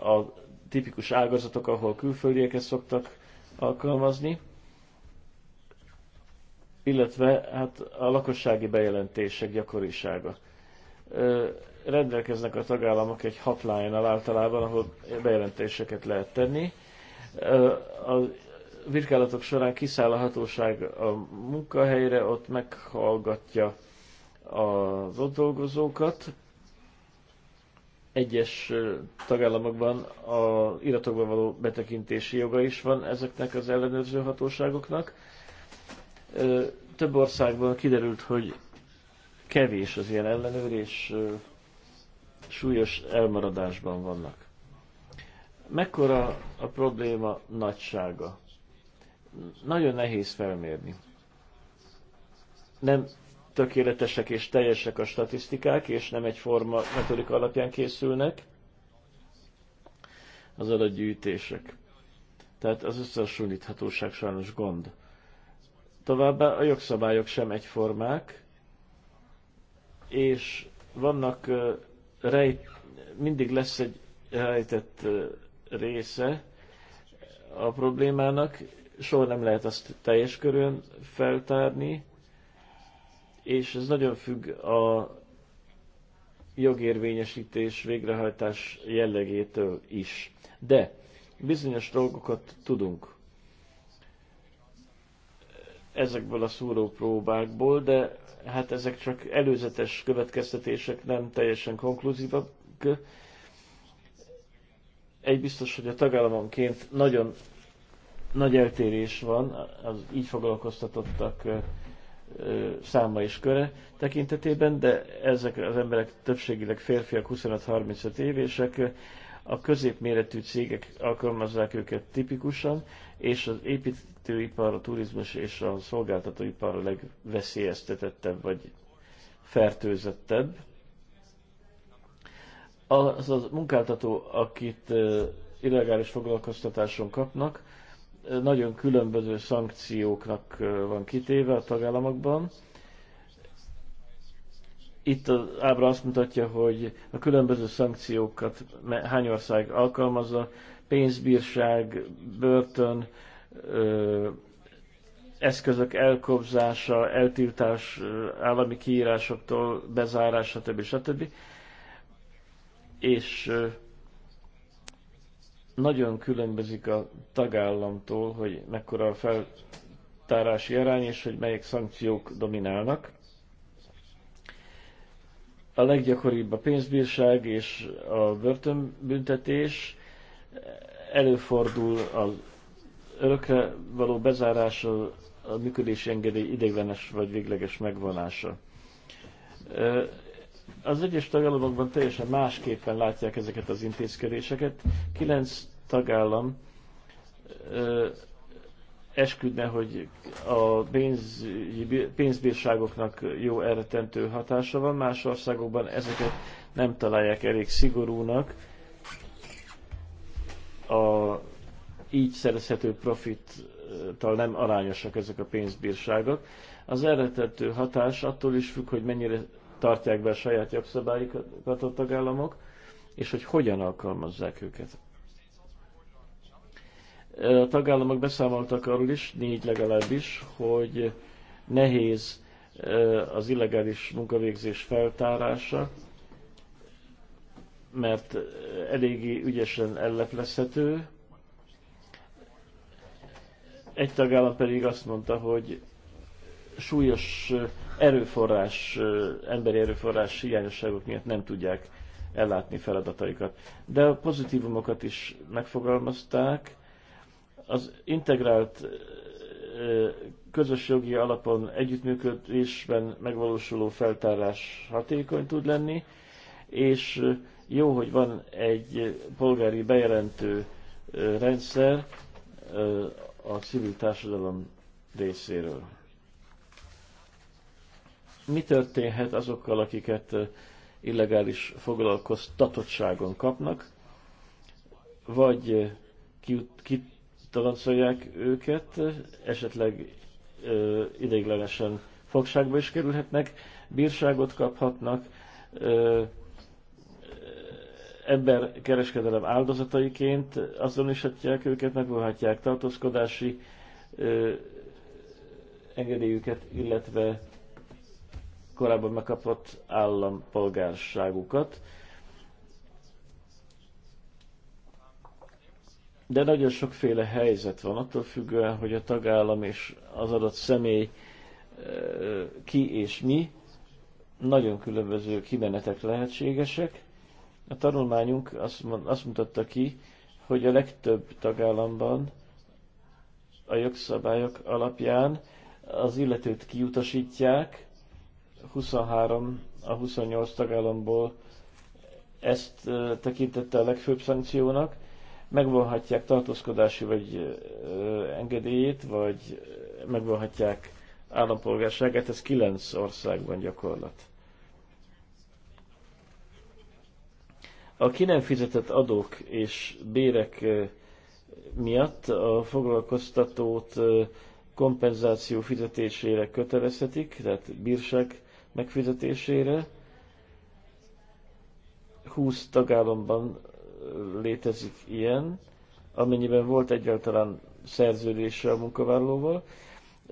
S3: a tipikus ágazatok, ahol külföldieket szoktak alkalmazni, illetve hát a lakossági bejelentések gyakorisága rendelkeznek a tagállamok egy hotline al általában, ahol bejelentéseket lehet tenni. A vizsgálatok során kiszáll a hatóság a munkahelyre, ott meghallgatja az ott dolgozókat. Egyes tagállamokban a iratokban való betekintési joga is van ezeknek az ellenőrző hatóságoknak. Több országban kiderült, hogy kevés az ilyen ellenőrés, súlyos elmaradásban vannak. Mekkora a probléma nagysága? Nagyon nehéz felmérni. Nem tökéletesek és teljesek a statisztikák, és nem egyforma metodika alapján készülnek az adatgyűjtések. Tehát az összehasonlíthatóság sajnos gond. Továbbá a jogszabályok sem egyformák, és vannak rej, mindig lesz egy rejtett része a problémának, soha nem lehet azt teljes körön feltárni, és ez nagyon függ a jogérvényesítés, végrehajtás jellegétől is. De bizonyos dolgokat tudunk ezekből a próbákból, de hát ezek csak előzetes következtetések, nem teljesen konkluzívak. Egy biztos, hogy a tagállamonként nagyon nagy eltérés van az így foglalkoztatottak száma és köre tekintetében, de ezek az emberek többségileg férfiak, 25-35 évések, a középméretű cégek alkalmazzák őket tipikusan, és az építőipar, a turizmus és a szolgáltatóipar a legveszélyeztetettebb vagy fertőzettebb. Az a munkáltató, akit illegális foglalkoztatáson kapnak, nagyon különböző szankcióknak van kitéve a tagállamokban, itt az ábra azt mutatja, hogy a különböző szankciókat hány ország alkalmazza, pénzbírság, börtön, ö, eszközök elkobzása, eltiltás állami kiírásoktól, bezárás, stb. stb. És nagyon különbözik a tagállamtól, hogy mekkora a feltárási arány, és hogy melyik szankciók dominálnak a leggyakoribb a pénzbírság és a börtönbüntetés, előfordul az örökre való bezárása, a működési engedély ideiglenes vagy végleges megvonása. Az egyes tagállamokban teljesen másképpen látják ezeket az intézkedéseket. Kilenc tagállam esküdne, hogy a pénz, pénzbírságoknak jó elretentő hatása van, más országokban ezeket nem találják elég szigorúnak. A így szerezhető profittal nem arányosak ezek a pénzbírságok. Az elretentő hatás attól is függ, hogy mennyire tartják be a saját jogszabályokat a tagállamok, és hogy hogyan alkalmazzák őket. A tagállamok beszámoltak arról is, négy legalábbis, hogy nehéz az illegális munkavégzés feltárása, mert eléggé ügyesen elleplezhető. Egy tagállam pedig azt mondta, hogy súlyos erőforrás, emberi erőforrás hiányosságok miatt nem tudják ellátni feladataikat. De a pozitívumokat is megfogalmazták, az integrált közös jogi alapon együttműködésben megvalósuló feltárás hatékony tud lenni, és jó, hogy van egy polgári bejelentő rendszer a civil társadalom részéről. Mi történhet azokkal, akiket illegális foglalkoztatottságon kapnak, vagy ki, ki megtalancolják őket, esetleg ö, ideiglenesen fogságba is kerülhetnek, bírságot kaphatnak, ö, kereskedelem áldozataiként azonosítják őket, megvonhatják tartózkodási ö, engedélyüket, illetve korábban megkapott állampolgárságukat. de nagyon sokféle helyzet van, attól függően, hogy a tagállam és az adott személy ki és mi, nagyon különböző kimenetek lehetségesek. A tanulmányunk azt, mutatta ki, hogy a legtöbb tagállamban a jogszabályok alapján az illetőt kiutasítják, 23 a 28 tagállamból ezt tekintette a legfőbb szankciónak, megvonhatják tartózkodási vagy engedélyét, vagy megvonhatják állampolgárságát, ez kilenc országban gyakorlat. A ki nem fizetett adók és bérek miatt a foglalkoztatót kompenzáció fizetésére kötelezhetik, tehát bírság megfizetésére. 20 tagállamban létezik ilyen, amennyiben volt egyáltalán szerződése a munkavállalóval.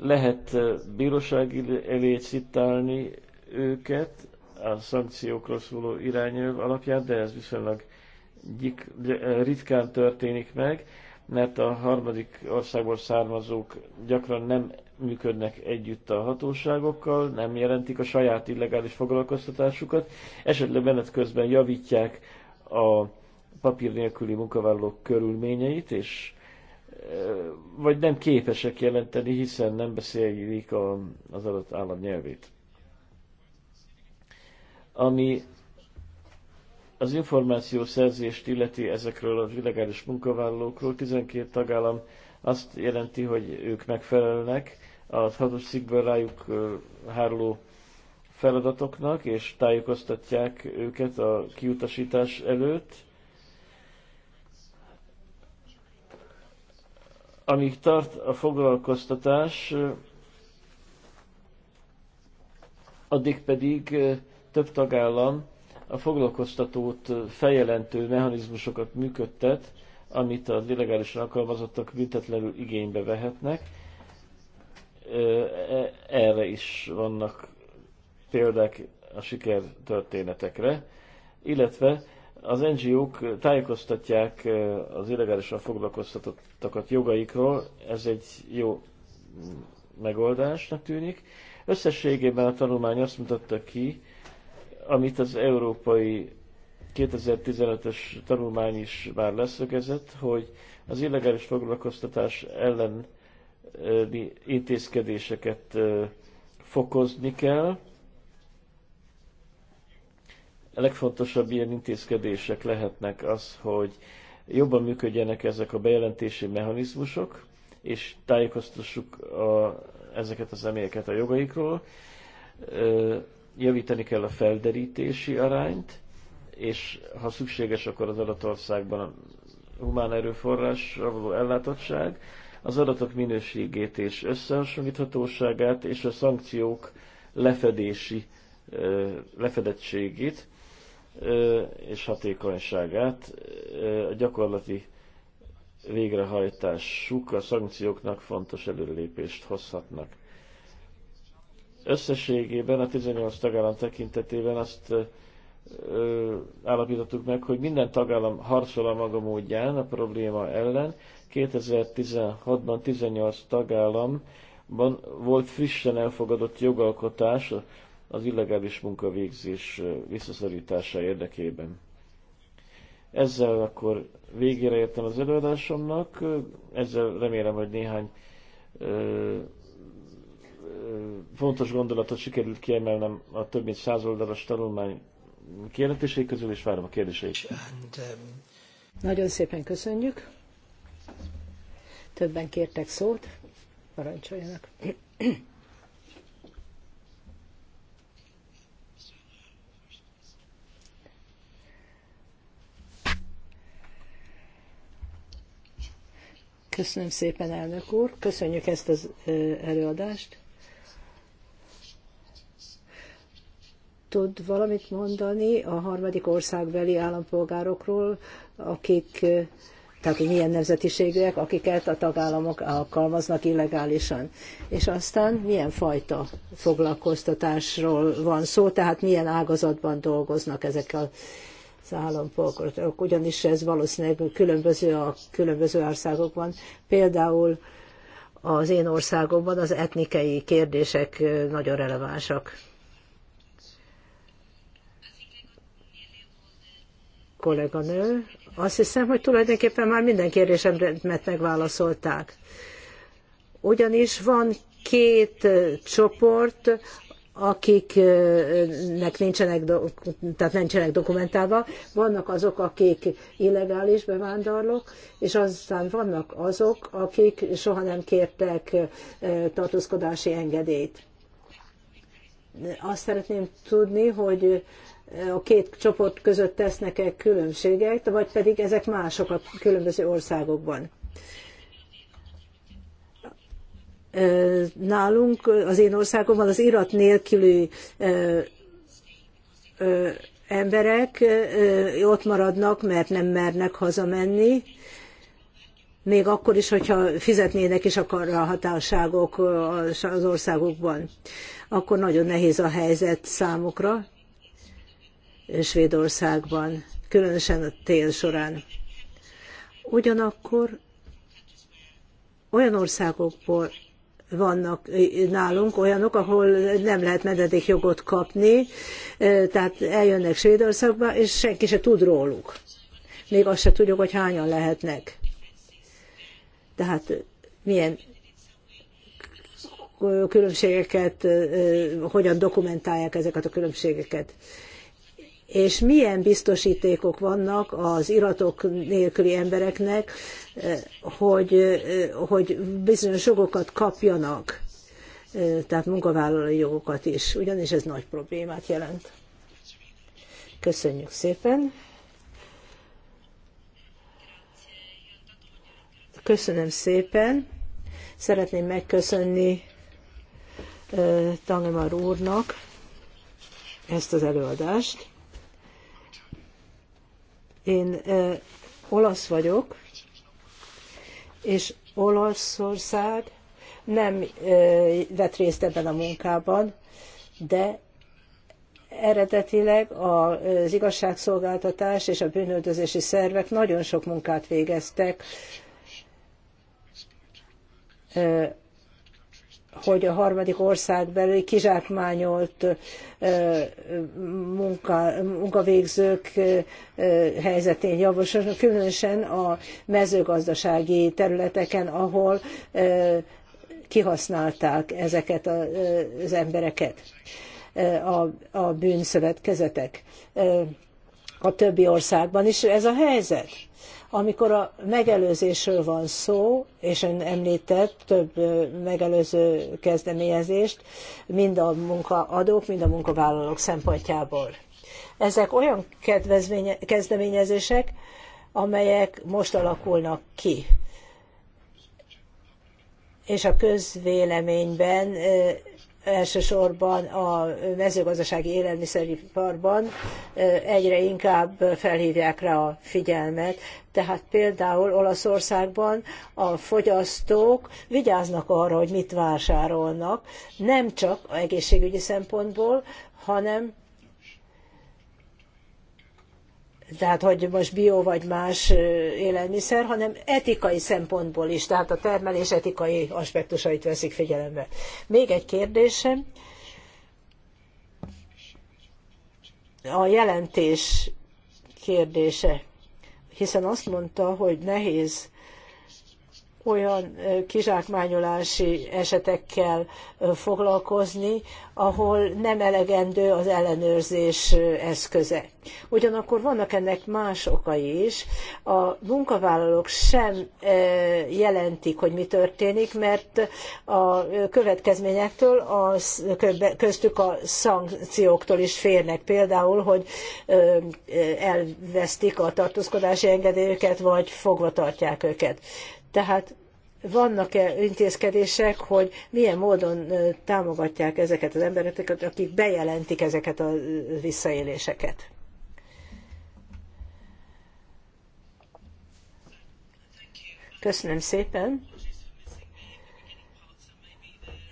S3: Lehet bírósági elé citálni őket a szankciókról szóló irányelv alapján, de ez viszonylag ritkán történik meg, mert a harmadik országból származók gyakran nem működnek együtt a hatóságokkal, nem jelentik a saját illegális foglalkoztatásukat, esetleg menet közben javítják a papír nélküli munkavállalók körülményeit, és vagy nem képesek jelenteni, hiszen nem beszélik a, az adott állam nyelvét. Ami az szerzést illeti ezekről az illegális munkavállalókról, 12 tagállam azt jelenti, hogy ők megfelelnek a hatos cikkből rájuk háruló feladatoknak, és tájékoztatják őket a kiutasítás előtt, amíg tart a foglalkoztatás, addig pedig több tagállam a foglalkoztatót feljelentő mechanizmusokat működtet, amit a illegálisan alkalmazottak büntetlenül igénybe vehetnek. E, erre is vannak példák a sikertörténetekre, illetve az NGO-k tájékoztatják az illegálisan foglalkoztatottakat jogaikról, ez egy jó megoldásnak tűnik. Összességében a tanulmány azt mutatta ki, amit az európai 2015-ös tanulmány is már leszögezett, hogy az illegális foglalkoztatás ellen intézkedéseket fokozni kell, a legfontosabb ilyen intézkedések lehetnek az, hogy jobban működjenek ezek a bejelentési mechanizmusok, és tájékoztassuk a, ezeket az emélyeket a jogaikról. Javítani kell a felderítési arányt, és ha szükséges, akkor az adott országban a humán erőforrásra való ellátottság, az adatok minőségét és összehasonlíthatóságát, és a szankciók lefedési lefedettségét és hatékonyságát. A gyakorlati végrehajtásuk a szankcióknak fontos előrelépést hozhatnak. Összességében a 18 tagállam tekintetében azt állapítottuk meg, hogy minden tagállam harcol a maga módján a probléma ellen. 2016-ban 18 tagállamban volt frissen elfogadott jogalkotás az illegális munkavégzés visszaszorítása érdekében. Ezzel akkor végére értem az előadásomnak, ezzel remélem, hogy néhány ö, fontos gondolatot sikerült kiemelnem a több mint száz oldalas tanulmány kijelentései közül, és várom a kérdéseit. Um,
S2: Nagyon szépen köszönjük. Többen kértek szót, parancsoljanak. Köszönöm szépen, elnök úr. Köszönjük ezt az előadást. Tud valamit mondani a harmadik országbeli állampolgárokról, akik, tehát hogy milyen nemzetiségűek, akiket a tagállamok alkalmaznak illegálisan. És aztán milyen fajta foglalkoztatásról van szó, tehát milyen ágazatban dolgoznak ezek a állampolgárok, ugyanis ez valószínűleg különböző a különböző országokban. Például az én országomban az etnikai kérdések nagyon relevánsak. kolléganő. Azt hiszem, hogy tulajdonképpen már minden kérdésemet megválaszolták. Ugyanis van két csoport, akiknek nincsenek, tehát nincsenek dokumentálva, vannak azok, akik illegális bevándorlók, és aztán vannak azok, akik soha nem kértek tartózkodási engedélyt. Azt szeretném tudni, hogy a két csoport között tesznek-e különbséget, vagy pedig ezek mások a különböző országokban nálunk, az én országomban az irat nélküli emberek ott maradnak, mert nem mernek hazamenni, még akkor is, hogyha fizetnének is akar a hatáságok az országokban, akkor nagyon nehéz a helyzet számukra Svédországban, különösen a tél során. Ugyanakkor olyan országokból, vannak nálunk olyanok, ahol nem lehet menedékjogot kapni, tehát eljönnek Svédországba, és senki se tud róluk. Még azt se tudjuk, hogy hányan lehetnek. Tehát milyen különbségeket, hogyan dokumentálják ezeket a különbségeket és milyen biztosítékok vannak az iratok nélküli embereknek, eh, hogy, eh, hogy bizonyos jogokat kapjanak, eh, tehát munkavállalói jogokat is, ugyanis ez nagy problémát jelent. Köszönjük szépen! Köszönöm szépen! Szeretném megköszönni Tangemar úrnak ezt az előadást. Én olasz vagyok, és Olaszország nem vett részt ebben a munkában, de eredetileg az igazságszolgáltatás és a bűnöldözési szervek nagyon sok munkát végeztek hogy a harmadik országbeli kizsákmányolt munka, munkavégzők helyzetén javasolnak, különösen a mezőgazdasági területeken, ahol kihasználták ezeket az embereket, a, a bűnszövetkezetek. A többi országban is ez a helyzet amikor a megelőzésről van szó, és ön említett több megelőző kezdeményezést, mind a munkaadók, mind a munkavállalók szempontjából. Ezek olyan kezdeményezések, amelyek most alakulnak ki. És a közvéleményben elsősorban a mezőgazdasági élelmiszeriparban egyre inkább felhívják rá a figyelmet. Tehát például Olaszországban a fogyasztók vigyáznak arra, hogy mit vásárolnak, nem csak egészségügyi szempontból, hanem tehát hogy most bio vagy más élelmiszer, hanem etikai szempontból is, tehát a termelés etikai aspektusait veszik figyelembe. Még egy kérdésem. A jelentés kérdése, hiszen azt mondta, hogy nehéz olyan kizsákmányolási esetekkel foglalkozni, ahol nem elegendő az ellenőrzés eszköze. Ugyanakkor vannak ennek más okai is. A munkavállalók sem jelentik, hogy mi történik, mert a következményektől, a, köztük a szankcióktól is férnek. Például, hogy elvesztik a tartózkodási engedélyüket, vagy fogva tartják őket. Tehát vannak-e intézkedések, hogy milyen módon támogatják ezeket az embereket, akik bejelentik ezeket a visszaéléseket? Köszönöm szépen.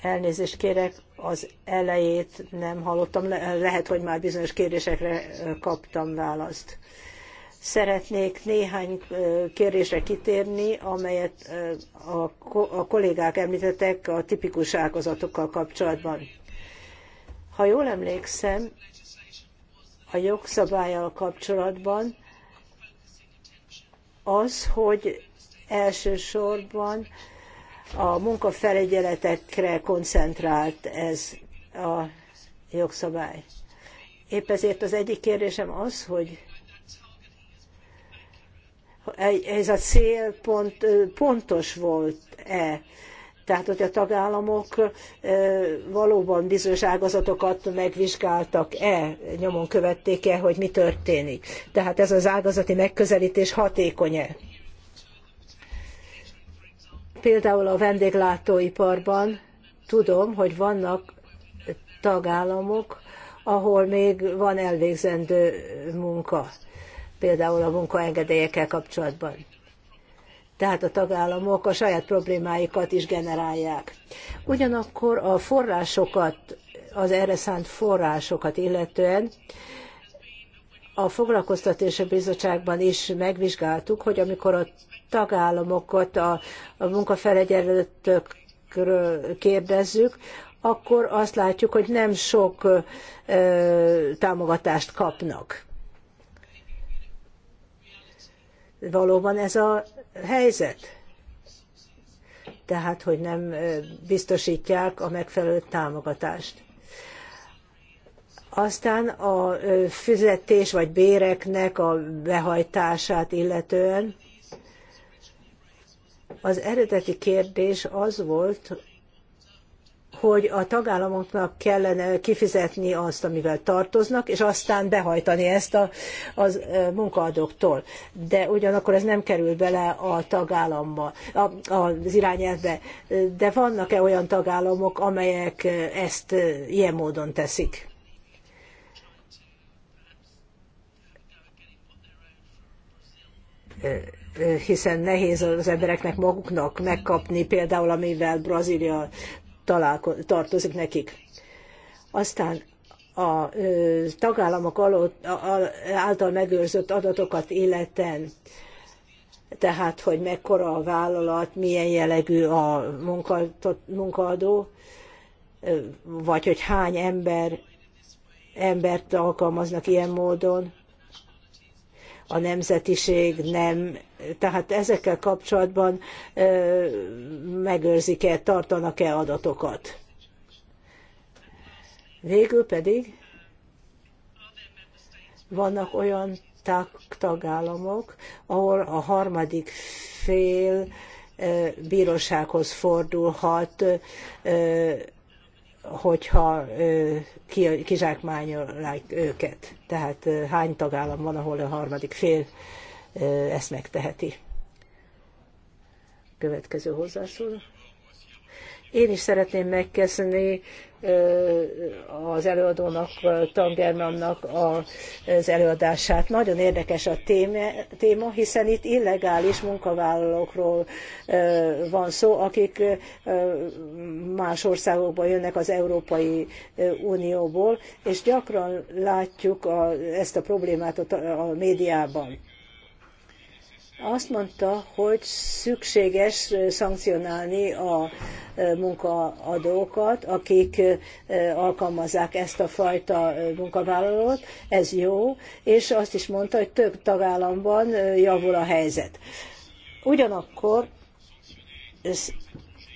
S2: Elnézést kérek, az elejét nem hallottam, lehet, hogy már bizonyos kérdésekre kaptam választ. Szeretnék néhány kérdésre kitérni, amelyet a kollégák említettek a tipikus ágazatokkal kapcsolatban. Ha jól emlékszem, a jogszabályal kapcsolatban az, hogy elsősorban a munkafelügyeletekre koncentrált ez a jogszabály. Épp ezért az egyik kérdésem az, hogy ez a célpont pontos volt-e. Tehát, hogy a tagállamok valóban bizonyos ágazatokat megvizsgáltak-e, nyomon követték-e, hogy mi történik. Tehát ez az ágazati megközelítés hatékony-e. Például a vendéglátóiparban tudom, hogy vannak tagállamok, ahol még van elvégzendő munka például a munkaengedélyekkel kapcsolatban. Tehát a tagállamok a saját problémáikat is generálják. Ugyanakkor a forrásokat, az erre szánt forrásokat illetően a foglalkoztatási bizottságban is megvizsgáltuk, hogy amikor a tagállamokat a, a munkafelegyenlőtökről kérdezzük, akkor azt látjuk, hogy nem sok ö, támogatást kapnak valóban ez a helyzet? Tehát, hogy nem biztosítják a megfelelő támogatást. Aztán a fizetés vagy béreknek a behajtását illetően az eredeti kérdés az volt, hogy a tagállamoknak kellene kifizetni azt, amivel tartoznak, és aztán behajtani ezt a, az munkaadóktól. De ugyanakkor ez nem kerül bele a tagállamba, a, az irányelvbe. De vannak-e olyan tagállamok, amelyek ezt ilyen módon teszik? hiszen nehéz az embereknek maguknak megkapni például, amivel Brazília találko- tartozik nekik. Aztán a tagállamok alatt által megőrzött adatokat életen, tehát hogy mekkora a vállalat, milyen jellegű a munkaadó, vagy hogy hány ember, embert alkalmaznak ilyen módon, a nemzetiség nem. Tehát ezekkel kapcsolatban megőrzik-e, tartanak-e adatokat. Végül pedig vannak olyan tagállamok, ahol a harmadik fél bírósághoz fordulhat hogyha kizsákmányolják őket. Tehát hány tagállam van, ahol a harmadik fél ezt megteheti. Következő hozzászól. Én is szeretném megkezdeni az előadónak, Tangermannak az előadását. Nagyon érdekes a téma, hiszen itt illegális munkavállalókról van szó, akik más országokból jönnek az Európai Unióból, és gyakran látjuk a, ezt a problémát a, a médiában azt mondta, hogy szükséges szankcionálni a munkaadókat, akik alkalmazzák ezt a fajta munkavállalót, ez jó, és azt is mondta, hogy több tagállamban javul a helyzet. Ugyanakkor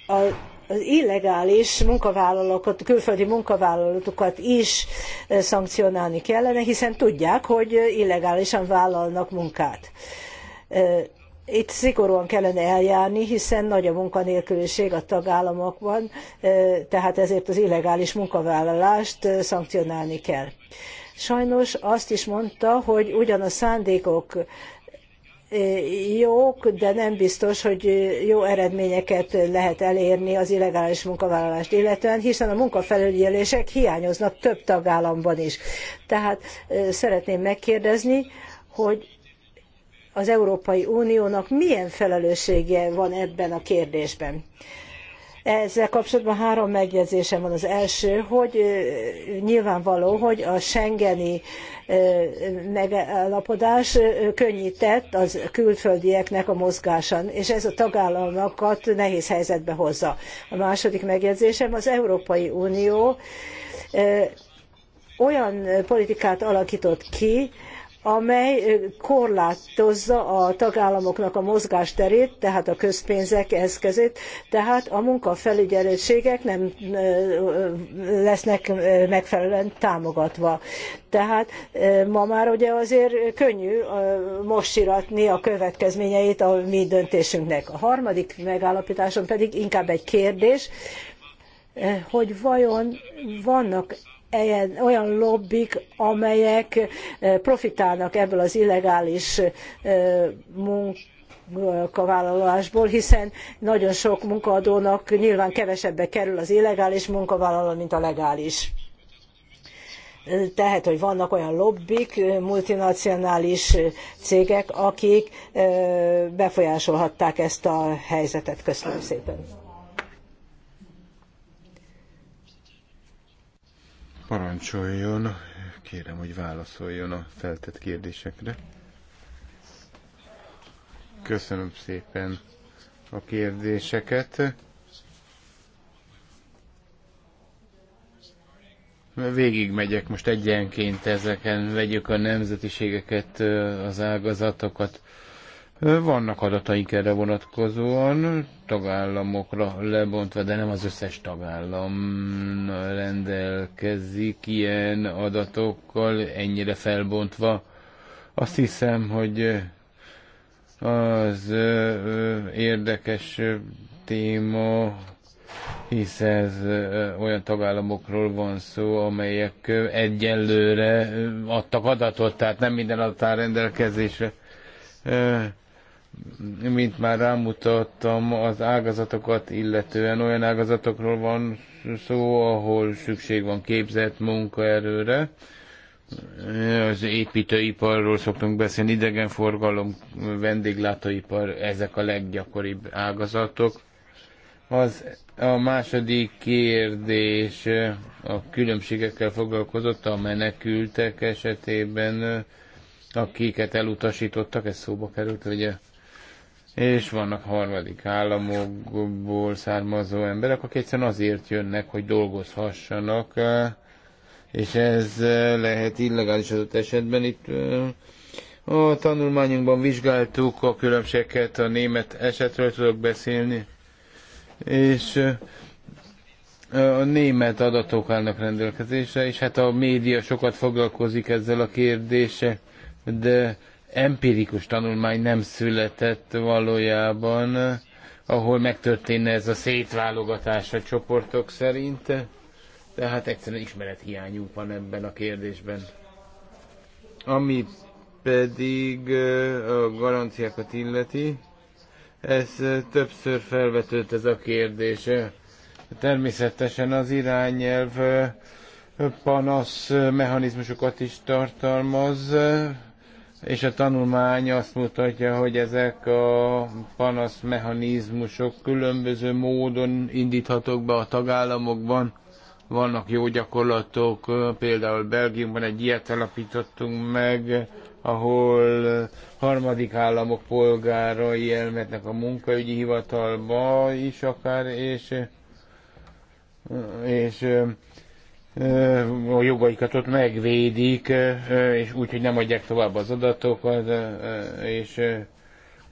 S2: az illegális munkavállalókat, külföldi munkavállalókat is szankcionálni kellene, hiszen tudják, hogy illegálisan vállalnak munkát itt szigorúan kellene eljárni, hiszen nagy a munkanélküliség a tagállamokban, tehát ezért az illegális munkavállalást szankcionálni kell. Sajnos azt is mondta, hogy ugyan a szándékok jók, de nem biztos, hogy jó eredményeket lehet elérni az illegális munkavállalást illetően, hiszen a munkafelügyelések hiányoznak több tagállamban is. Tehát szeretném megkérdezni, hogy az Európai Uniónak milyen felelőssége van ebben a kérdésben. Ezzel kapcsolatban három megjegyzésem van. Az első, hogy nyilvánvaló, hogy a Schengeni megállapodás könnyített az külföldieknek a mozgásán, és ez a tagállamokat nehéz helyzetbe hozza. A második megjegyzésem az Európai Unió olyan politikát alakított ki, amely korlátozza a tagállamoknak a mozgásterét, tehát a közpénzek eszközét, tehát a munkafelügyelőségek nem lesznek megfelelően támogatva. Tehát ma már ugye azért könnyű mossiratni a következményeit a mi döntésünknek. A harmadik megállapításom pedig inkább egy kérdés, hogy vajon vannak olyan lobbik, amelyek eh, profitálnak ebből az illegális eh, munkavállalásból, hiszen nagyon sok munkaadónak nyilván kevesebbe kerül az illegális munkavállaló, mint a legális. Tehát, hogy vannak olyan lobbik, eh, multinacionális cégek, akik befolyásolhatták ezt a helyzetet. Köszönöm szépen.
S4: Parancsoljon, kérem, hogy válaszoljon a feltett kérdésekre. Köszönöm szépen a kérdéseket. Végig megyek most egyenként ezeken, vegyük a nemzetiségeket, az ágazatokat. Vannak adataink erre vonatkozóan, tagállamokra lebontva, de nem az összes tagállam rendelkezik ilyen adatokkal, ennyire felbontva. Azt hiszem, hogy az érdekes téma, hisz ez olyan tagállamokról van szó, amelyek egyelőre adtak adatot, tehát nem minden adat áll rendelkezésre mint már rámutattam, az ágazatokat illetően olyan ágazatokról van szó, ahol szükség van képzett munkaerőre. Az építőiparról szoktunk beszélni, idegenforgalom, vendéglátóipar, ezek a leggyakoribb ágazatok. Az a második kérdés a különbségekkel foglalkozott a menekültek esetében, akiket elutasítottak, ez szóba került, ugye? és vannak harmadik államokból származó emberek, akik egyszerűen azért jönnek, hogy dolgozhassanak, eh, és ez eh, lehet illegális adott esetben. Itt eh, a tanulmányunkban vizsgáltuk a különbségeket, a német esetről tudok beszélni, és a német adatok állnak rendelkezésre, és hát a média sokat foglalkozik ezzel a kérdéssel, de empirikus tanulmány nem született valójában, ahol megtörténne ez a szétválogatás a csoportok szerint. hát egyszerűen ismerethiányunk van ebben a kérdésben. Ami pedig a garanciákat illeti, ez többször felvetődött ez a kérdés. Természetesen az irányelv panasz mechanizmusokat is tartalmaz, és a tanulmány azt mutatja, hogy ezek a panaszmechanizmusok különböző módon indíthatók be a tagállamokban. Vannak jó gyakorlatok, például Belgiumban egy ilyet alapítottunk meg, ahol harmadik államok polgárai elmetnek a munkaügyi hivatalba is akár, és, és a jogaikat ott megvédik, és úgy, hogy nem adják tovább az adatokat, és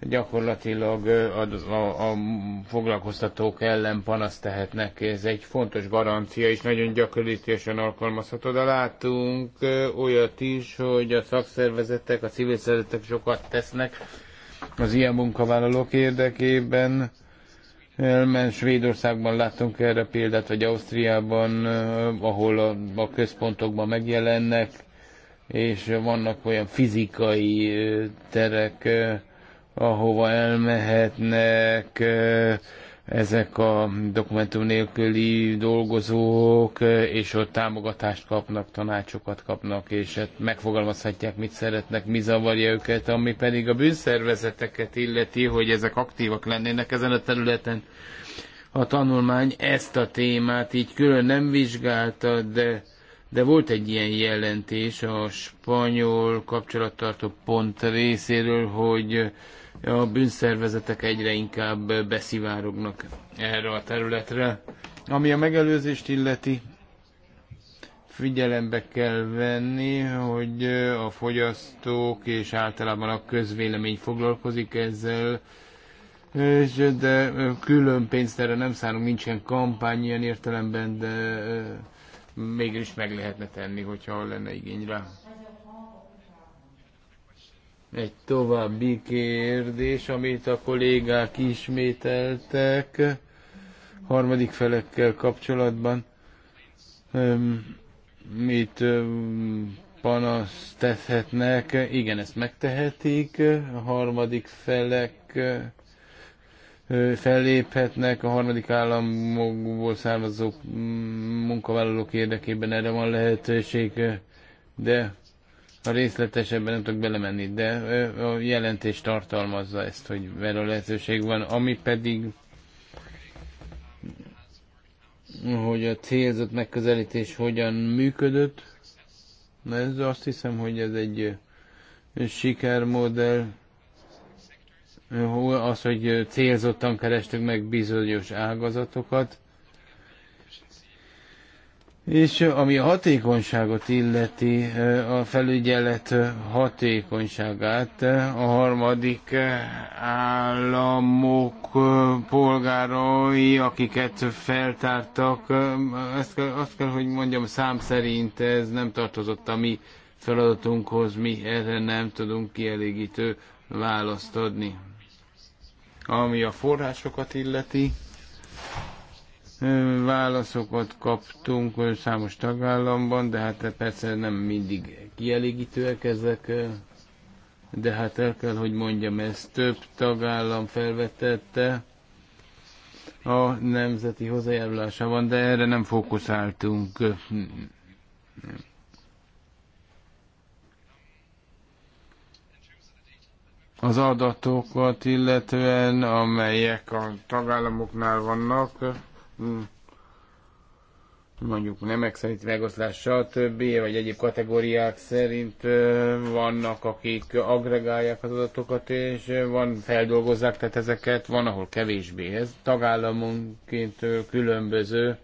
S4: gyakorlatilag a, a, a foglalkoztatók ellen panaszt tehetnek. Ez egy fontos garancia, és nagyon gyakorlatilag alkalmazható. De látunk olyat is, hogy a szakszervezetek, a civil szervezetek sokat tesznek az ilyen munkavállalók érdekében elment. Svédországban láttunk erre példát, vagy Ausztriában, ahol a, a központokban megjelennek, és vannak olyan fizikai terek, ahova elmehetnek, ezek a dokumentum nélküli dolgozók, eh, és ott támogatást kapnak, tanácsokat kapnak, és hát megfogalmazhatják, mit szeretnek, mi zavarja őket, ami pedig a bűnszervezeteket illeti, hogy ezek aktívak lennének ezen a területen. A tanulmány ezt a témát így külön nem vizsgálta, de, de volt egy ilyen jelentés a spanyol kapcsolattartó pont részéről, hogy a bűnszervezetek egyre inkább beszivárognak erre a területre. Ami a megelőzést illeti, figyelembe kell venni, hogy a fogyasztók és általában a közvélemény foglalkozik ezzel, és de külön pénzt erre nem szánunk, nincsen kampány ilyen értelemben, de mégis meg lehetne tenni, hogyha lenne igény rá. Egy további kérdés, amit a kollégák ismételtek harmadik felekkel kapcsolatban. Mit panaszt tethetnek? Igen, ezt megtehetik. A harmadik felek felléphetnek a harmadik államokból származó mm, munkavállalók érdekében erre van lehetőség, de a részletesebben nem tudok belemenni, de a jelentés tartalmazza ezt, hogy erre lehetőség van. Ami pedig hogy a célzott megközelítés hogyan működött. Ez azt hiszem, hogy ez egy sikermodell. Az, hogy célzottan kerestük meg bizonyos ágazatokat, és ami a hatékonyságot illeti, a felügyelet hatékonyságát, a harmadik államok polgárai, akiket feltártak, azt kell, azt kell, hogy mondjam, szám szerint ez nem tartozott a mi feladatunkhoz, mi erre nem tudunk kielégítő választ adni. Ami a forrásokat illeti, válaszokat kaptunk számos tagállamban, de hát persze nem mindig kielégítőek ezek, de hát el kell, hogy mondjam, ezt több tagállam felvetette a nemzeti van, de erre nem fókuszáltunk. Az adatokat illetően, amelyek a tagállamoknál vannak, Hmm. mondjuk nemek szerint megoszlás, többi, vagy egyéb kategóriák szerint vannak, akik agregálják az adatokat, és van, feldolgozzák tehát ezeket, van, ahol kevésbé. Ez tagállamunként különböző,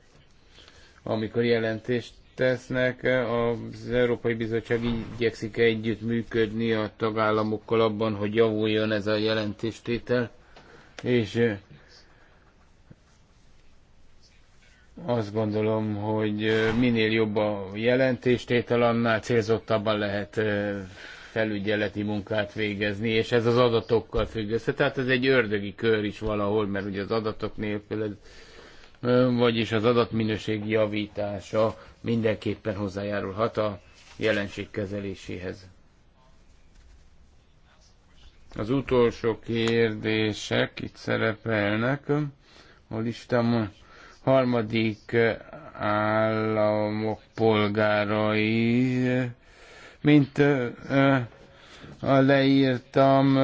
S4: amikor jelentést tesznek. Az Európai Bizottság igyekszik együtt működni a tagállamokkal abban, hogy javuljon ez a jelentéstétel, és azt gondolom, hogy minél jobb a jelentéstétel, annál célzottabban lehet felügyeleti munkát végezni, és ez az adatokkal függ össze. Tehát ez egy ördögi kör is valahol, mert ugye az adatok nélkül ez, vagyis az adatminőség javítása mindenképpen hozzájárulhat a jelenség kezeléséhez. Az utolsó kérdések itt szerepelnek a listámon harmadik eh, államok polgárai, mint eh, eh, leírtam,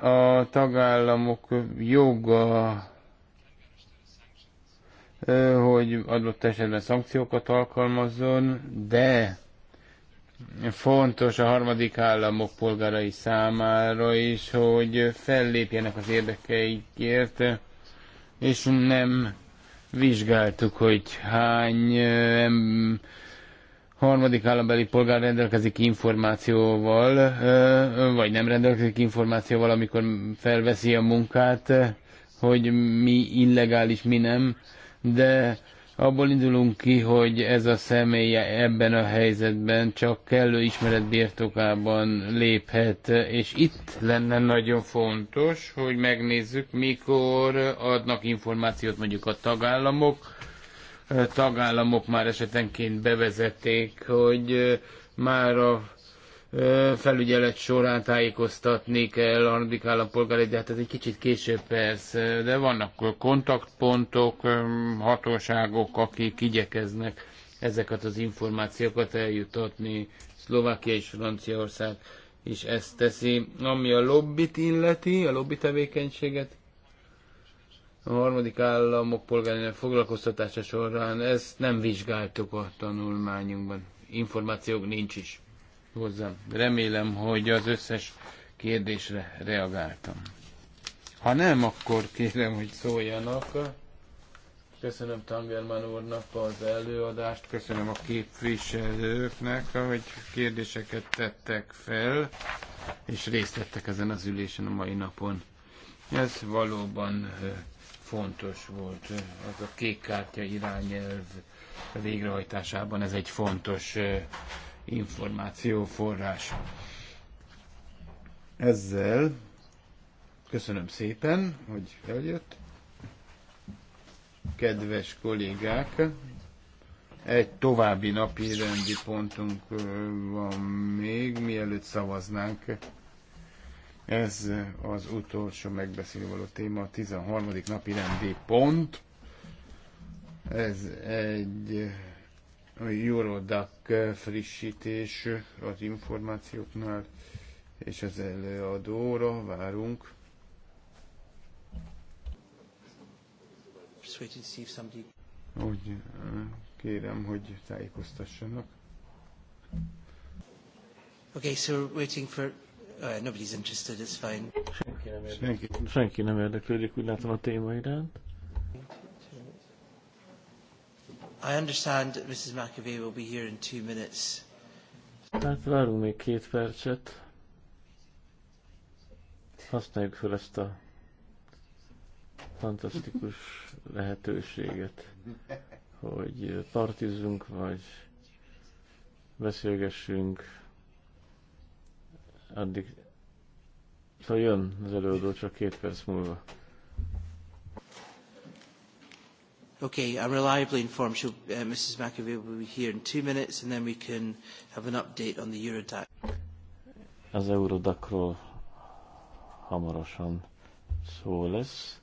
S4: a tagállamok joga, hogy adott esetben szankciókat alkalmazzon, de fontos a harmadik államok polgárai számára is, hogy fellépjenek az érdekeikért, és nem vizsgáltuk, hogy hány eh, harmadik állambeli polgár rendelkezik információval, eh, vagy nem rendelkezik információval, amikor felveszi a munkát, eh, hogy mi illegális, mi nem, de Abból indulunk ki, hogy ez a személy ebben a helyzetben csak kellő ismeret birtokában léphet, és itt lenne nagyon fontos, hogy megnézzük, mikor adnak információt mondjuk a tagállamok. A tagállamok már esetenként bevezették, hogy már a felügyelet során tájékoztatni kell a harmadik állampolgári, de hát ez egy kicsit később persze, de vannak kontaktpontok, hatóságok, akik igyekeznek ezeket az információkat eljutatni. Szlovákia és Franciaország is ezt teszi. Ami a lobbit illeti, a lobby tevékenységet, a harmadik államok polgárának foglalkoztatása során ezt nem vizsgáltuk a tanulmányunkban. Információk nincs is hozzám. Remélem, hogy az összes kérdésre reagáltam. Ha nem, akkor kérem, hogy szóljanak. Köszönöm Tangerman úrnak az előadást, köszönöm a képviselőknek, hogy kérdéseket tettek fel, és részt vettek ezen az ülésen a mai napon. Ez valóban eh, fontos volt, az eh, a kék kártya irányelv végrehajtásában ez egy fontos eh, információforrás. Ezzel köszönöm szépen, hogy eljött. Kedves kollégák, egy további napi rendi pontunk van még, mielőtt szavaznánk. Ez az utolsó megbeszélő való téma, a 13. napi rendi pont. Ez egy Eurodac frissítés az információknál, és az előadóra várunk. Úgy eh, kérem, hogy tájékoztassanak.
S1: Okay, so we're waiting for... Uh, nobody's interested, it's fine. Senki nem, érdeklődik. Senki,
S3: senki nem érdeklődik, úgy látom a téma iránt.
S1: I understand that Mrs. McAvey will be here in two minutes.
S3: Hát várunk még két percet. Használjuk fel ezt a fantasztikus lehetőséget, hogy partizunk, vagy beszélgessünk. Addig, szóval jön az előadó csak két perc múlva.
S1: Okay, I'm reliably informed she'll, uh, Mrs. McAvey will be here in two minutes, and then we can have an update on the Eurodac.
S3: Az Eurodacról hamarosan szó lesz,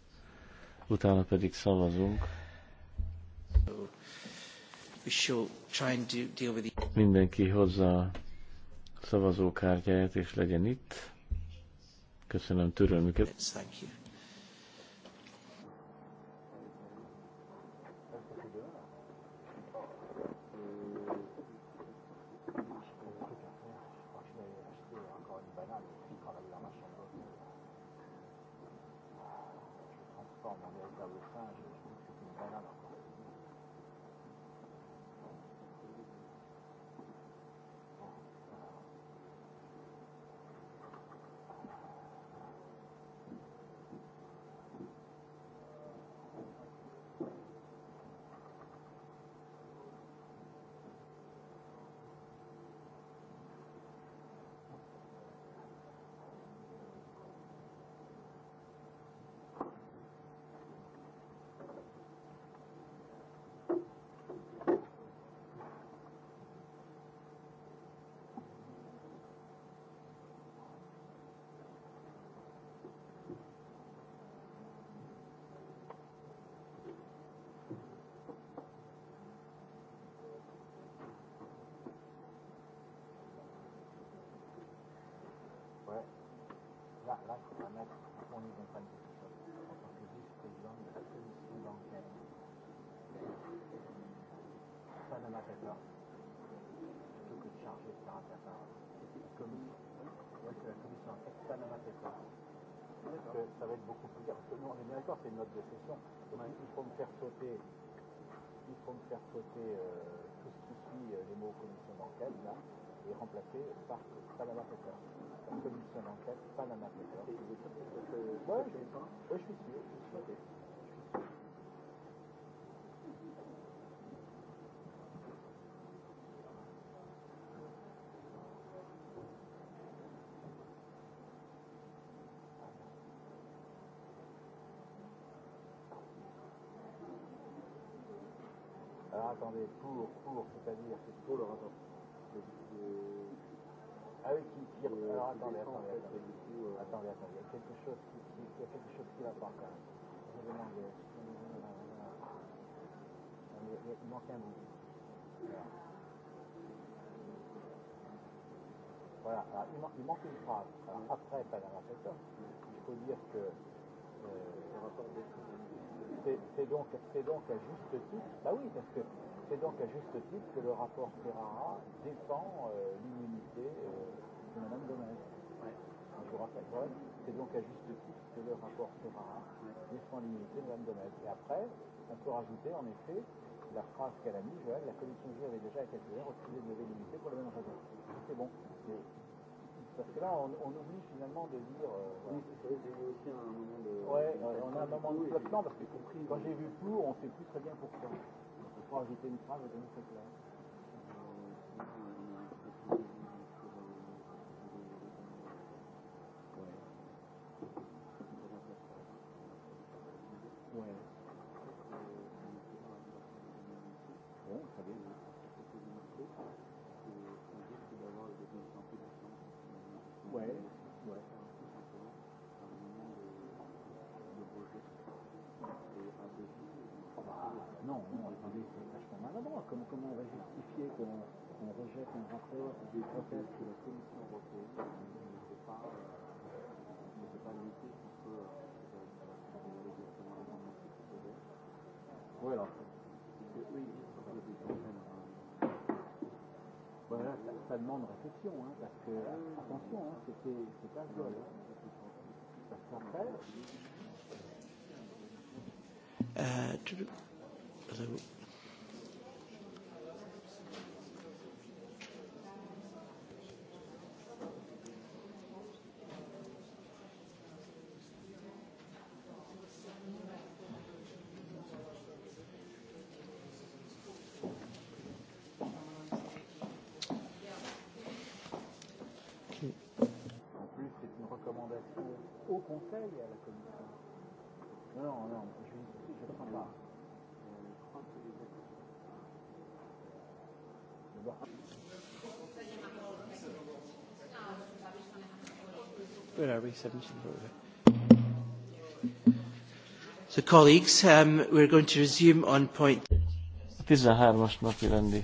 S3: utána pedig szavazunk. Mindenki hozza szavazókártyáját, és legyen itt. Köszönöm türelmüket. Thank you.
S5: là, là, il faut mettre, on est dans un petit peu, en tant que vice-président de la commission d'enquête. Ça ne m'appelle pas. Plutôt que de charger de faire à la commission. Ouais, que la commission d'enquête, ça ne m'appelle pas. Parce que ça va être beaucoup plus dur. Parce que nous, on est bien d'accord, c'est une note de session. Donc, ouais. il faut me faire sauter, il faut me faire sauter euh, tout ce qui suit euh, les mots commission d'enquête, là est remplacé par Panama Paper. La commission d'enquête Panama Papers. Et vous euh, ouais, je, ouais, je suis sûr. Je suis sûr. Okay. Alors attendez, pour, pour, c'est-à-dire, c'est pour le rapport. Ah oui, qui tire. Euh, alors attendez, attendez, attendez. Euh. Attendez, attendez. Il y a quelque chose qui, qui, il y a quelque chose qui va pas quand même. Je demande. Ah, il manque un bout. Voilà, alors, il, man, il manque une phrase. Alors, après Panama Paper, il faut dire que euh, c'est donc, donc à juste titre. Bah oui, parce que C'est donc à juste titre que le rapport Ferrara défend euh, l'immunité euh, de Madame Gomez. Ouais. Je vous rappelle, ouais. c'est donc à juste titre que le rapport Ferrara ouais. défend l'immunité de Madame Gomez. Et après, on peut rajouter en effet la phrase qu'elle a mise, Joël, la commission juive avait déjà à quelques heures refusé de lever l'immunité pour la même raison. C'est bon. Mais, parce que là, on, on oublie finalement de dire. Euh, oui, c'est vrai, j'ai eu aussi un moment de. Ouais, de, on a un moment de flottement, parce que quand j'ai vu flou, on ne sait plus très bien pourquoi. Well, he's been covered in peur des hypothèses que la Commission européenne ne peut pas, ne peut pas lutter contre Oui, alors, parce que eux, ils disent qu'il y a des centaines. Voilà, ça, ça demande réflexion, hein, parce que, attention, hein, c'est pas viol. Hein. Parce qu'après.
S1: Euh, tu... Hello.
S5: il a la commission. Non, non, je ne je prends pas.
S1: Where are we? 17 So colleagues, um, we're going to resume on point... A 13-as napi rendi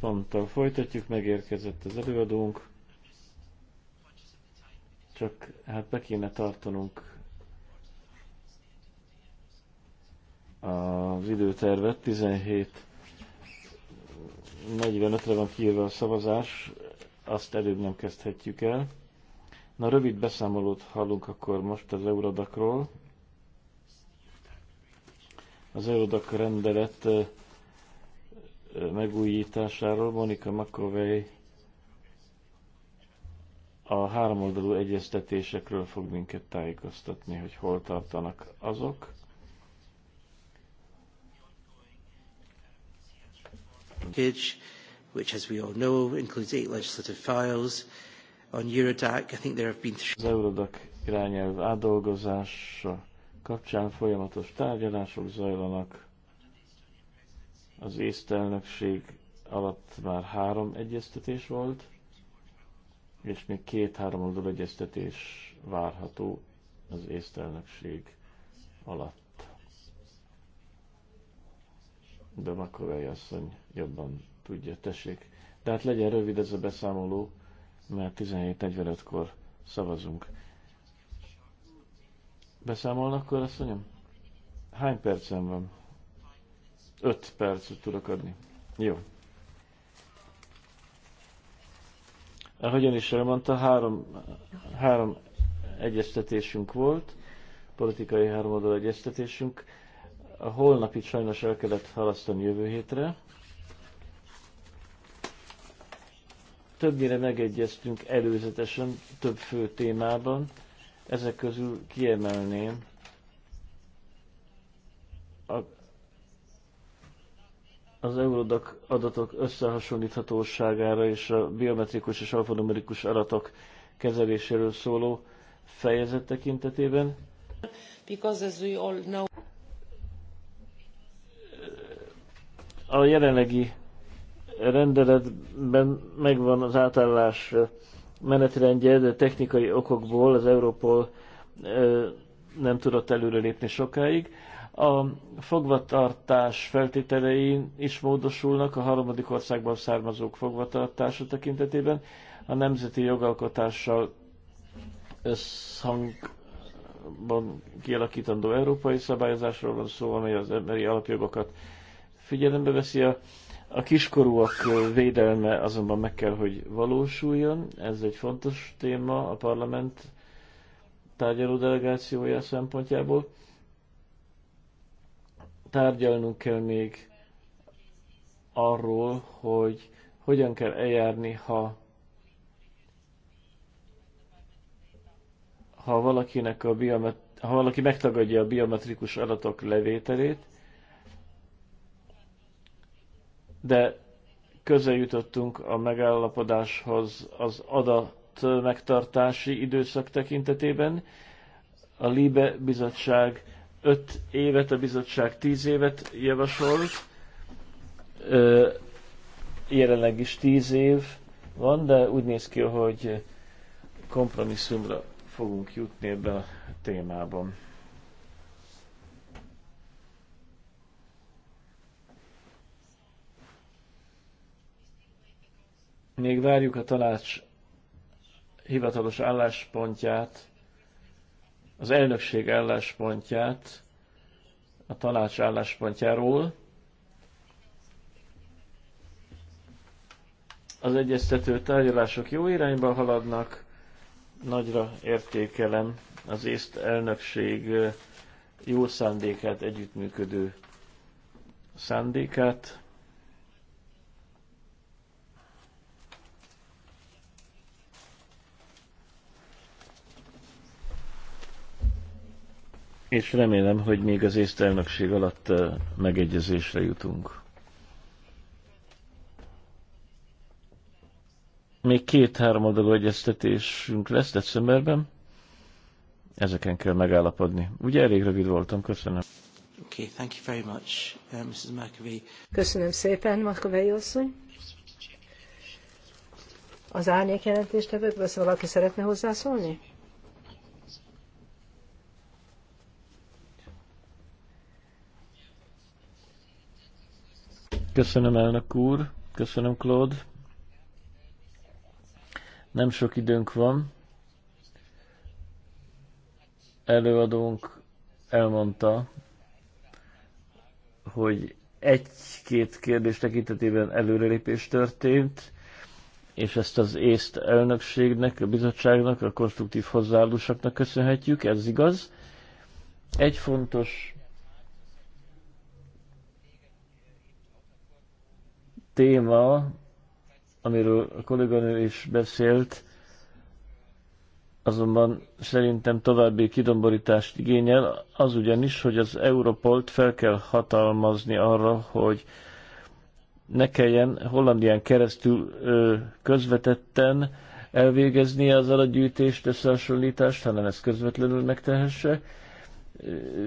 S3: ponttal folytatjuk, megérkezett az előadónk csak hát be kéne tartanunk az időtervet, 17 45-re van kiírva a szavazás, azt előbb nem kezdhetjük el. Na, rövid beszámolót hallunk akkor most az Eurodakról. Az Eurodak rendelet megújításáról Monika McAvey a háromoldalú egyeztetésekről fog minket tájékoztatni, hogy hol tartanak azok.
S1: which, as we all know, includes eight legislative files on Eurodac. I think there have been three... Az Eurodac irányelv átdolgozása kapcsán folyamatos
S3: tárgyalások zajlanak. Az észtelnökség alatt már három egyeztetés volt és még két-három oldal egyeztetés várható az észtelnökség alatt. De Makovely asszony jobban tudja, tessék. Tehát legyen rövid ez a beszámoló, mert 17.45-kor szavazunk. Beszámolnak akkor, asszonyom? Hány percem van? Öt percet tudok adni. Jó. Ahogyan is elmondta, három, három egyeztetésünk volt, politikai háromoldal egyeztetésünk. A holnapit sajnos el kellett halasztani jövő hétre. Többnyire megegyeztünk előzetesen több fő témában. Ezek közül kiemelném a az Eurodac adatok összehasonlíthatóságára és a biometrikus és alfanumerikus adatok kezeléséről szóló fejezet tekintetében.
S2: Because as we all know...
S3: A jelenlegi rendeletben megvan az átállás menetrendje, de technikai okokból az Europol nem tudott előrelépni sokáig. A fogvatartás feltételei is módosulnak a harmadik országban származók fogvatartása tekintetében, a nemzeti jogalkotással összhangban kialakítandó európai szabályozásról van szó, amely az emberi alapjogokat figyelembe veszi. A, a kiskorúak védelme azonban meg kell, hogy valósuljon. Ez egy fontos téma a parlament tárgyaló delegációja szempontjából tárgyalnunk kell még arról, hogy hogyan kell eljárni, ha, ha, valakinek a biomet, ha valaki megtagadja a biometrikus adatok levételét, de közel jutottunk a megállapodáshoz az adat megtartási időszak tekintetében. A LIBE bizottság 5 évet, a bizottság 10 évet javasolt. Jelenleg is 10 év van, de úgy néz ki, hogy kompromisszumra fogunk jutni ebben a témában. Még várjuk a tanács hivatalos álláspontját az elnökség álláspontját a tanács álláspontjáról. Az egyeztető tárgyalások jó irányba haladnak, nagyra értékelem az észt elnökség jó szándékát, együttműködő szándékát. és remélem, hogy még az észt elnökség alatt megegyezésre jutunk. Még két-három adagú egyeztetésünk lesz decemberben. Ezeken kell megállapodni. Ugye elég rövid voltam, köszönöm.
S2: Okay,
S1: thank you very much, uh, Mrs. McAvey.
S2: Köszönöm szépen, McAvey asszony. Az árnyék jelentéstevőkből szóval valaki szeretne hozzászólni?
S3: Köszönöm, elnök úr. Köszönöm, Claude. Nem sok időnk van. Előadónk elmondta, hogy egy-két kérdés tekintetében előrelépés történt, és ezt az észt elnökségnek, a bizottságnak, a konstruktív hozzáállásoknak köszönhetjük, ez igaz. Egy fontos téma, amiről a kolléganő is beszélt, azonban szerintem további kidomborítást igényel, az ugyanis, hogy az Europolt fel kell hatalmazni arra, hogy ne kelljen Hollandián keresztül közvetetten elvégezni az adatgyűjtést, összehasonlítást, hanem ezt közvetlenül megtehesse.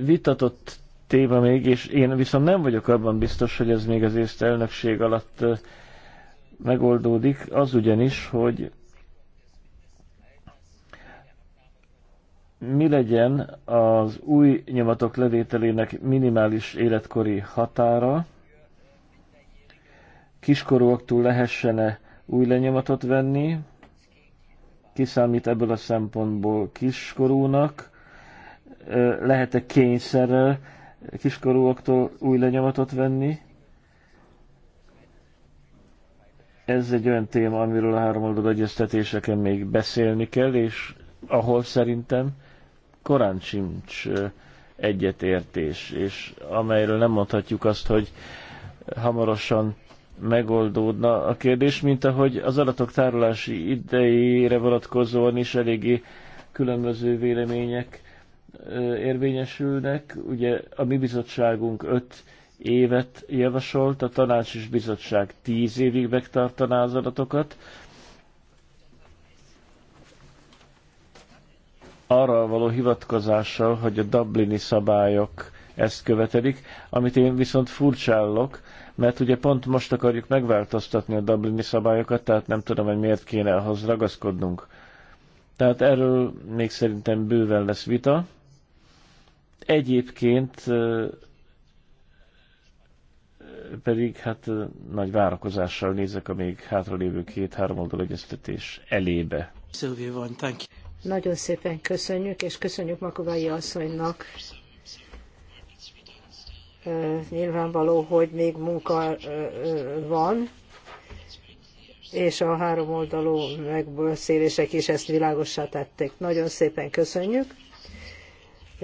S3: Vitatott téma még, és én viszont nem vagyok abban biztos, hogy ez még az észt elnökség alatt megoldódik, az ugyanis, hogy mi legyen az új nyomatok levételének minimális életkori határa, kiskorúaktól lehessen-e új lenyomatot venni, kiszámít ebből a szempontból kiskorúnak, lehet-e kényszerrel kiskorúaktól új lenyomatot venni. Ez egy olyan téma, amiről a három egyeztetéseken még beszélni kell, és ahol szerintem korán sincs egyetértés, és amelyről nem mondhatjuk azt, hogy hamarosan megoldódna a kérdés, mint ahogy az adatok tárolási idejére vonatkozóan is eléggé különböző vélemények érvényesülnek. Ugye a mi bizottságunk öt évet javasolt, a tanács és bizottság tíz évig megtartaná az adatokat. Arra való hivatkozással, hogy a Dublini szabályok ezt követelik, amit én viszont furcsállok, mert ugye pont most akarjuk megváltoztatni a Dublini szabályokat, tehát nem tudom, hogy miért kéne ahhoz ragaszkodnunk. Tehát erről még szerintem bőven lesz vita. Egyébként pedig hát nagy várakozással nézek a még hátralévő két-három oldal egyeztetés elébe.
S1: thank you.
S2: Nagyon szépen köszönjük, és köszönjük Makovai asszonynak. Nyilvánvaló, hogy még munka van, és a három oldalú megbeszélések is ezt világossá tették. Nagyon szépen köszönjük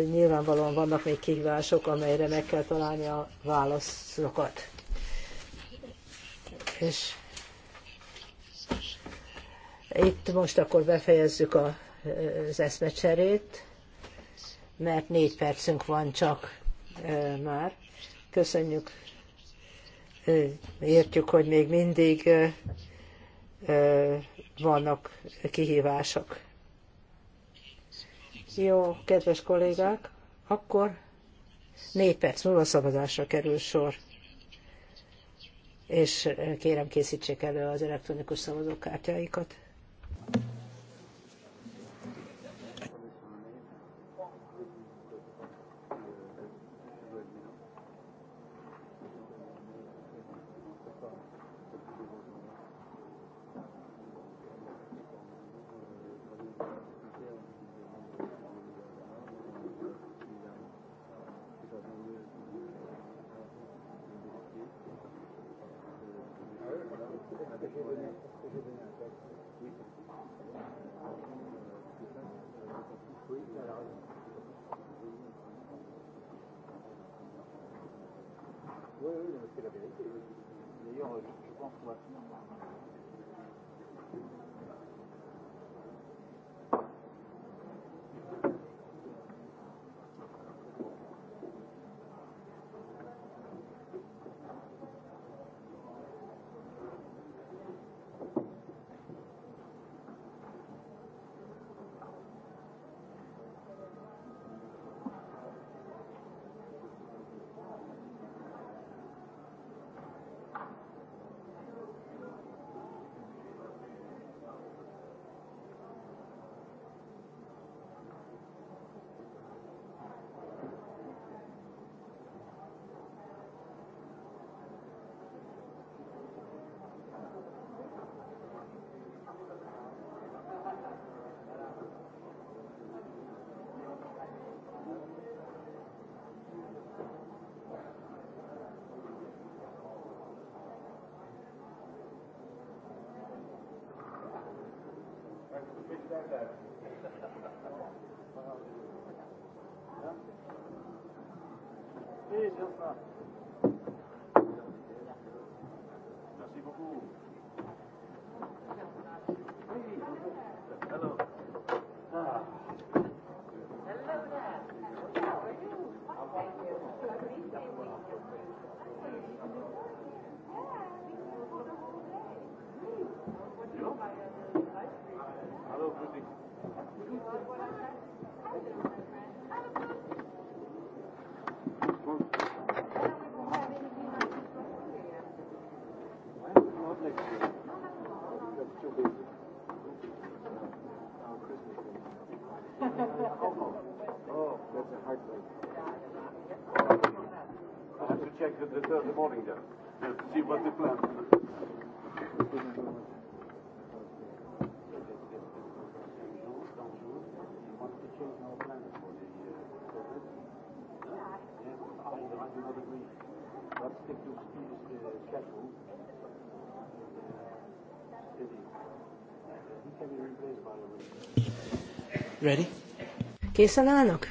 S2: nyilvánvalóan vannak még kihívások, amelyre meg kell találni a válaszokat. És itt most akkor befejezzük a, az eszmecserét, mert négy percünk van csak e, már. Köszönjük, értjük, hogy még mindig e, vannak kihívások. Jó, kedves kollégák, akkor négy perc múlva szavazásra kerül sor. És eh, kérem készítsék elő az elektronikus szavazókártyáikat.
S5: check the, the Thursday morning then, to see what the plan
S2: Készen állnak?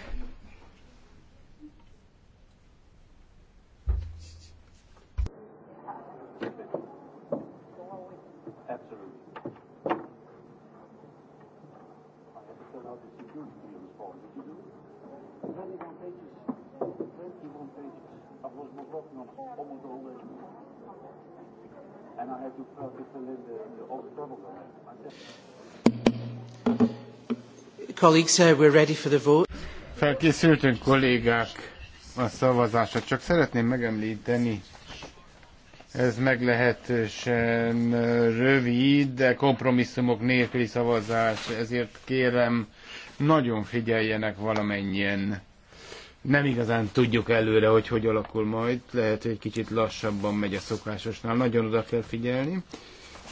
S1: Felkészültünk kollégák a szavazásra.
S4: Csak szeretném megemlíteni, ez meglehetősen rövid, de kompromisszumok nélküli szavazás, ezért kérem, nagyon figyeljenek valamennyien. Nem igazán tudjuk előre, hogy hogy alakul majd, lehet, hogy egy kicsit lassabban megy a szokásosnál, nagyon oda kell figyelni.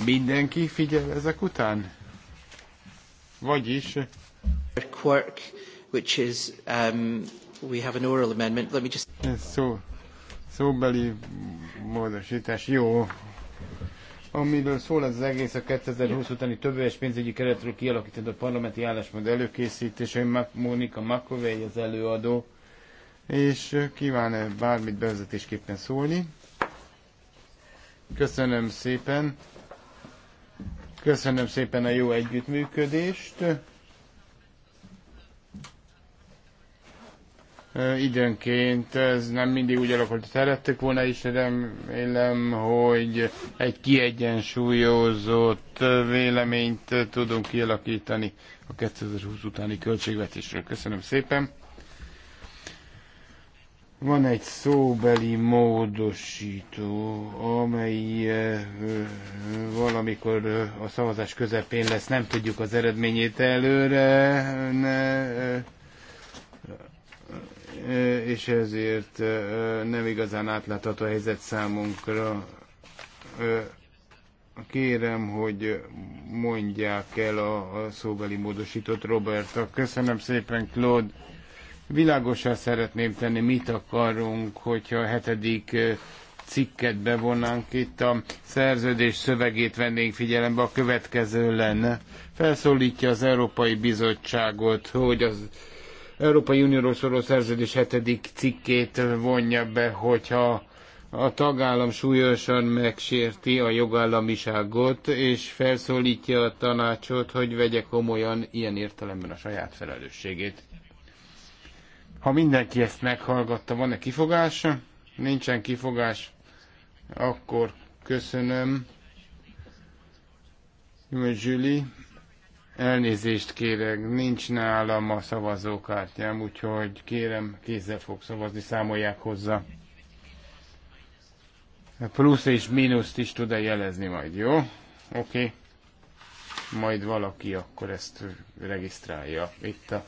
S1: Mindenki figyel ezek után? Vagyis Quirk, which is um, we have an oral amendment. Let me just.
S4: Szó, szóbeli módosítás, jó. Amiről szól az egész a 2020 utáni éves pénzügyi keretről kialakított parlamenti álláspont előkészítése, Mónika Makovei az előadó, és kíván -e bármit bevezetésképpen szólni. Köszönöm szépen. Köszönöm szépen a jó együttműködést. Időnként ez nem mindig úgy alakult, szerettük volna is, remélem, hogy egy kiegyensúlyozott véleményt tudunk kialakítani a 2020 utáni költségvetésről. Köszönöm szépen! Van egy szóbeli módosító, amely valamikor a szavazás közepén lesz, nem tudjuk az eredményét előre. Ne, és ezért nem igazán átlátható a helyzet számunkra. Kérem, hogy mondják el a szóbeli módosított Roberta. Köszönöm szépen, Claude. Világosan szeretném tenni, mit akarunk, hogyha a hetedik cikket bevonnánk itt a szerződés szövegét vennénk figyelembe, a következő lenne. Felszólítja az Európai Bizottságot, hogy az Európai Unióról szóló szerződés hetedik cikkét vonja be, hogyha a tagállam súlyosan megsérti a jogállamiságot, és felszólítja a tanácsot, hogy vegye komolyan ilyen értelemben a saját felelősségét. Ha mindenki ezt meghallgatta, van-e kifogás? Nincsen kifogás, akkor köszönöm. Jume Julie. Elnézést kérek, nincs nálam a szavazókártyám, úgyhogy kérem, kézzel fog szavazni, számolják hozzá. A Plusz és mínuszt is tud-e jelezni majd, jó? Oké. Okay. Majd valaki akkor ezt regisztrálja itt a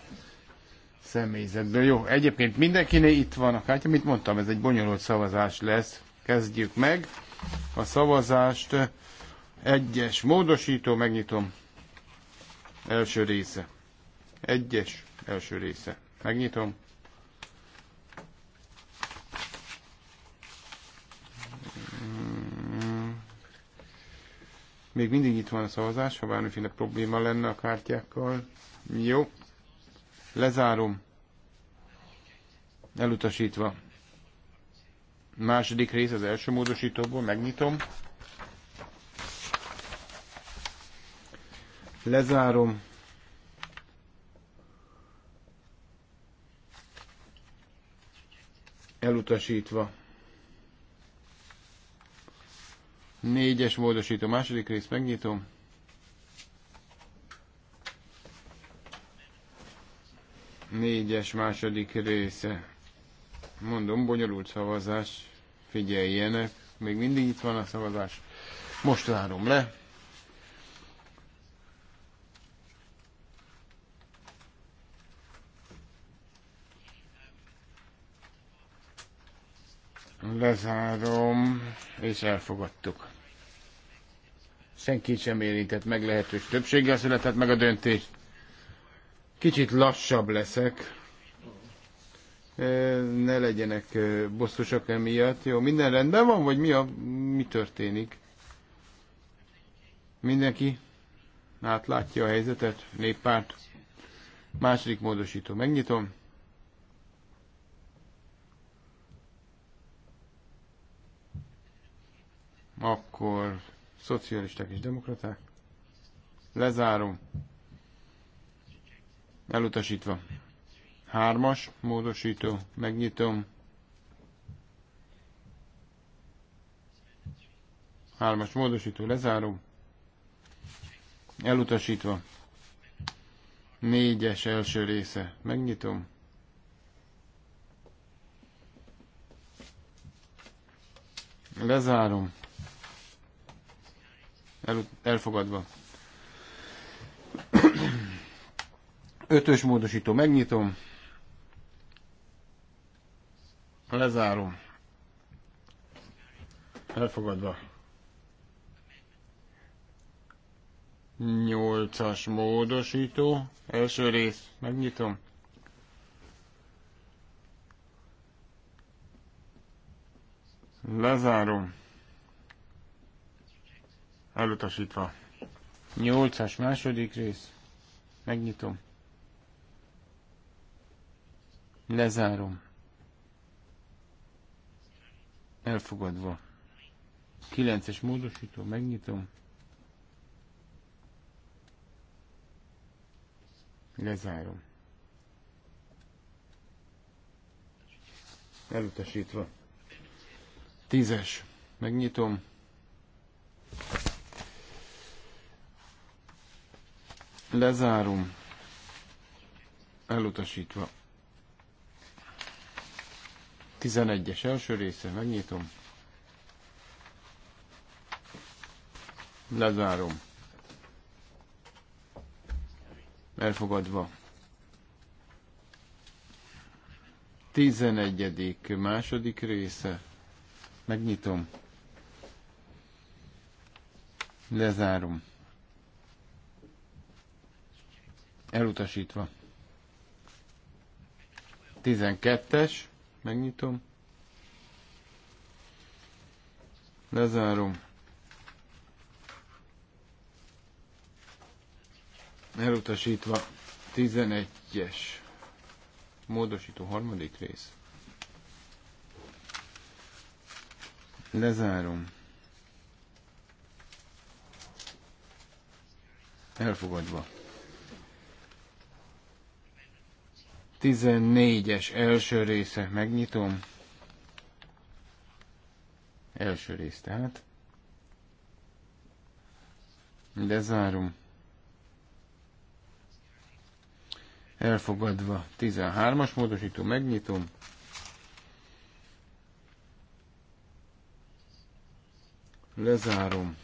S4: személyzetből. Jó, egyébként mindenkinek itt van a kártya, Mit mondtam, ez egy bonyolult szavazás lesz. Kezdjük meg a szavazást. Egyes módosító, megnyitom. Első része. Egyes első része. Megnyitom. Még mindig itt van a szavazás, ha bármiféle probléma lenne a kártyákkal. Jó. Lezárom. Elutasítva. Második rész az első módosítóból. Megnyitom. Lezárom. Elutasítva. Négyes módosító, második rész megnyitom. Négyes második része. Mondom, bonyolult szavazás. Figyeljenek, még mindig itt van a szavazás. Most várom le. Lezárom, és elfogadtuk. Senki sem érintett meg lehetős többséggel született meg a döntés. Kicsit lassabb leszek. E, ne legyenek e, bosszusok emiatt. Jó, minden rendben van, vagy mi, a, mi történik? Mindenki átlátja a helyzetet, néppárt. Második módosító, megnyitom. Akkor szocialisták és demokraták. Lezárom. Elutasítva. Hármas módosító. Megnyitom. Hármas módosító. Lezárom. Elutasítva. Négyes első része. Megnyitom. Lezárom. El, elfogadva. Ötös módosító, megnyitom. Lezárom. Elfogadva. Nyolcas módosító, első rész, megnyitom. Lezárom elutasítva. Nyolcas második rész. Megnyitom. Lezárom. Elfogadva. Kilences módosító, megnyitom. Lezárom. Elutasítva. Tízes. Megnyitom. Lezárom. Elutasítva. 11-es első része, megnyitom. Lezárom. Elfogadva. 11. második része. Megnyitom. Lezárom. Elutasítva. 12-es. Megnyitom. Lezárom. Elutasítva. 11-es. Módosító harmadik rész. Lezárom. Elfogadva. 14-es első része, megnyitom. Első rész tehát. Lezárom. Elfogadva 13-as módosító, megnyitom. Lezárom.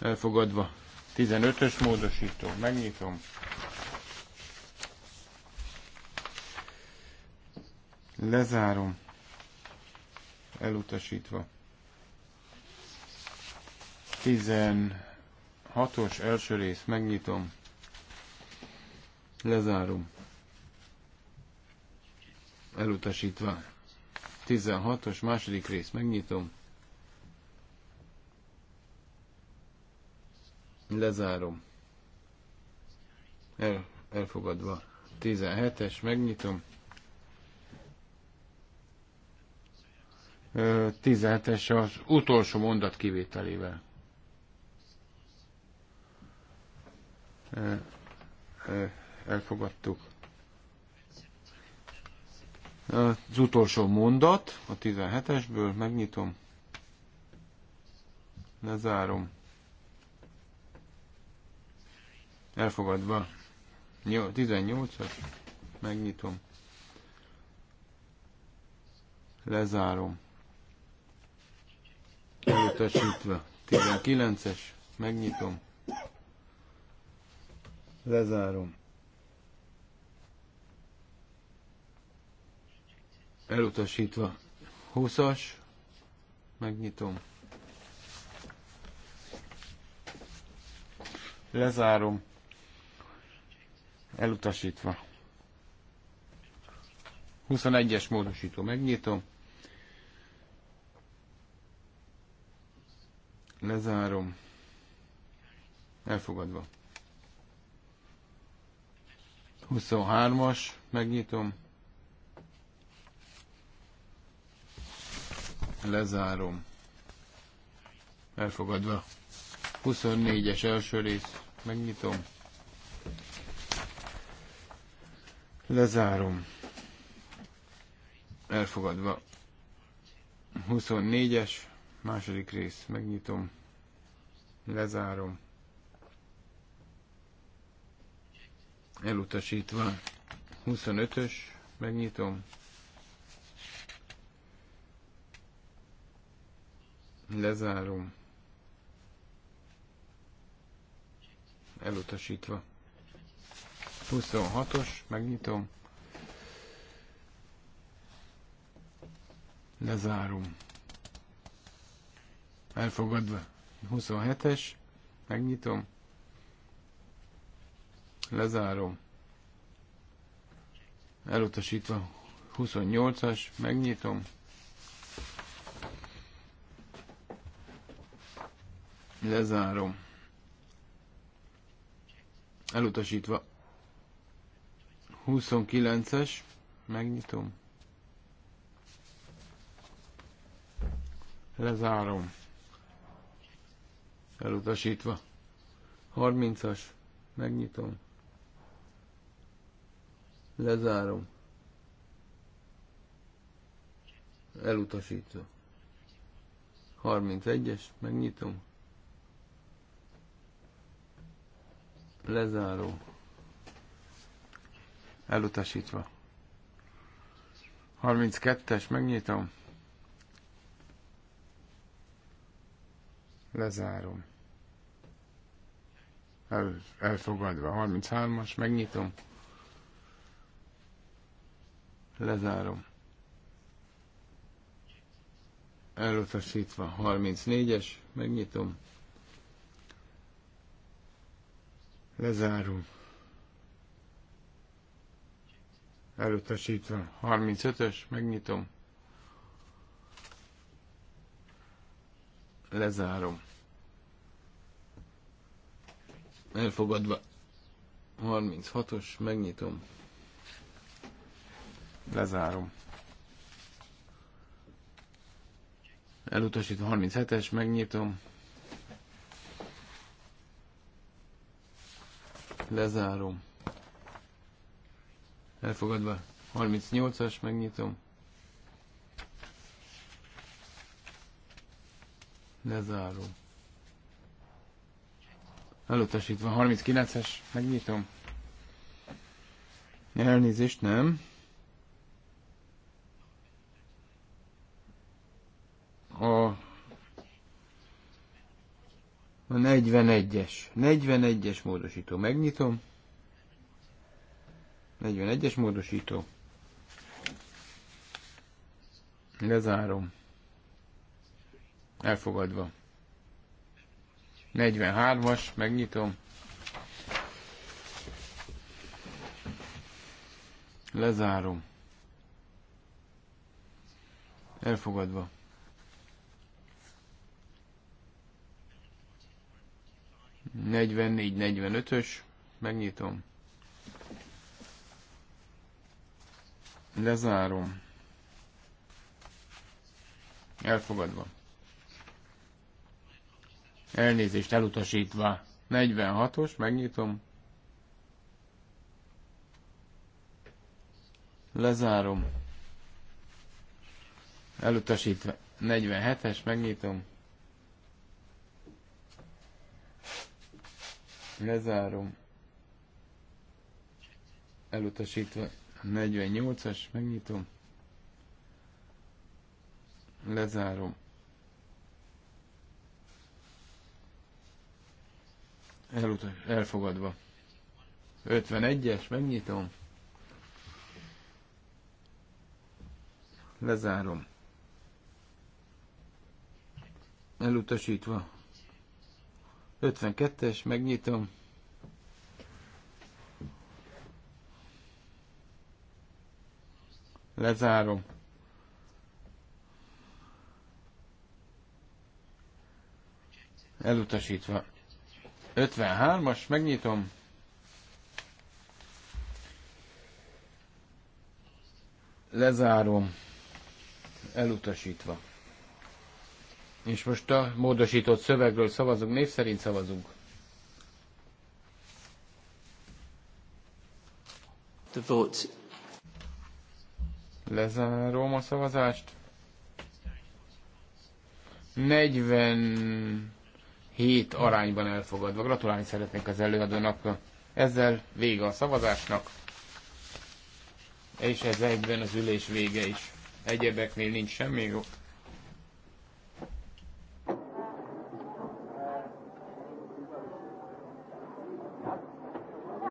S4: Elfogadva 15-ös módosító, megnyitom. Lezárom. Elutasítva. 16-os első rész. Megnyitom. Lezárom. Elutasítva. 16-os második rész. Megnyitom. Lezárom. El, elfogadva. 17-es, megnyitom. 17-es az utolsó mondat kivételével. Elfogadtuk. Az utolsó mondat a 17-esből, megnyitom, lezárom. Elfogadva. 18-as, megnyitom, lezárom kiutasítva. 19-es, megnyitom. Lezárom. Elutasítva. 20-as, megnyitom. Lezárom. Elutasítva. 21-es módosító, megnyitom. Lezárom. Elfogadva. 23-as, megnyitom. Lezárom. Elfogadva. 24-es első rész, megnyitom. Lezárom. Elfogadva. 24-es, Második rész. Megnyitom. Lezárom. Elutasítva. 25-ös. Megnyitom. Lezárom. Elutasítva. 26-os. Megnyitom. Lezárom. Elfogadva. 27-es. Megnyitom. Lezárom. Elutasítva. 28-as. Megnyitom. Lezárom. Elutasítva. 29-es. Megnyitom. Lezárom elutasítva. 30-as, megnyitom, lezárom, elutasítva. 31-es, megnyitom, lezáró, elutasítva. 32-es, megnyitom. Lezárom. El, elfogadva. 33-as, megnyitom. Lezárom. Elutasítva. 34-es, megnyitom. Lezárom. Elutasítva. 35-ös, megnyitom. Lezárom. Elfogadva. 36-os, megnyitom. Lezárom. Elutasítva 37-es, megnyitom. Lezárom. Elfogadva 38-as, megnyitom. Lezárom. Elutasítva. 39-es. Megnyitom. Elnézést, nem. A, a 41-es. 41-es módosító. Megnyitom. 41-es módosító. Lezárom. Elfogadva. 43-as, megnyitom. Lezárom. Elfogadva. negyven ötös, Megnyitom. Lezárom. Elfogadva. Elnézést elutasítva. 46-os, megnyitom. Lezárom. Elutasítva. 47-es, megnyitom. Lezárom. Elutasítva. 48-as, megnyitom. Lezárom. elfogadva. 51-es, megnyitom. Lezárom. Elutasítva. 52-es, megnyitom. Lezárom. Elutasítva. 53-as, megnyitom. Lezárom. Elutasítva. És most a módosított szövegről szavazunk, név szerint szavazunk. The vote. Lezárom a szavazást. 40 7 arányban elfogadva. Gratulálni szeretnék az előadónak. Ezzel vége a szavazásnak, és ez egyben az ülés vége is. Egyebeknél nincs semmi jó.